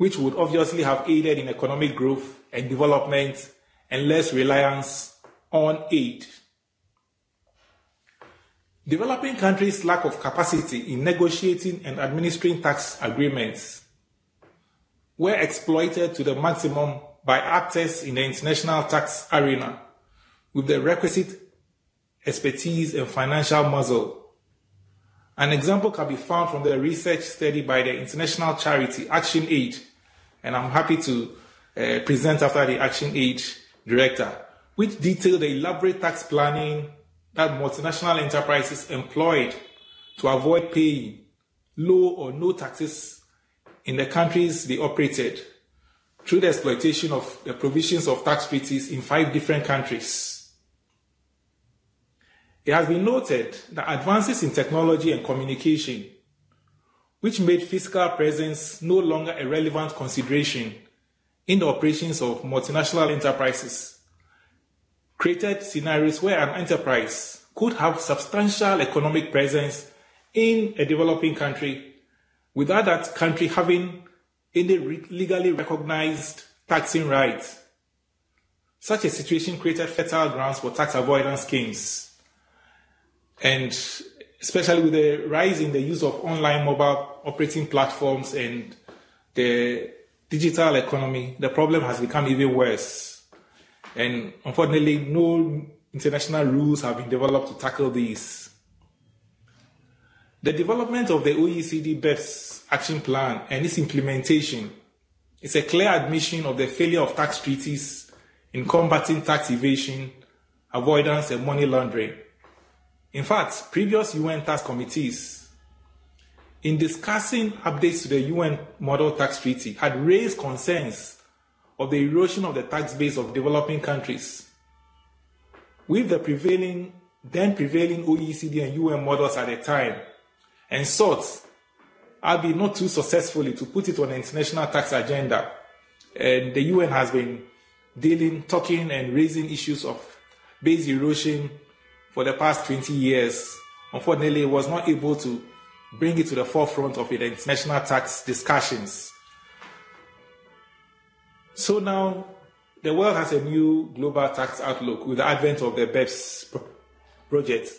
which would obviously have aided in economic growth and development and less reliance on aid. Developing countries' lack of capacity in negotiating and administering tax agreements were exploited to the maximum by actors in the international tax arena with the requisite expertise and financial muscle. An example can be found from the research study by the international charity ActionAid and I'm happy to uh, present after the Action Aid Director, which detailed the elaborate tax planning that multinational enterprises employed to avoid paying low or no taxes in the countries they operated through the exploitation of the provisions of tax treaties in five different countries. It has been noted that advances in technology and communication which made physical presence no longer a relevant consideration in the operations of multinational enterprises, created scenarios where an enterprise could have substantial economic presence in a developing country without that country having any legally recognized taxing rights. Such a situation created fertile grounds for tax avoidance schemes. And especially with the rise in the use of online mobile operating platforms and the digital economy, the problem has become even worse. And unfortunately, no international rules have been developed to tackle these. The development of the OECD BEPS action plan and its implementation is a clear admission of the failure of tax treaties in combating tax evasion, avoidance, and money laundering. In fact, previous UN tax committees, in discussing updates to the UN Model Tax Treaty, had raised concerns of the erosion of the tax base of developing countries. With the prevailing, then prevailing OECD and UN models at the time, and sought, albeit not too successfully, to put it on the international tax agenda. And the UN has been dealing, talking, and raising issues of base erosion for the past 20 years, unfortunately, was not able to bring it to the forefront of the international tax discussions. So now, the world has a new global tax outlook with the advent of the BEPS project.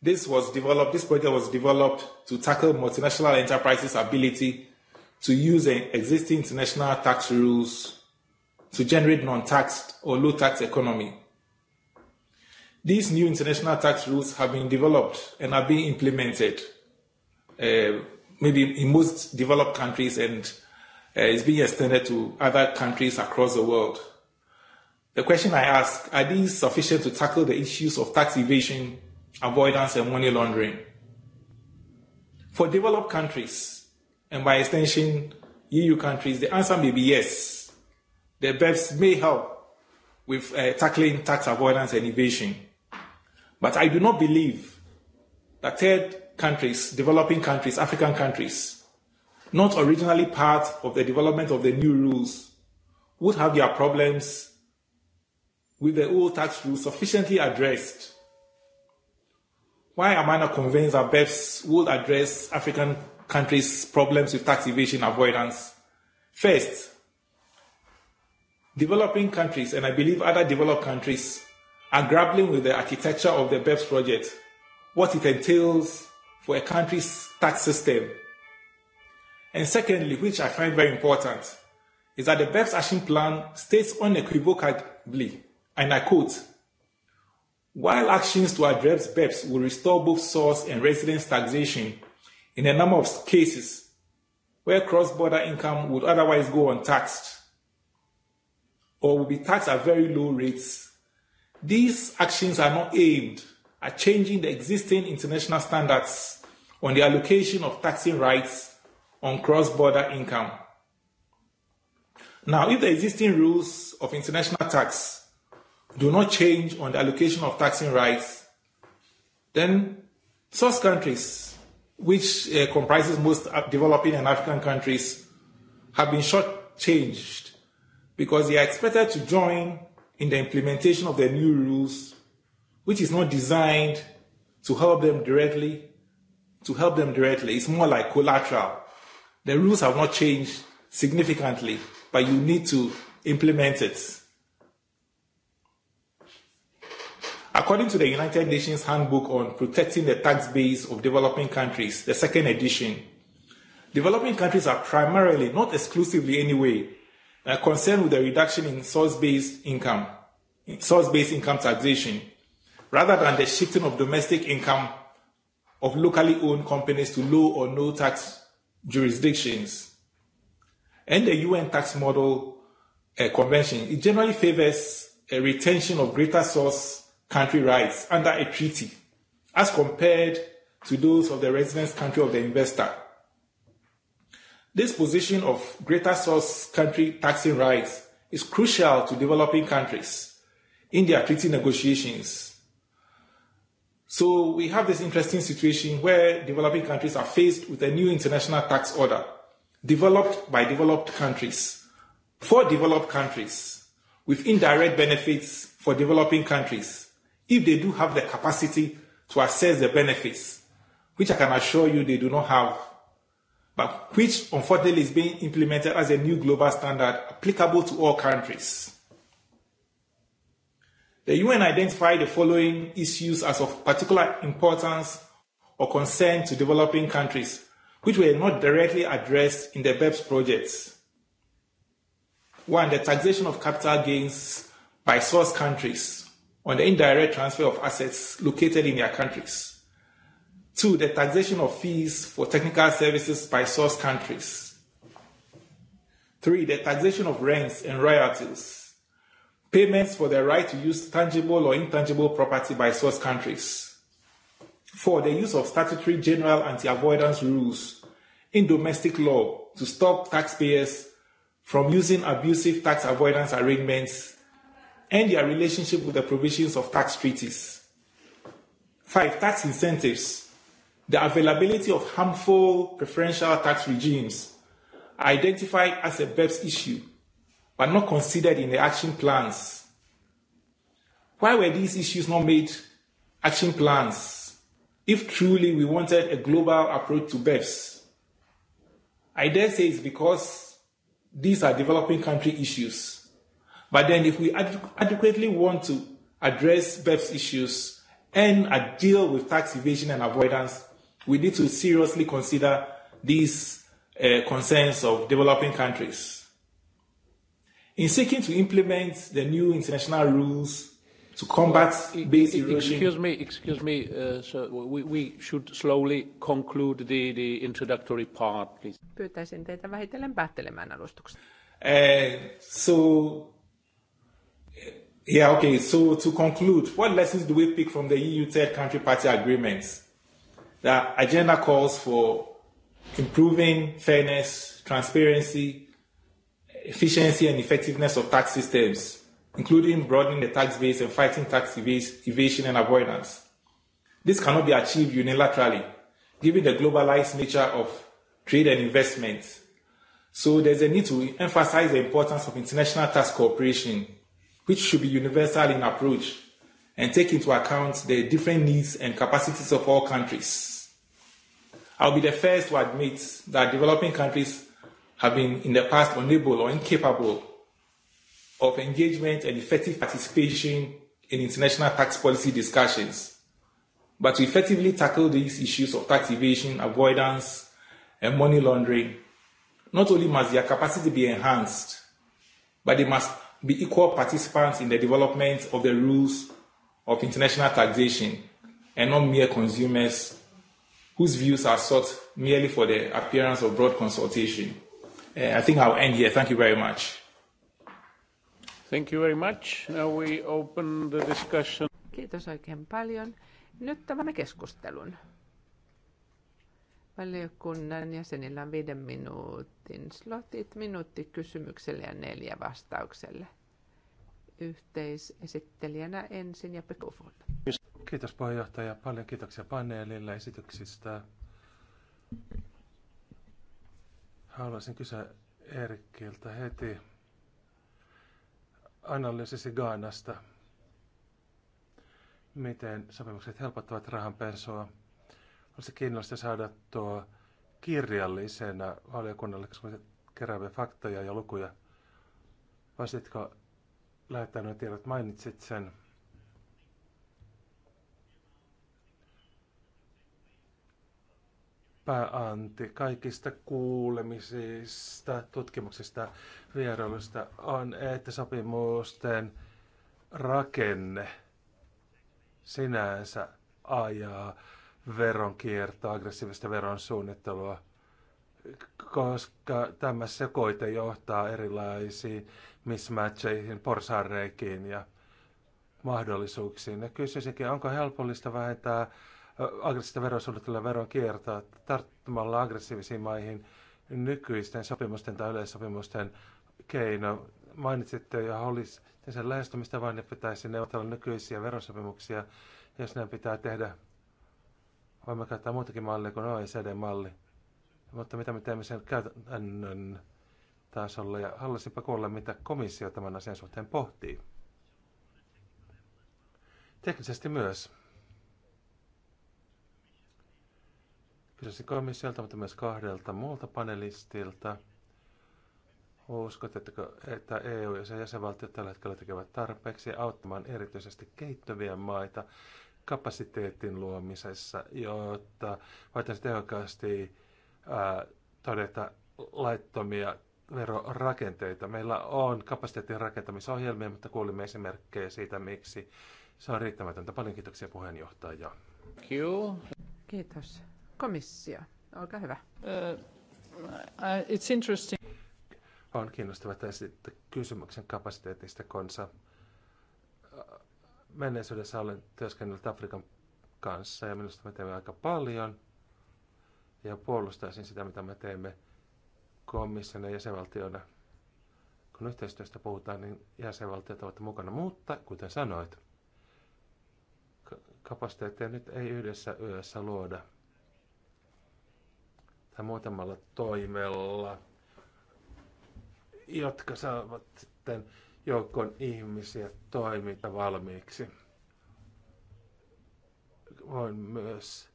This was developed, this project was developed to tackle multinational enterprises' ability to use e-, existing international tax rules to generate non-taxed or low-tax economy These new international tax rules have been developed and are being implemented, uh, maybe in most developed countries, and uh, it's being extended to other countries across the world. The question I ask are these sufficient to tackle the issues of tax evasion, avoidance, and money laundering? For developed countries, and by extension, EU countries, the answer may be yes. The BEPS may help with uh, tackling tax avoidance and evasion. But I do not believe that third countries, developing countries, African countries, not originally part of the development of the new rules, would have their problems with the old tax rules sufficiently addressed. Why am I not convinced that BEPS would address African countries' problems with tax evasion avoidance? First, developing countries, and I believe other developed countries, are grappling with the architecture of the BEPS project, what it entails for a country's tax system. And secondly, which I find very important, is that the BEPS Action Plan states unequivocally, and I quote, while actions to address BEPS will restore both source and residence taxation in a number of cases where cross border income would otherwise go untaxed or will be taxed at very low rates These actions are not aimed at changing the existing international standards on the allocation of taxing rights on cross border income. Now, if the existing rules of international tax do not change on the allocation of taxing rights, then source countries, which uh, comprises most developing and African countries, have been shortchanged because they are expected to join in the implementation of the new rules, which is not designed to help them directly, to help them directly. It's more like collateral. The rules have not changed significantly, but you need to implement it. According to the United Nations Handbook on Protecting the Tax Base of Developing Countries, the second edition, developing countries are primarily, not exclusively anyway, uh, concerned with the reduction in source-based income, source-based income taxation, rather than the shifting of domestic income of locally owned companies to low or no tax jurisdictions. And the UN tax model uh, convention, it generally favors a retention of greater source country rights under a treaty as compared to those of the residence country of the investor. This position of greater source country taxing rights is crucial to developing countries in their treaty negotiations. So we have this interesting situation where developing countries are faced with a new international tax order developed by developed countries for developed countries with indirect benefits for developing countries if they do have the capacity to assess the benefits, which I can assure you they do not have but which unfortunately is being implemented as a new global standard applicable to all countries. The UN identified the following issues as of particular importance or concern to developing countries, which were not directly addressed in the BEPS projects. One, the taxation of capital gains by source countries on the indirect transfer of assets located in their countries. Two, the taxation of fees for technical services by source countries. Three, the taxation of rents and royalties. Payments for the right to use tangible or intangible property by source countries. Four, the use of statutory general anti-avoidance rules in domestic law to stop taxpayers from using abusive tax avoidance arrangements and their relationship with the provisions of tax treaties. Five, tax incentives the availability of harmful preferential tax regimes are identified as a BEPS issue, but not considered in the action plans. Why were these issues not made action plans if truly we wanted a global approach to BEPS? I dare say it's because these are developing country issues. But then, if we ad- adequately want to address BEPS issues and uh, deal with tax evasion and avoidance, we need to seriously consider these uh, concerns of developing countries. In seeking to implement the new international rules to combat well, e-, base e-, erosion. Excuse me, excuse me, uh, sir. We, we should slowly conclude the, the introductory part, please. Pyytäisin teitä vähitellen päättelemään alustuksen. Uh, so, yeah, okay. So to conclude, what lessons do we pick from the EU third country party agreements? That agenda calls for improving fairness, transparency, efficiency and effectiveness of tax systems, including broadening the tax base and fighting tax evas- evasion and avoidance. This cannot be achieved unilaterally, given the globalized nature of trade and investment. So there's a need to emphasize the importance of international tax cooperation, which should be universal in approach and take into account the different needs and capacities of all countries. I'll be the first to admit that developing countries have been in the past unable or incapable of engagement and effective participation in international tax policy discussions. But to effectively tackle these issues of tax evasion, avoidance, and money laundering, not only must their capacity be enhanced, but they must be equal participants in the development of the rules of international taxation and not mere consumers whose views are sought merely for the appearance of broad consultation. Uh, I think I'll end here. Thank you very much. Thank you very much. Now we open the discussion. Kiitos oikein paljon. Nyt avaamme keskustelun. Valiokunnan jäsenillä on viiden minuutin slotit, minuutti kysymykselle ja neljä vastaukselle. Yhteisesittelijänä ensin ja Pekufun. Kiitos puheenjohtaja. Paljon kiitoksia paneelille esityksistä. Haluaisin kysyä Erkkiltä heti analyysisi Gaanasta. Miten sopimukset helpottavat rahanpesua? Olisi kiinnostavaa saada tuo kirjallisena valiokunnalle, koska keräämme faktoja ja lukuja. Voisitko lähettää nuo tiedot? Mainitsit sen. pääanti kaikista kuulemisista, tutkimuksista, vierailuista on, että sopimusten rakenne sinänsä ajaa veronkiertoa, aggressiivista veronsuunnittelua, koska tämä sekoite johtaa erilaisiin mismatcheihin, porsaanreikiin ja mahdollisuuksiin. Ja kysyisinkin, onko helpollista vähentää aggressiivista verosuunnittelua ja veronkiertoa tarttumalla aggressiivisiin maihin nykyisten sopimusten tai yleissopimusten keino. Mainitsitte jo holistisen lähestymistä, vaan ne pitäisi neuvotella nykyisiä verosopimuksia, jos ne pitää tehdä. Voimme käyttää muutakin mallia kuin OECD-malli. Mutta mitä me teemme sen käytännön tasolla ja haluaisinpa kuulla, mitä komissio tämän asian suhteen pohtii. Teknisesti myös. Kysyisin komissiolta, mutta myös kahdelta muulta panelistilta. Uskotteko, että EU ja sen jäsenvaltiot tällä hetkellä tekevät tarpeeksi auttamaan erityisesti kehittyviä maita kapasiteetin luomisessa, jotta voitaisiin tehokkaasti ää, todeta laittomia verorakenteita. Meillä on kapasiteetin rakentamisohjelmia, mutta kuulimme esimerkkejä siitä, miksi se on riittämätöntä. Paljon kiitoksia puheenjohtaja. Kiitos. Komissio, olkaa hyvä. Uh, uh it's interesting. On kiinnostava tästä kysymyksen kapasiteetista konsa. Uh, menneisyydessä olen työskennellyt Afrikan kanssa ja minusta me teemme aika paljon. Ja puolustaisin sitä, mitä me teemme komissiona ja jäsenvaltiona. Kun yhteistyöstä puhutaan, niin jäsenvaltiot ovat mukana, mutta kuten sanoit, kapasiteettia nyt ei yhdessä yössä luoda tai muutamalla toimella, jotka saavat sitten joukon ihmisiä toiminta valmiiksi. Voin myös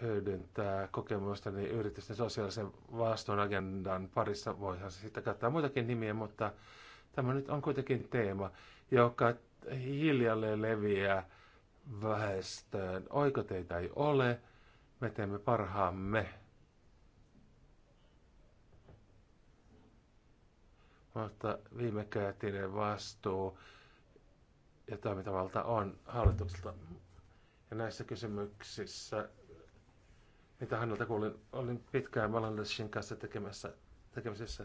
hyödyntää kokemustani yritysten sosiaalisen vastuun agendan parissa. Voihan se sitten kattaa muitakin nimiä, mutta tämä nyt on kuitenkin teema, joka hiljalleen leviää väestöön. teitä ei ole, me teemme parhaamme mutta kädetinen vastuu ja toimintavalta on hallitukselta. Ja näissä kysymyksissä, mitä häneltä kuulin, olin pitkään Malandashin kanssa tekemässä, tekemisessä.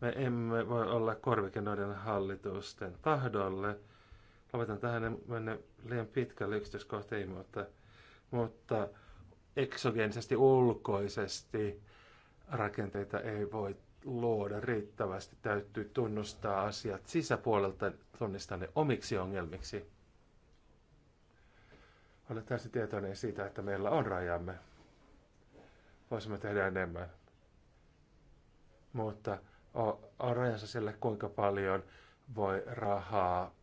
Me emme voi olla korvikenoiden hallitusten tahdolle. Lopetan tähän, mennä mene liian pitkälle yksityiskohtiin, mutta, mutta eksogeenisesti, ulkoisesti rakenteita ei voi luoda riittävästi. Täytyy tunnustaa asiat sisäpuolelta, tunnistaa ne omiksi ongelmiksi. Olen täysin tietoinen siitä, että meillä on rajamme. Voisimme tehdä enemmän. Mutta on rajansa sille, kuinka paljon voi rahaa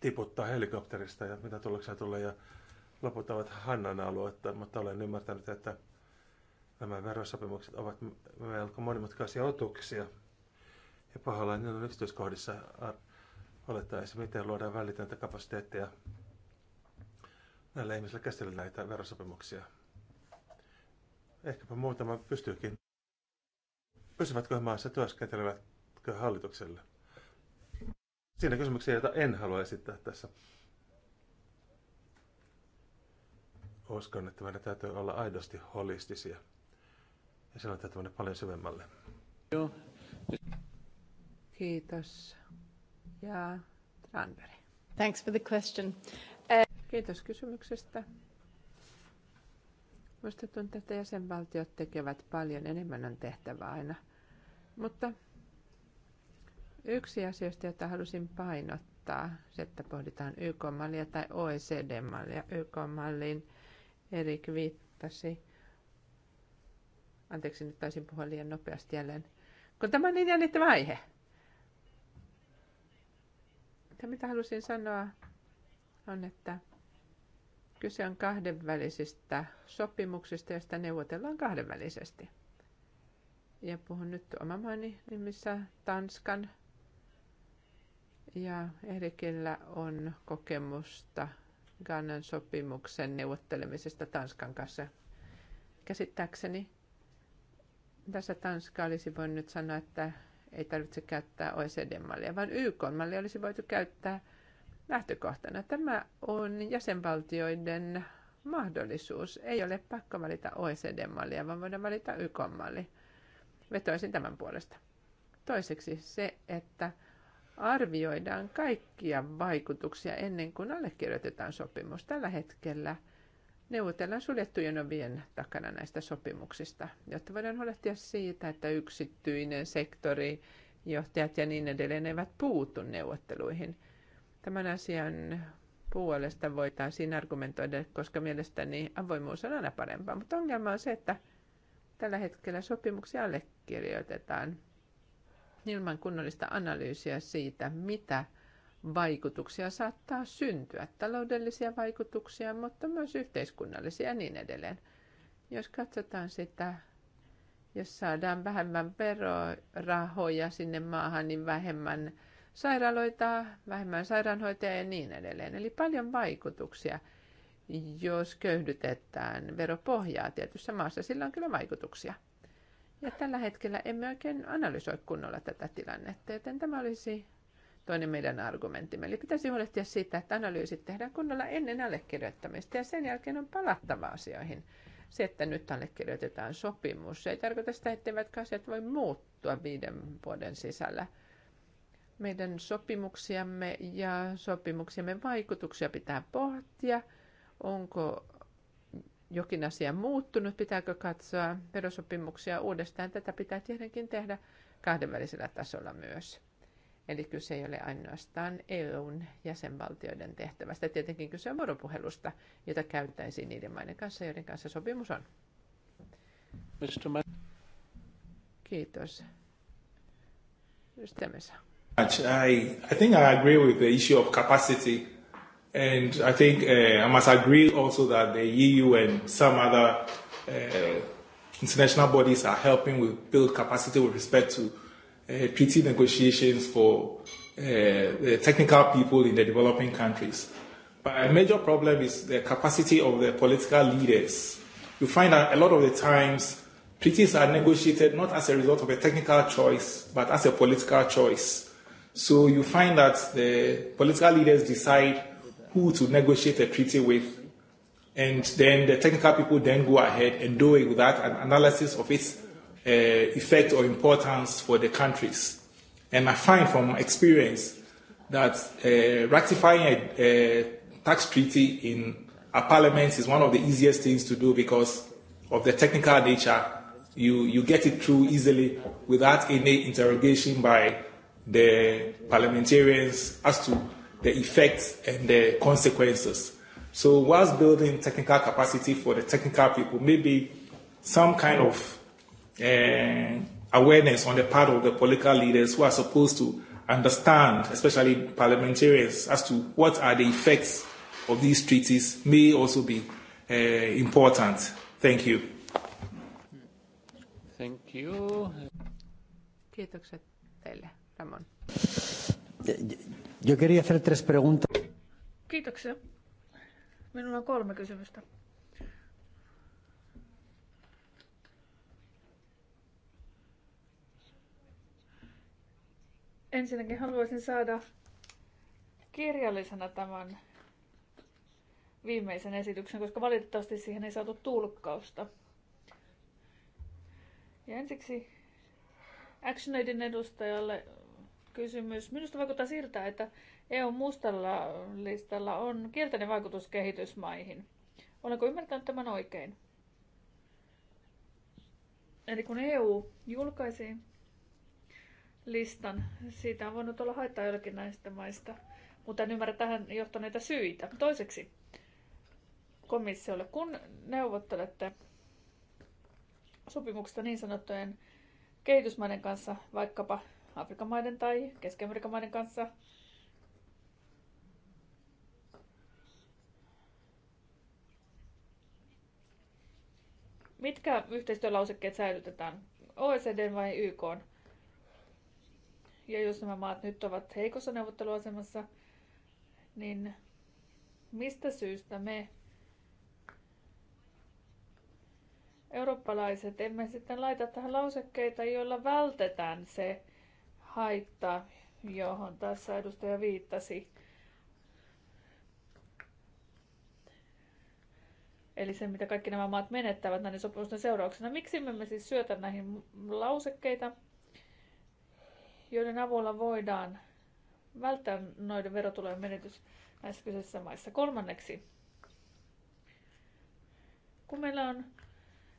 tiputtaa helikopterista ja mitä tuloksia tulee. Ja loput ovat Hannan aluetta, mutta olen ymmärtänyt, että Nämä verosopimukset ovat melko monimutkaisia otuksia. Ja pahoillani on yksityiskohdissa olettaisi, miten luodaan välitöntä kapasiteettia näillä ihmisillä käsitellä näitä verosopimuksia. Ehkäpä muutama pystyykin. Pysyvätkö maassa, työskentelevätkö hallitukselle? Siinä kysymyksiä, joita en halua esittää tässä. Uskon, että meidän täytyy olla aidosti holistisia. Ja silloin täytyy mennä paljon syvemmälle. Joo. Kiitos. Ja Tranberg. Thanks for the question. Kiitos kysymyksestä. Minusta tuntuu, että jäsenvaltiot tekevät paljon, enemmän on tehtävä aina. Mutta yksi asioista, jota halusin painottaa, se, että pohditaan YK-mallia tai OECD-mallia. YK-malliin Erik viittasi Anteeksi, nyt taisin puhua liian nopeasti jälleen. Kun tämä on niin jännittävä aihe. Ja mitä halusin sanoa on, että kyse on kahdenvälisistä sopimuksista, joista neuvotellaan kahdenvälisesti. Ja puhun nyt oman maani nimissä Tanskan. Ja Erikillä on kokemusta Gannan sopimuksen neuvottelemisesta Tanskan kanssa. Käsittääkseni tässä Tanska olisi voinut sanoa, että ei tarvitse käyttää OECD-mallia, vaan YK-mallia olisi voitu käyttää lähtökohtana. Tämä on jäsenvaltioiden mahdollisuus. Ei ole pakko valita OECD-mallia, vaan voidaan valita YK-malli. Vetoisin tämän puolesta. Toiseksi se, että arvioidaan kaikkia vaikutuksia ennen kuin allekirjoitetaan sopimus. Tällä hetkellä – neuvotellaan suljettujen ovien takana näistä sopimuksista, jotta voidaan huolehtia siitä, että yksityinen sektori, johtajat ja niin edelleen eivät puutu neuvotteluihin. Tämän asian puolesta voitaisiin argumentoida, koska mielestäni avoimuus on aina parempaa. Mutta ongelma on se, että tällä hetkellä sopimuksia allekirjoitetaan ilman kunnollista analyysiä siitä, mitä vaikutuksia saattaa syntyä, taloudellisia vaikutuksia, mutta myös yhteiskunnallisia ja niin edelleen. Jos katsotaan sitä, jos saadaan vähemmän verorahoja sinne maahan, niin vähemmän sairaaloita, vähemmän sairaanhoitajia ja niin edelleen. Eli paljon vaikutuksia. Jos köyhdytetään veropohjaa tietyssä maassa, sillä on kyllä vaikutuksia. Ja tällä hetkellä emme oikein analysoi kunnolla tätä tilannetta, joten tämä olisi toinen meidän argumentti. Eli pitäisi huolehtia siitä, että analyysit tehdään kunnolla ennen allekirjoittamista ja sen jälkeen on palattava asioihin. Se, että nyt allekirjoitetaan sopimus, se ei tarkoita sitä, etteivätkö asiat voi muuttua viiden vuoden sisällä. Meidän sopimuksiamme ja sopimuksiamme vaikutuksia pitää pohtia. Onko jokin asia muuttunut, pitääkö katsoa verosopimuksia uudestaan. Tätä pitää tietenkin tehdä kahdenvälisellä tasolla myös Eli kyse ei ole ainoastaan EUn jäsenvaltioiden tehtävästä. Tietenkin kyse on vuoropuhelusta, jota käyttäisiin niiden maiden kanssa, joiden kanssa sopimus on. Kiitos. Ystävänsä. I, I think I agree with the issue of capacity. And I think uh, I must agree also that the EU and some other uh, international bodies are helping with build capacity with respect to Uh, treaty negotiations for the uh, uh, technical people in the developing countries. But a major problem is the capacity of the political leaders. You find that a lot of the times treaties are negotiated not as a result of a technical choice, but as a political choice. So you find that the political leaders decide who to negotiate a treaty with, and then the technical people then go ahead and do it without an analysis of its uh, effect or importance for the countries. And I find from experience that uh, ratifying a, a tax treaty in a parliament is one of the easiest things to do because of the technical nature. You, you get it through easily without any interrogation by the parliamentarians as to the effects and the consequences. So, whilst building technical capacity for the technical people, maybe some kind of uh, awareness on the part of the political leaders who are supposed to understand, especially parliamentarians, as to what are the effects of these treaties may also be uh, important. Thank you. Thank you. Kiitokset teille, Ramon. Yo quería hacer tres preguntas. Kiitoksia. Minulla on kolme kysymystä. Ensinnäkin haluaisin saada kirjallisena tämän viimeisen esityksen, koska valitettavasti siihen ei saatu tulkkausta. Ja ensiksi ActionAidin edustajalle kysymys. Minusta vaikuttaa siltä, että EUn mustalla listalla on kielteinen vaikutus kehitysmaihin. Olenko ymmärtänyt tämän oikein? Eli kun EU julkaisi listan. Siitä on voinut olla haittaa joillekin näistä maista, mutta en ymmärrä tähän johtaneita syitä. Toiseksi komissiolle, kun neuvottelette sopimuksesta niin sanottujen kehitysmaiden kanssa, vaikkapa Afrikan maiden tai Keski-Amerikan maiden kanssa, Mitkä yhteistyölausekkeet säilytetään? OECD vai YK? Ja jos nämä maat nyt ovat heikossa neuvotteluasemassa, niin mistä syystä me eurooppalaiset emme sitten laita tähän lausekkeita, joilla vältetään se haitta, johon tässä edustaja viittasi. Eli se, mitä kaikki nämä maat menettävät näiden sopimusten seurauksena. Miksi me emme siis syötä näihin lausekkeita, joiden avulla voidaan välttää noiden verotulojen menetys näissä kyseisissä maissa. Kolmanneksi, kun meillä on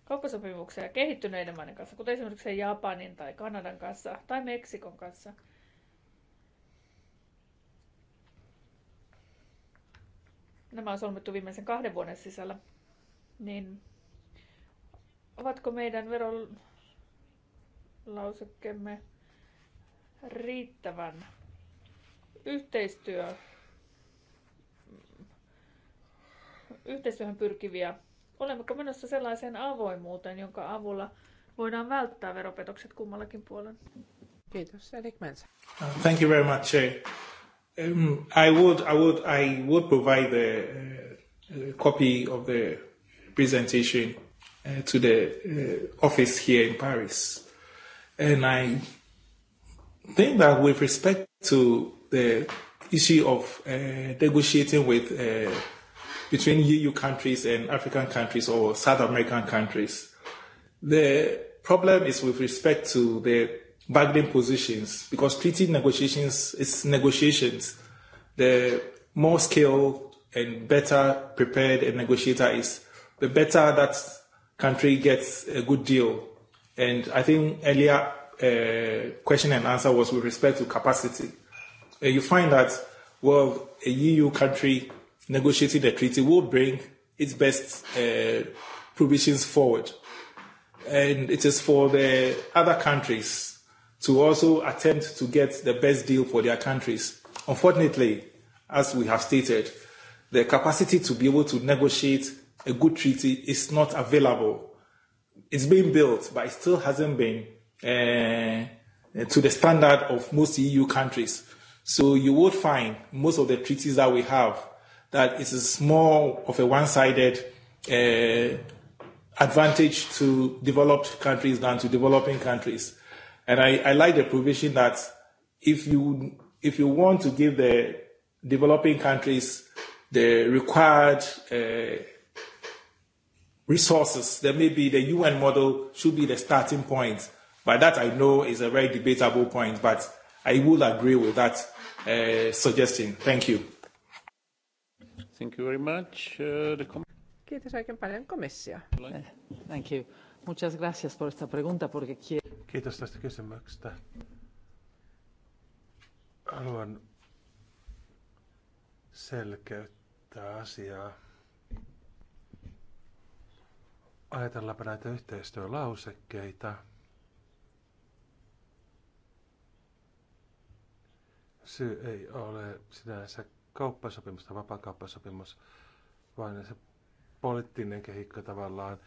kauppasopimuksia kehittyneiden maiden kanssa, kuten esimerkiksi Japanin tai Kanadan kanssa tai Meksikon kanssa, nämä on solmittu viimeisen kahden vuoden sisällä, niin ovatko meidän verolausekkeemme riittävän yhteistyö, yhteistyöhön pyrkiviä? Olemmeko menossa sellaiseen avoimuuteen, jonka avulla voidaan välttää veropetokset kummallakin puolella? Kiitos. Erik Mensa. Thank you very much. Eh. Um, I would, I would, I would provide the uh, copy of the presentation uh, to the uh, office here in Paris, and I think that with respect to the issue of uh, negotiating with uh, between EU countries and African countries or South American countries, the problem is with respect to the bargaining positions because treaty negotiations is negotiations. The more skilled and better prepared a negotiator is, the better that country gets a good deal. And I think earlier uh, question and answer was with respect to capacity. Uh, you find that, well, a EU country negotiating the treaty will bring its best uh, provisions forward. And it is for the other countries to also attempt to get the best deal for their countries. Unfortunately, as we have stated, the capacity to be able to negotiate a good treaty is not available. It's being built, but it still hasn't been uh, to the standard of most EU countries. So you would find most of the treaties that we have that it is more of a one-sided uh, advantage to developed countries than to developing countries. And I, I like the provision that if you if you want to give the developing countries the required uh, resources, then maybe the UN model should be the starting point But that I know is a very debatable point, but I would agree with that uh, suggestion. Thank you. Thank you very much. Uh, the Kiitos oikein paljon komissio. Eh, thank you. Muchas gracias por esta pregunta porque quiero... Kiitos tästä kysymyksestä. Haluan selkeyttää asiaa. Ajatellaanpa näitä yhteistyölausekkeita. syy ei ole sinänsä kauppasopimus tai vapaakauppasopimus, vaan se poliittinen kehikko tavallaan,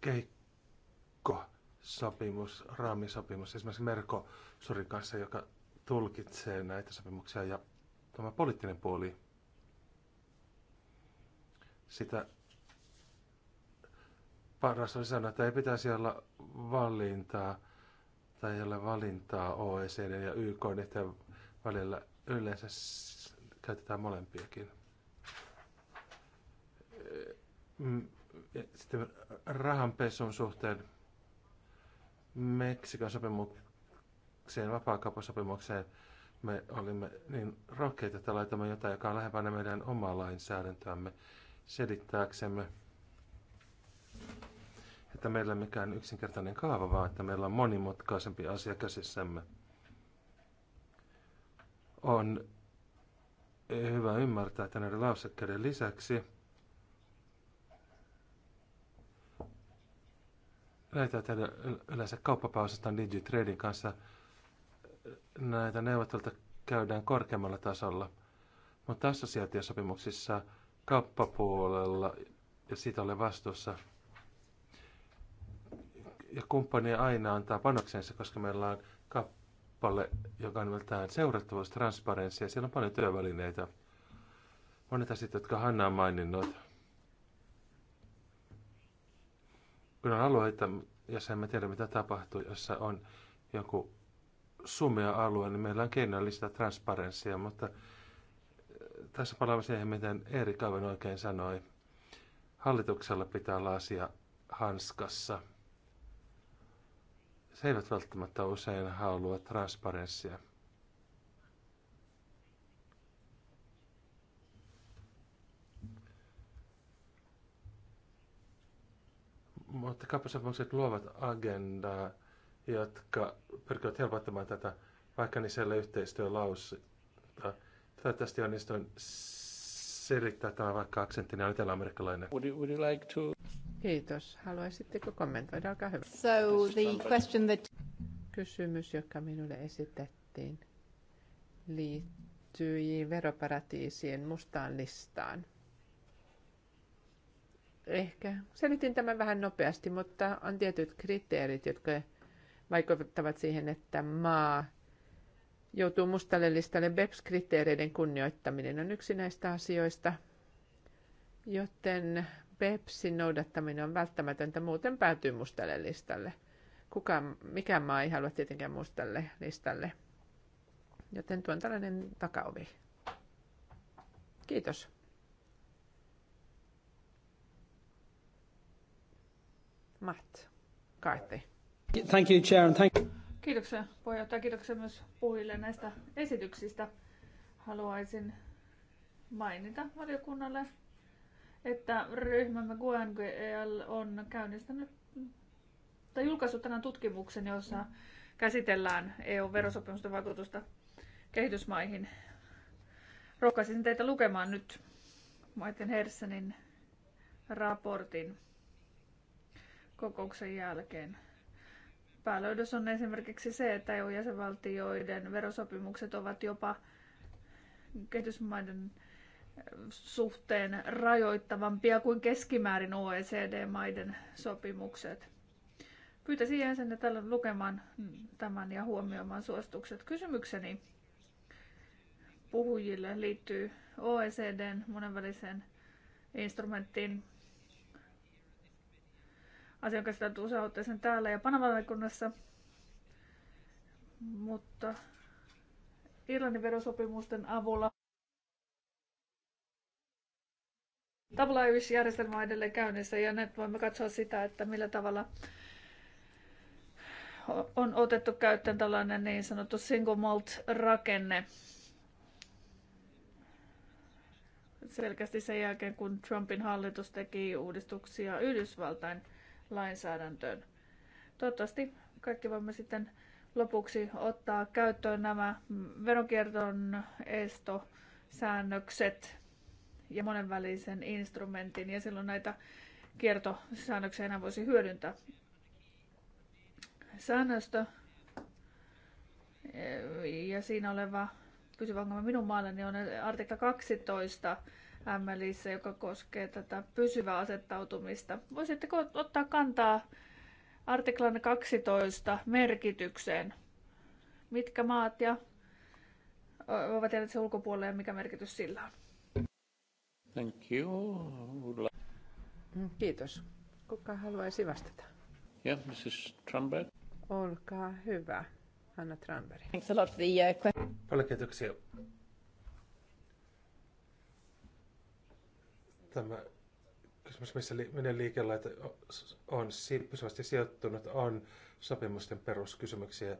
kehikko, sopimus, raamisopimus, esimerkiksi Surin kanssa, joka tulkitsee näitä sopimuksia ja tämä poliittinen puoli, sitä paras oli sanoa, että ei pitäisi olla valintaa tai ei ole valintaa OECD ja YK niiden välillä yleensä käytetään molempiakin. Sitten rahanpesun suhteen Meksikon sopimukseen, vapaakauppasopimukseen me olimme niin rohkeita, että laitamme jotain, joka on lähempänä meidän omaa lainsäädäntöämme selittääksemme, että meillä ei ole mikään yksinkertainen kaava, vaan että meillä on monimutkaisempi asia käsissämme on hyvä ymmärtää, että näiden lausekkeiden lisäksi näitä tehdä yleensä kauppapausista Digitradin kanssa. Näitä neuvotteluita käydään korkeammalla tasolla, mutta assosiaatiosopimuksissa kauppapuolella ja siitä ole vastuussa. Ja kumppani aina antaa panoksensa, koska meillä on kauppapuolella kappale, joka on nimeltään seurattavuus, transparenssi, ja siellä on paljon työvälineitä. Monet asiat, jotka Hanna on maininnut. Kun on alueita, jos emme tiedä mitä tapahtuu, jossa on joku sumea alue, niin meillä on keinoja lisätä transparenssia, mutta eh, tässä palaamme siihen, miten Eeri Kaven oikein sanoi. Hallituksella pitää olla asia hanskassa se eivät välttämättä usein halua transparenssia. Mutta kauppasopimukset luovat agendaa, jotka pyrkivät helpottamaan tätä, vaikka niissä ei ole tästä Toivottavasti onnistuin selittää tämä vaikka aksenttinen eteläamerikkalainen. Would you, would you like to... Kiitos. Haluaisitteko kommentoida? Olkaa hyvä. So the question that... Kysymys, joka minulle esitettiin, liittyi veroparatiisien mustaan listaan. Ehkä selitin tämän vähän nopeasti, mutta on tietyt kriteerit, jotka vaikuttavat siihen, että maa joutuu mustalle listalle. BEPS-kriteereiden kunnioittaminen on yksi näistä asioista, joten BEPSin noudattaminen on välttämätöntä, muuten päätyy mustalle listalle. Kuka, mikä maa ei halua tietenkään mustalle listalle. Joten tuon tällainen takaovi. Kiitos. Matt Carthy. Thank you, Chair. Thank Kiitoksia puheenjohtaja. Kiitoksia myös puhujille näistä esityksistä. Haluaisin mainita valiokunnalle että ryhmämme QNGL on käynnistänyt tai julkaissut tämän tutkimuksen, jossa käsitellään EU-verosopimusten vaikutusta kehitysmaihin. Rohkaisin teitä lukemaan nyt Maiten Hersenin raportin kokouksen jälkeen. Päälöydös on esimerkiksi se, että EU-jäsenvaltioiden verosopimukset ovat jopa kehitysmaiden suhteen rajoittavampia kuin keskimäärin OECD-maiden sopimukset. Pyytäisin jäsenet lukemaan tämän ja huomioimaan suositukset. Kysymykseni puhujille liittyy OECDn monenväliseen instrumenttiin. Asian käsitelty usean täällä ja Panamalaikunnassa, mutta Irlannin verosopimusten avulla Double järjestelmä on edelleen käynnissä ja nyt voimme katsoa sitä, että millä tavalla on otettu käyttöön tällainen niin sanottu single malt-rakenne. Selkeästi sen jälkeen, kun Trumpin hallitus teki uudistuksia Yhdysvaltain lainsäädäntöön. Toivottavasti kaikki voimme sitten lopuksi ottaa käyttöön nämä veronkierton estosäännökset ja monenvälisen instrumentin ja silloin näitä kiertosäännöksiä enää voisi hyödyntää. Säännöstö ja siinä oleva pysyvä ongelma minun maalleni on artikla 12 MLissä, joka koskee tätä pysyvää asettautumista. Voisitteko ottaa kantaa artiklan 12 merkitykseen? Mitkä maat ja ovat jääneet sen ulkopuolelle ja mikä merkitys sillä on? Thank you. Mm, kiitos. Kuka haluaisi vastata? Yeah, Mrs. Trumberg. Olkaa hyvä, Anna Tranberg. Thanks a lot for the uh, question. Paljon kiitoksia. Tämä kysymys, missä li- menee liikellä, että on pysyvästi sijoittunut, on sopimusten peruskysymyksiä.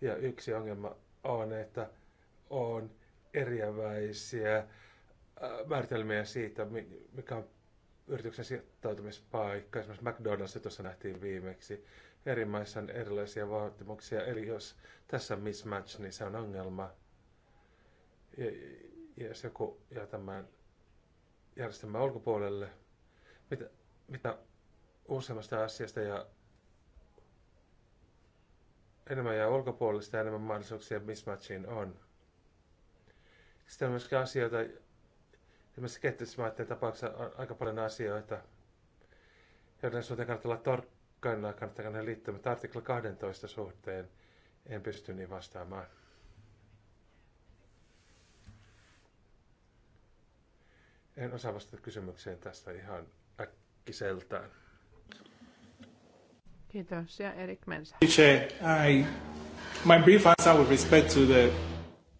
Ja yksi ongelma on, että on eriäväisiä Äh, määritelmiä siitä, mikä on yrityksen sijoittautumispaikka. Esimerkiksi McDonald's tuossa nähtiin viimeksi. Eri maissa on erilaisia vaatimuksia, eli jos tässä on mismatch, niin se on ongelma. Ja, ja jos joku jää tämän järjestelmän ulkopuolelle, mitä, mitä useammasta asiasta ja enemmän jää ulkopuolista, enemmän mahdollisuuksia mismatchiin on. Sitten on myöskin asioita, Esimerkiksi kehitysmaiden tapauksessa on aika paljon asioita, joiden suhteen kannattaa olla tarkkana, kannattaa ne liittyä, mutta artikla 12 suhteen en pysty niin vastaamaan. En osaa vastata kysymykseen tästä ihan äkkiseltään. Kiitos. Ja Erik Mensa. I, my brief answer with respect to the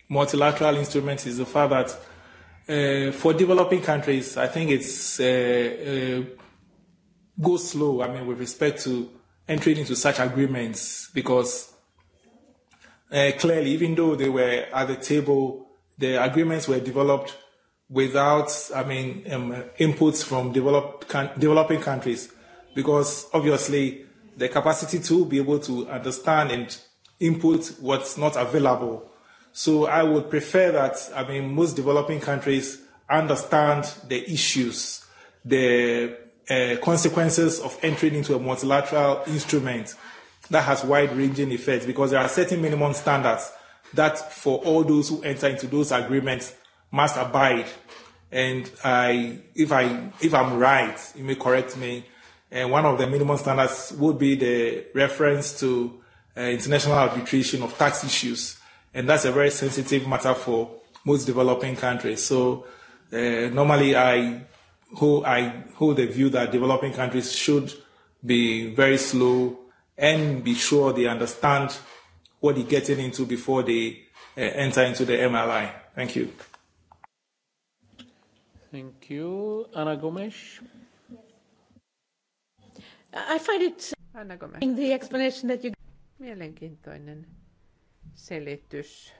multilateral instruments is the fact that Uh, for developing countries, I think it's uh, uh, go slow. I mean, with respect to entering into such agreements, because uh, clearly, even though they were at the table, the agreements were developed without, I mean, um, inputs from developed can- developing countries, because obviously the capacity to be able to understand and input what's not available So I would prefer that, I mean, most developing countries understand the issues, the uh, consequences of entering into a multilateral instrument that has wide ranging effects because there are certain minimum standards that for all those who enter into those agreements must abide. And I, if I, if I'm right, you may correct me. And uh, one of the minimum standards would be the reference to uh, international arbitration of tax issues and that's a very sensitive matter for most developing countries. So uh, normally, I who I hold the view that developing countries should be very slow and be sure they understand what they're getting into before they uh, enter into the MLI. Thank you. Thank you. Ana Gomes? I find it Anna Gomes. the explanation that you... Mielenkiintoinen selitys,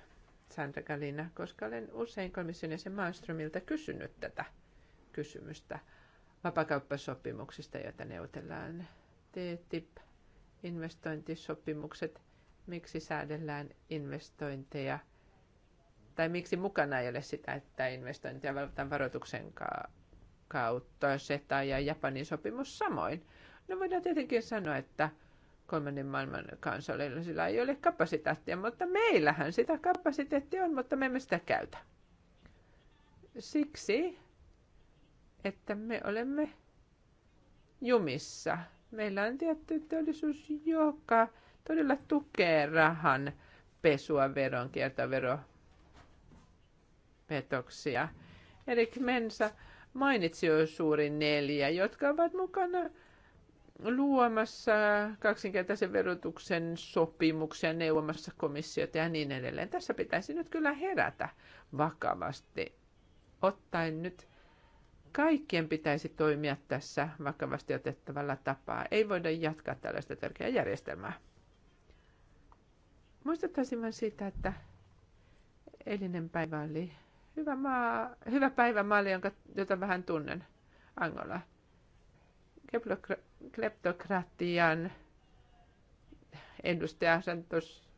Sandra Galina, koska olen usein komission jäsen Maastromilta kysynyt tätä kysymystä vapakauppasopimuksista, joita neuvotellaan. TTIP, investointisopimukset, miksi säädellään investointeja, tai miksi mukana ei ole sitä, että investointia valvotaan varoituksen kautta, SETA ja Japanin sopimus samoin. No voidaan tietenkin sanoa, että kolmannen maailman kansalle, sillä ei ole kapasiteettia, mutta meillähän sitä kapasiteettia on, mutta me emme sitä käytä. Siksi, että me olemme jumissa. Meillä on tietty teollisuus, joka todella tukee rahan pesua, veronkiertovero, petoksia. Erik Mensa mainitsi jo suuri neljä, jotka ovat mukana luomassa kaksinkertaisen verotuksen sopimuksia, neuvomassa komissiota ja niin edelleen. Tässä pitäisi nyt kyllä herätä vakavasti. Ottaen nyt kaikkien pitäisi toimia tässä vakavasti otettavalla tapaa. Ei voida jatkaa tällaista tärkeää järjestelmää. Muistuttaisin vain siitä, että elinen päivä oli hyvä, maa, hyvä päivä maali, jonka, jota vähän tunnen Angolaa kleptokratian edustaja Santos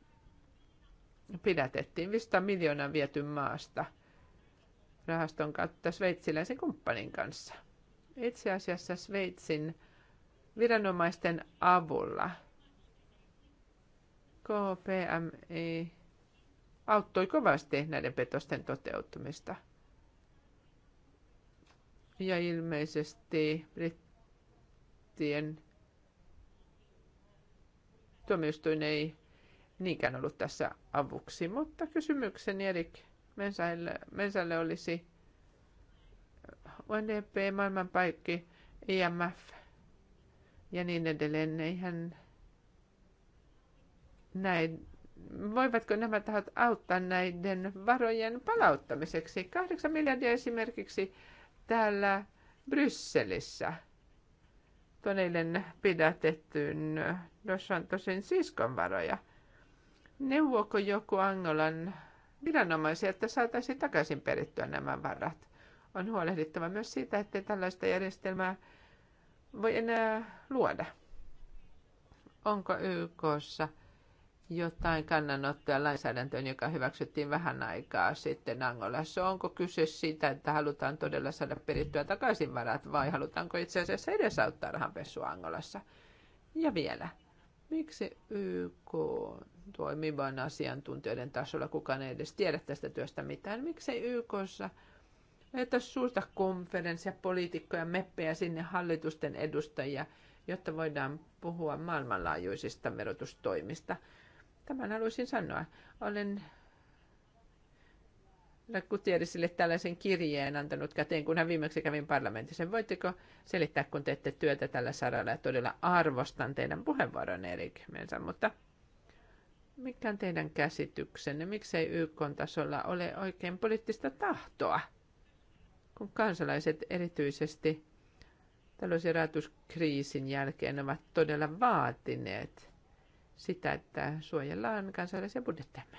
pidätettiin 500 miljoonaa viety maasta rahaston kautta sveitsiläisen kumppanin kanssa. Itse asiassa Sveitsin viranomaisten avulla KPMI auttoi kovasti näiden petosten toteutumista. Ja ilmeisesti Britt lähtien tuomioistuin ei niinkään ollut tässä avuksi, mutta kysymykseni Erik Mensälle, Mensälle olisi UNDP, maailmanpaikki, IMF ja niin edelleen. Eihän näin. Voivatko nämä tahot auttaa näiden varojen palauttamiseksi? Kahdeksan miljardia esimerkiksi täällä Brysselissä – tuon eilen pidätettyyn Dos Santosin siskon varoja. Neuvoko joku Angolan viranomaisia, että saataisiin takaisin perittyä nämä varat? On huolehdittava myös siitä, että tällaista järjestelmää voi enää luoda. Onko YKssa – jotain kannanottoja lainsäädäntöön, joka hyväksyttiin vähän aikaa sitten Angolassa. Onko kyse siitä, että halutaan todella saada perittyä takaisin varat vai halutaanko itse asiassa edesauttaa rahanpesua Angolassa? Ja vielä, miksi YK toimivan asiantuntijoiden tasolla, kukaan ei edes tiedä tästä työstä mitään. Miksei YKssa että suurta konferenssia, poliitikkoja, meppejä sinne hallitusten edustajia, jotta voidaan puhua maailmanlaajuisista verotustoimista – Tämän haluaisin sanoa. Olen Rakkutierisille tällaisen kirjeen antanut käteen, kun hän viimeksi kävin parlamentissa. Voitteko selittää, kun teette työtä tällä saralla ja todella arvostan teidän puheenvuoron, Erik Mensä, mutta mikä on teidän käsityksenne? Miksei YK-tasolla ole oikein poliittista tahtoa, kun kansalaiset erityisesti tällaisen rahoituskriisin jälkeen ovat todella vaatineet sitä, että suojellaan kansallisia budjettejamme.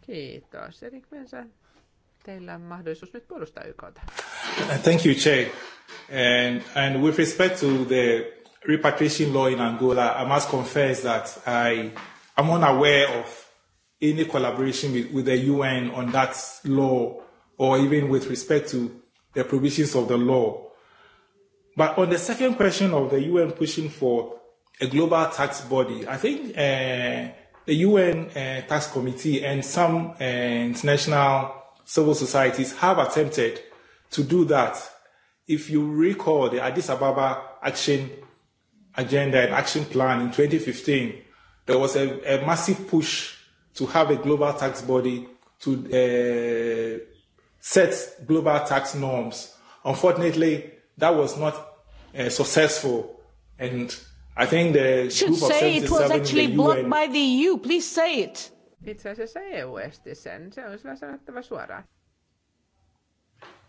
Kiitos. Erik Mensä, teillä on mahdollisuus nyt puolustaa YKta. Thank you, Che. And, and with respect to the repatriation law in Angola, I must confess that I am unaware of any collaboration with, with the UN on that law or even with respect to the provisions of the law. But on the second question of the UN pushing for a global tax body. I think uh, the UN uh, Tax Committee and some uh, international civil societies have attempted to do that. If you recall the Addis Ababa Action Agenda and Action Plan in 2015, there was a, a massive push to have a global tax body to uh, set global tax norms. Unfortunately, that was not uh, successful, and I think the should group say of it was actually blocked UN... by the EU. Please say it. Itse asiassa EU esti sen. Se on sillä sanottava suoraan.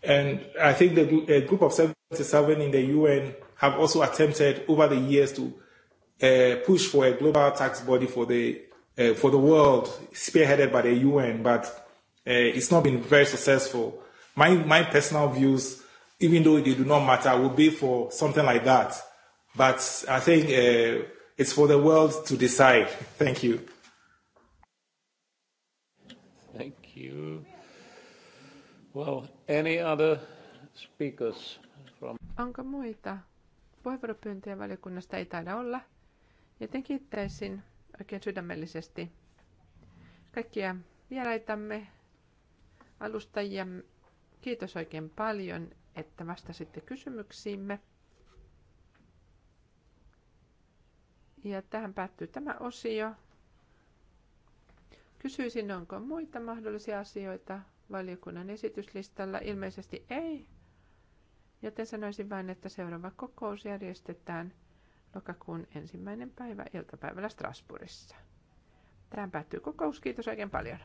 And I think the uh, group of 77 in the UN have also attempted over the years to uh, push for a global tax body for the uh, for the world, spearheaded by the UN, but uh, it's not been very successful. My my personal views, even though they do not matter, would be for something like that But I think uh, it's for the world to decide. Thank you. Thank you. Well, any other speakers from... Onko muita? Puheenvuoropyyntöjä valiokunnasta ei taida olla. Joten kiittäisin oikein sydämellisesti kaikkia vieraitamme, alustajia. Kiitos oikein paljon, että vastasitte kysymyksiimme. Ja tähän päättyy tämä osio. Kysyisin, onko muita mahdollisia asioita valiokunnan esityslistalla. Ilmeisesti ei, joten sanoisin vain, että seuraava kokous järjestetään lokakuun ensimmäinen päivä iltapäivällä Strasbourgissa. Tähän päättyy kokous. Kiitos oikein paljon.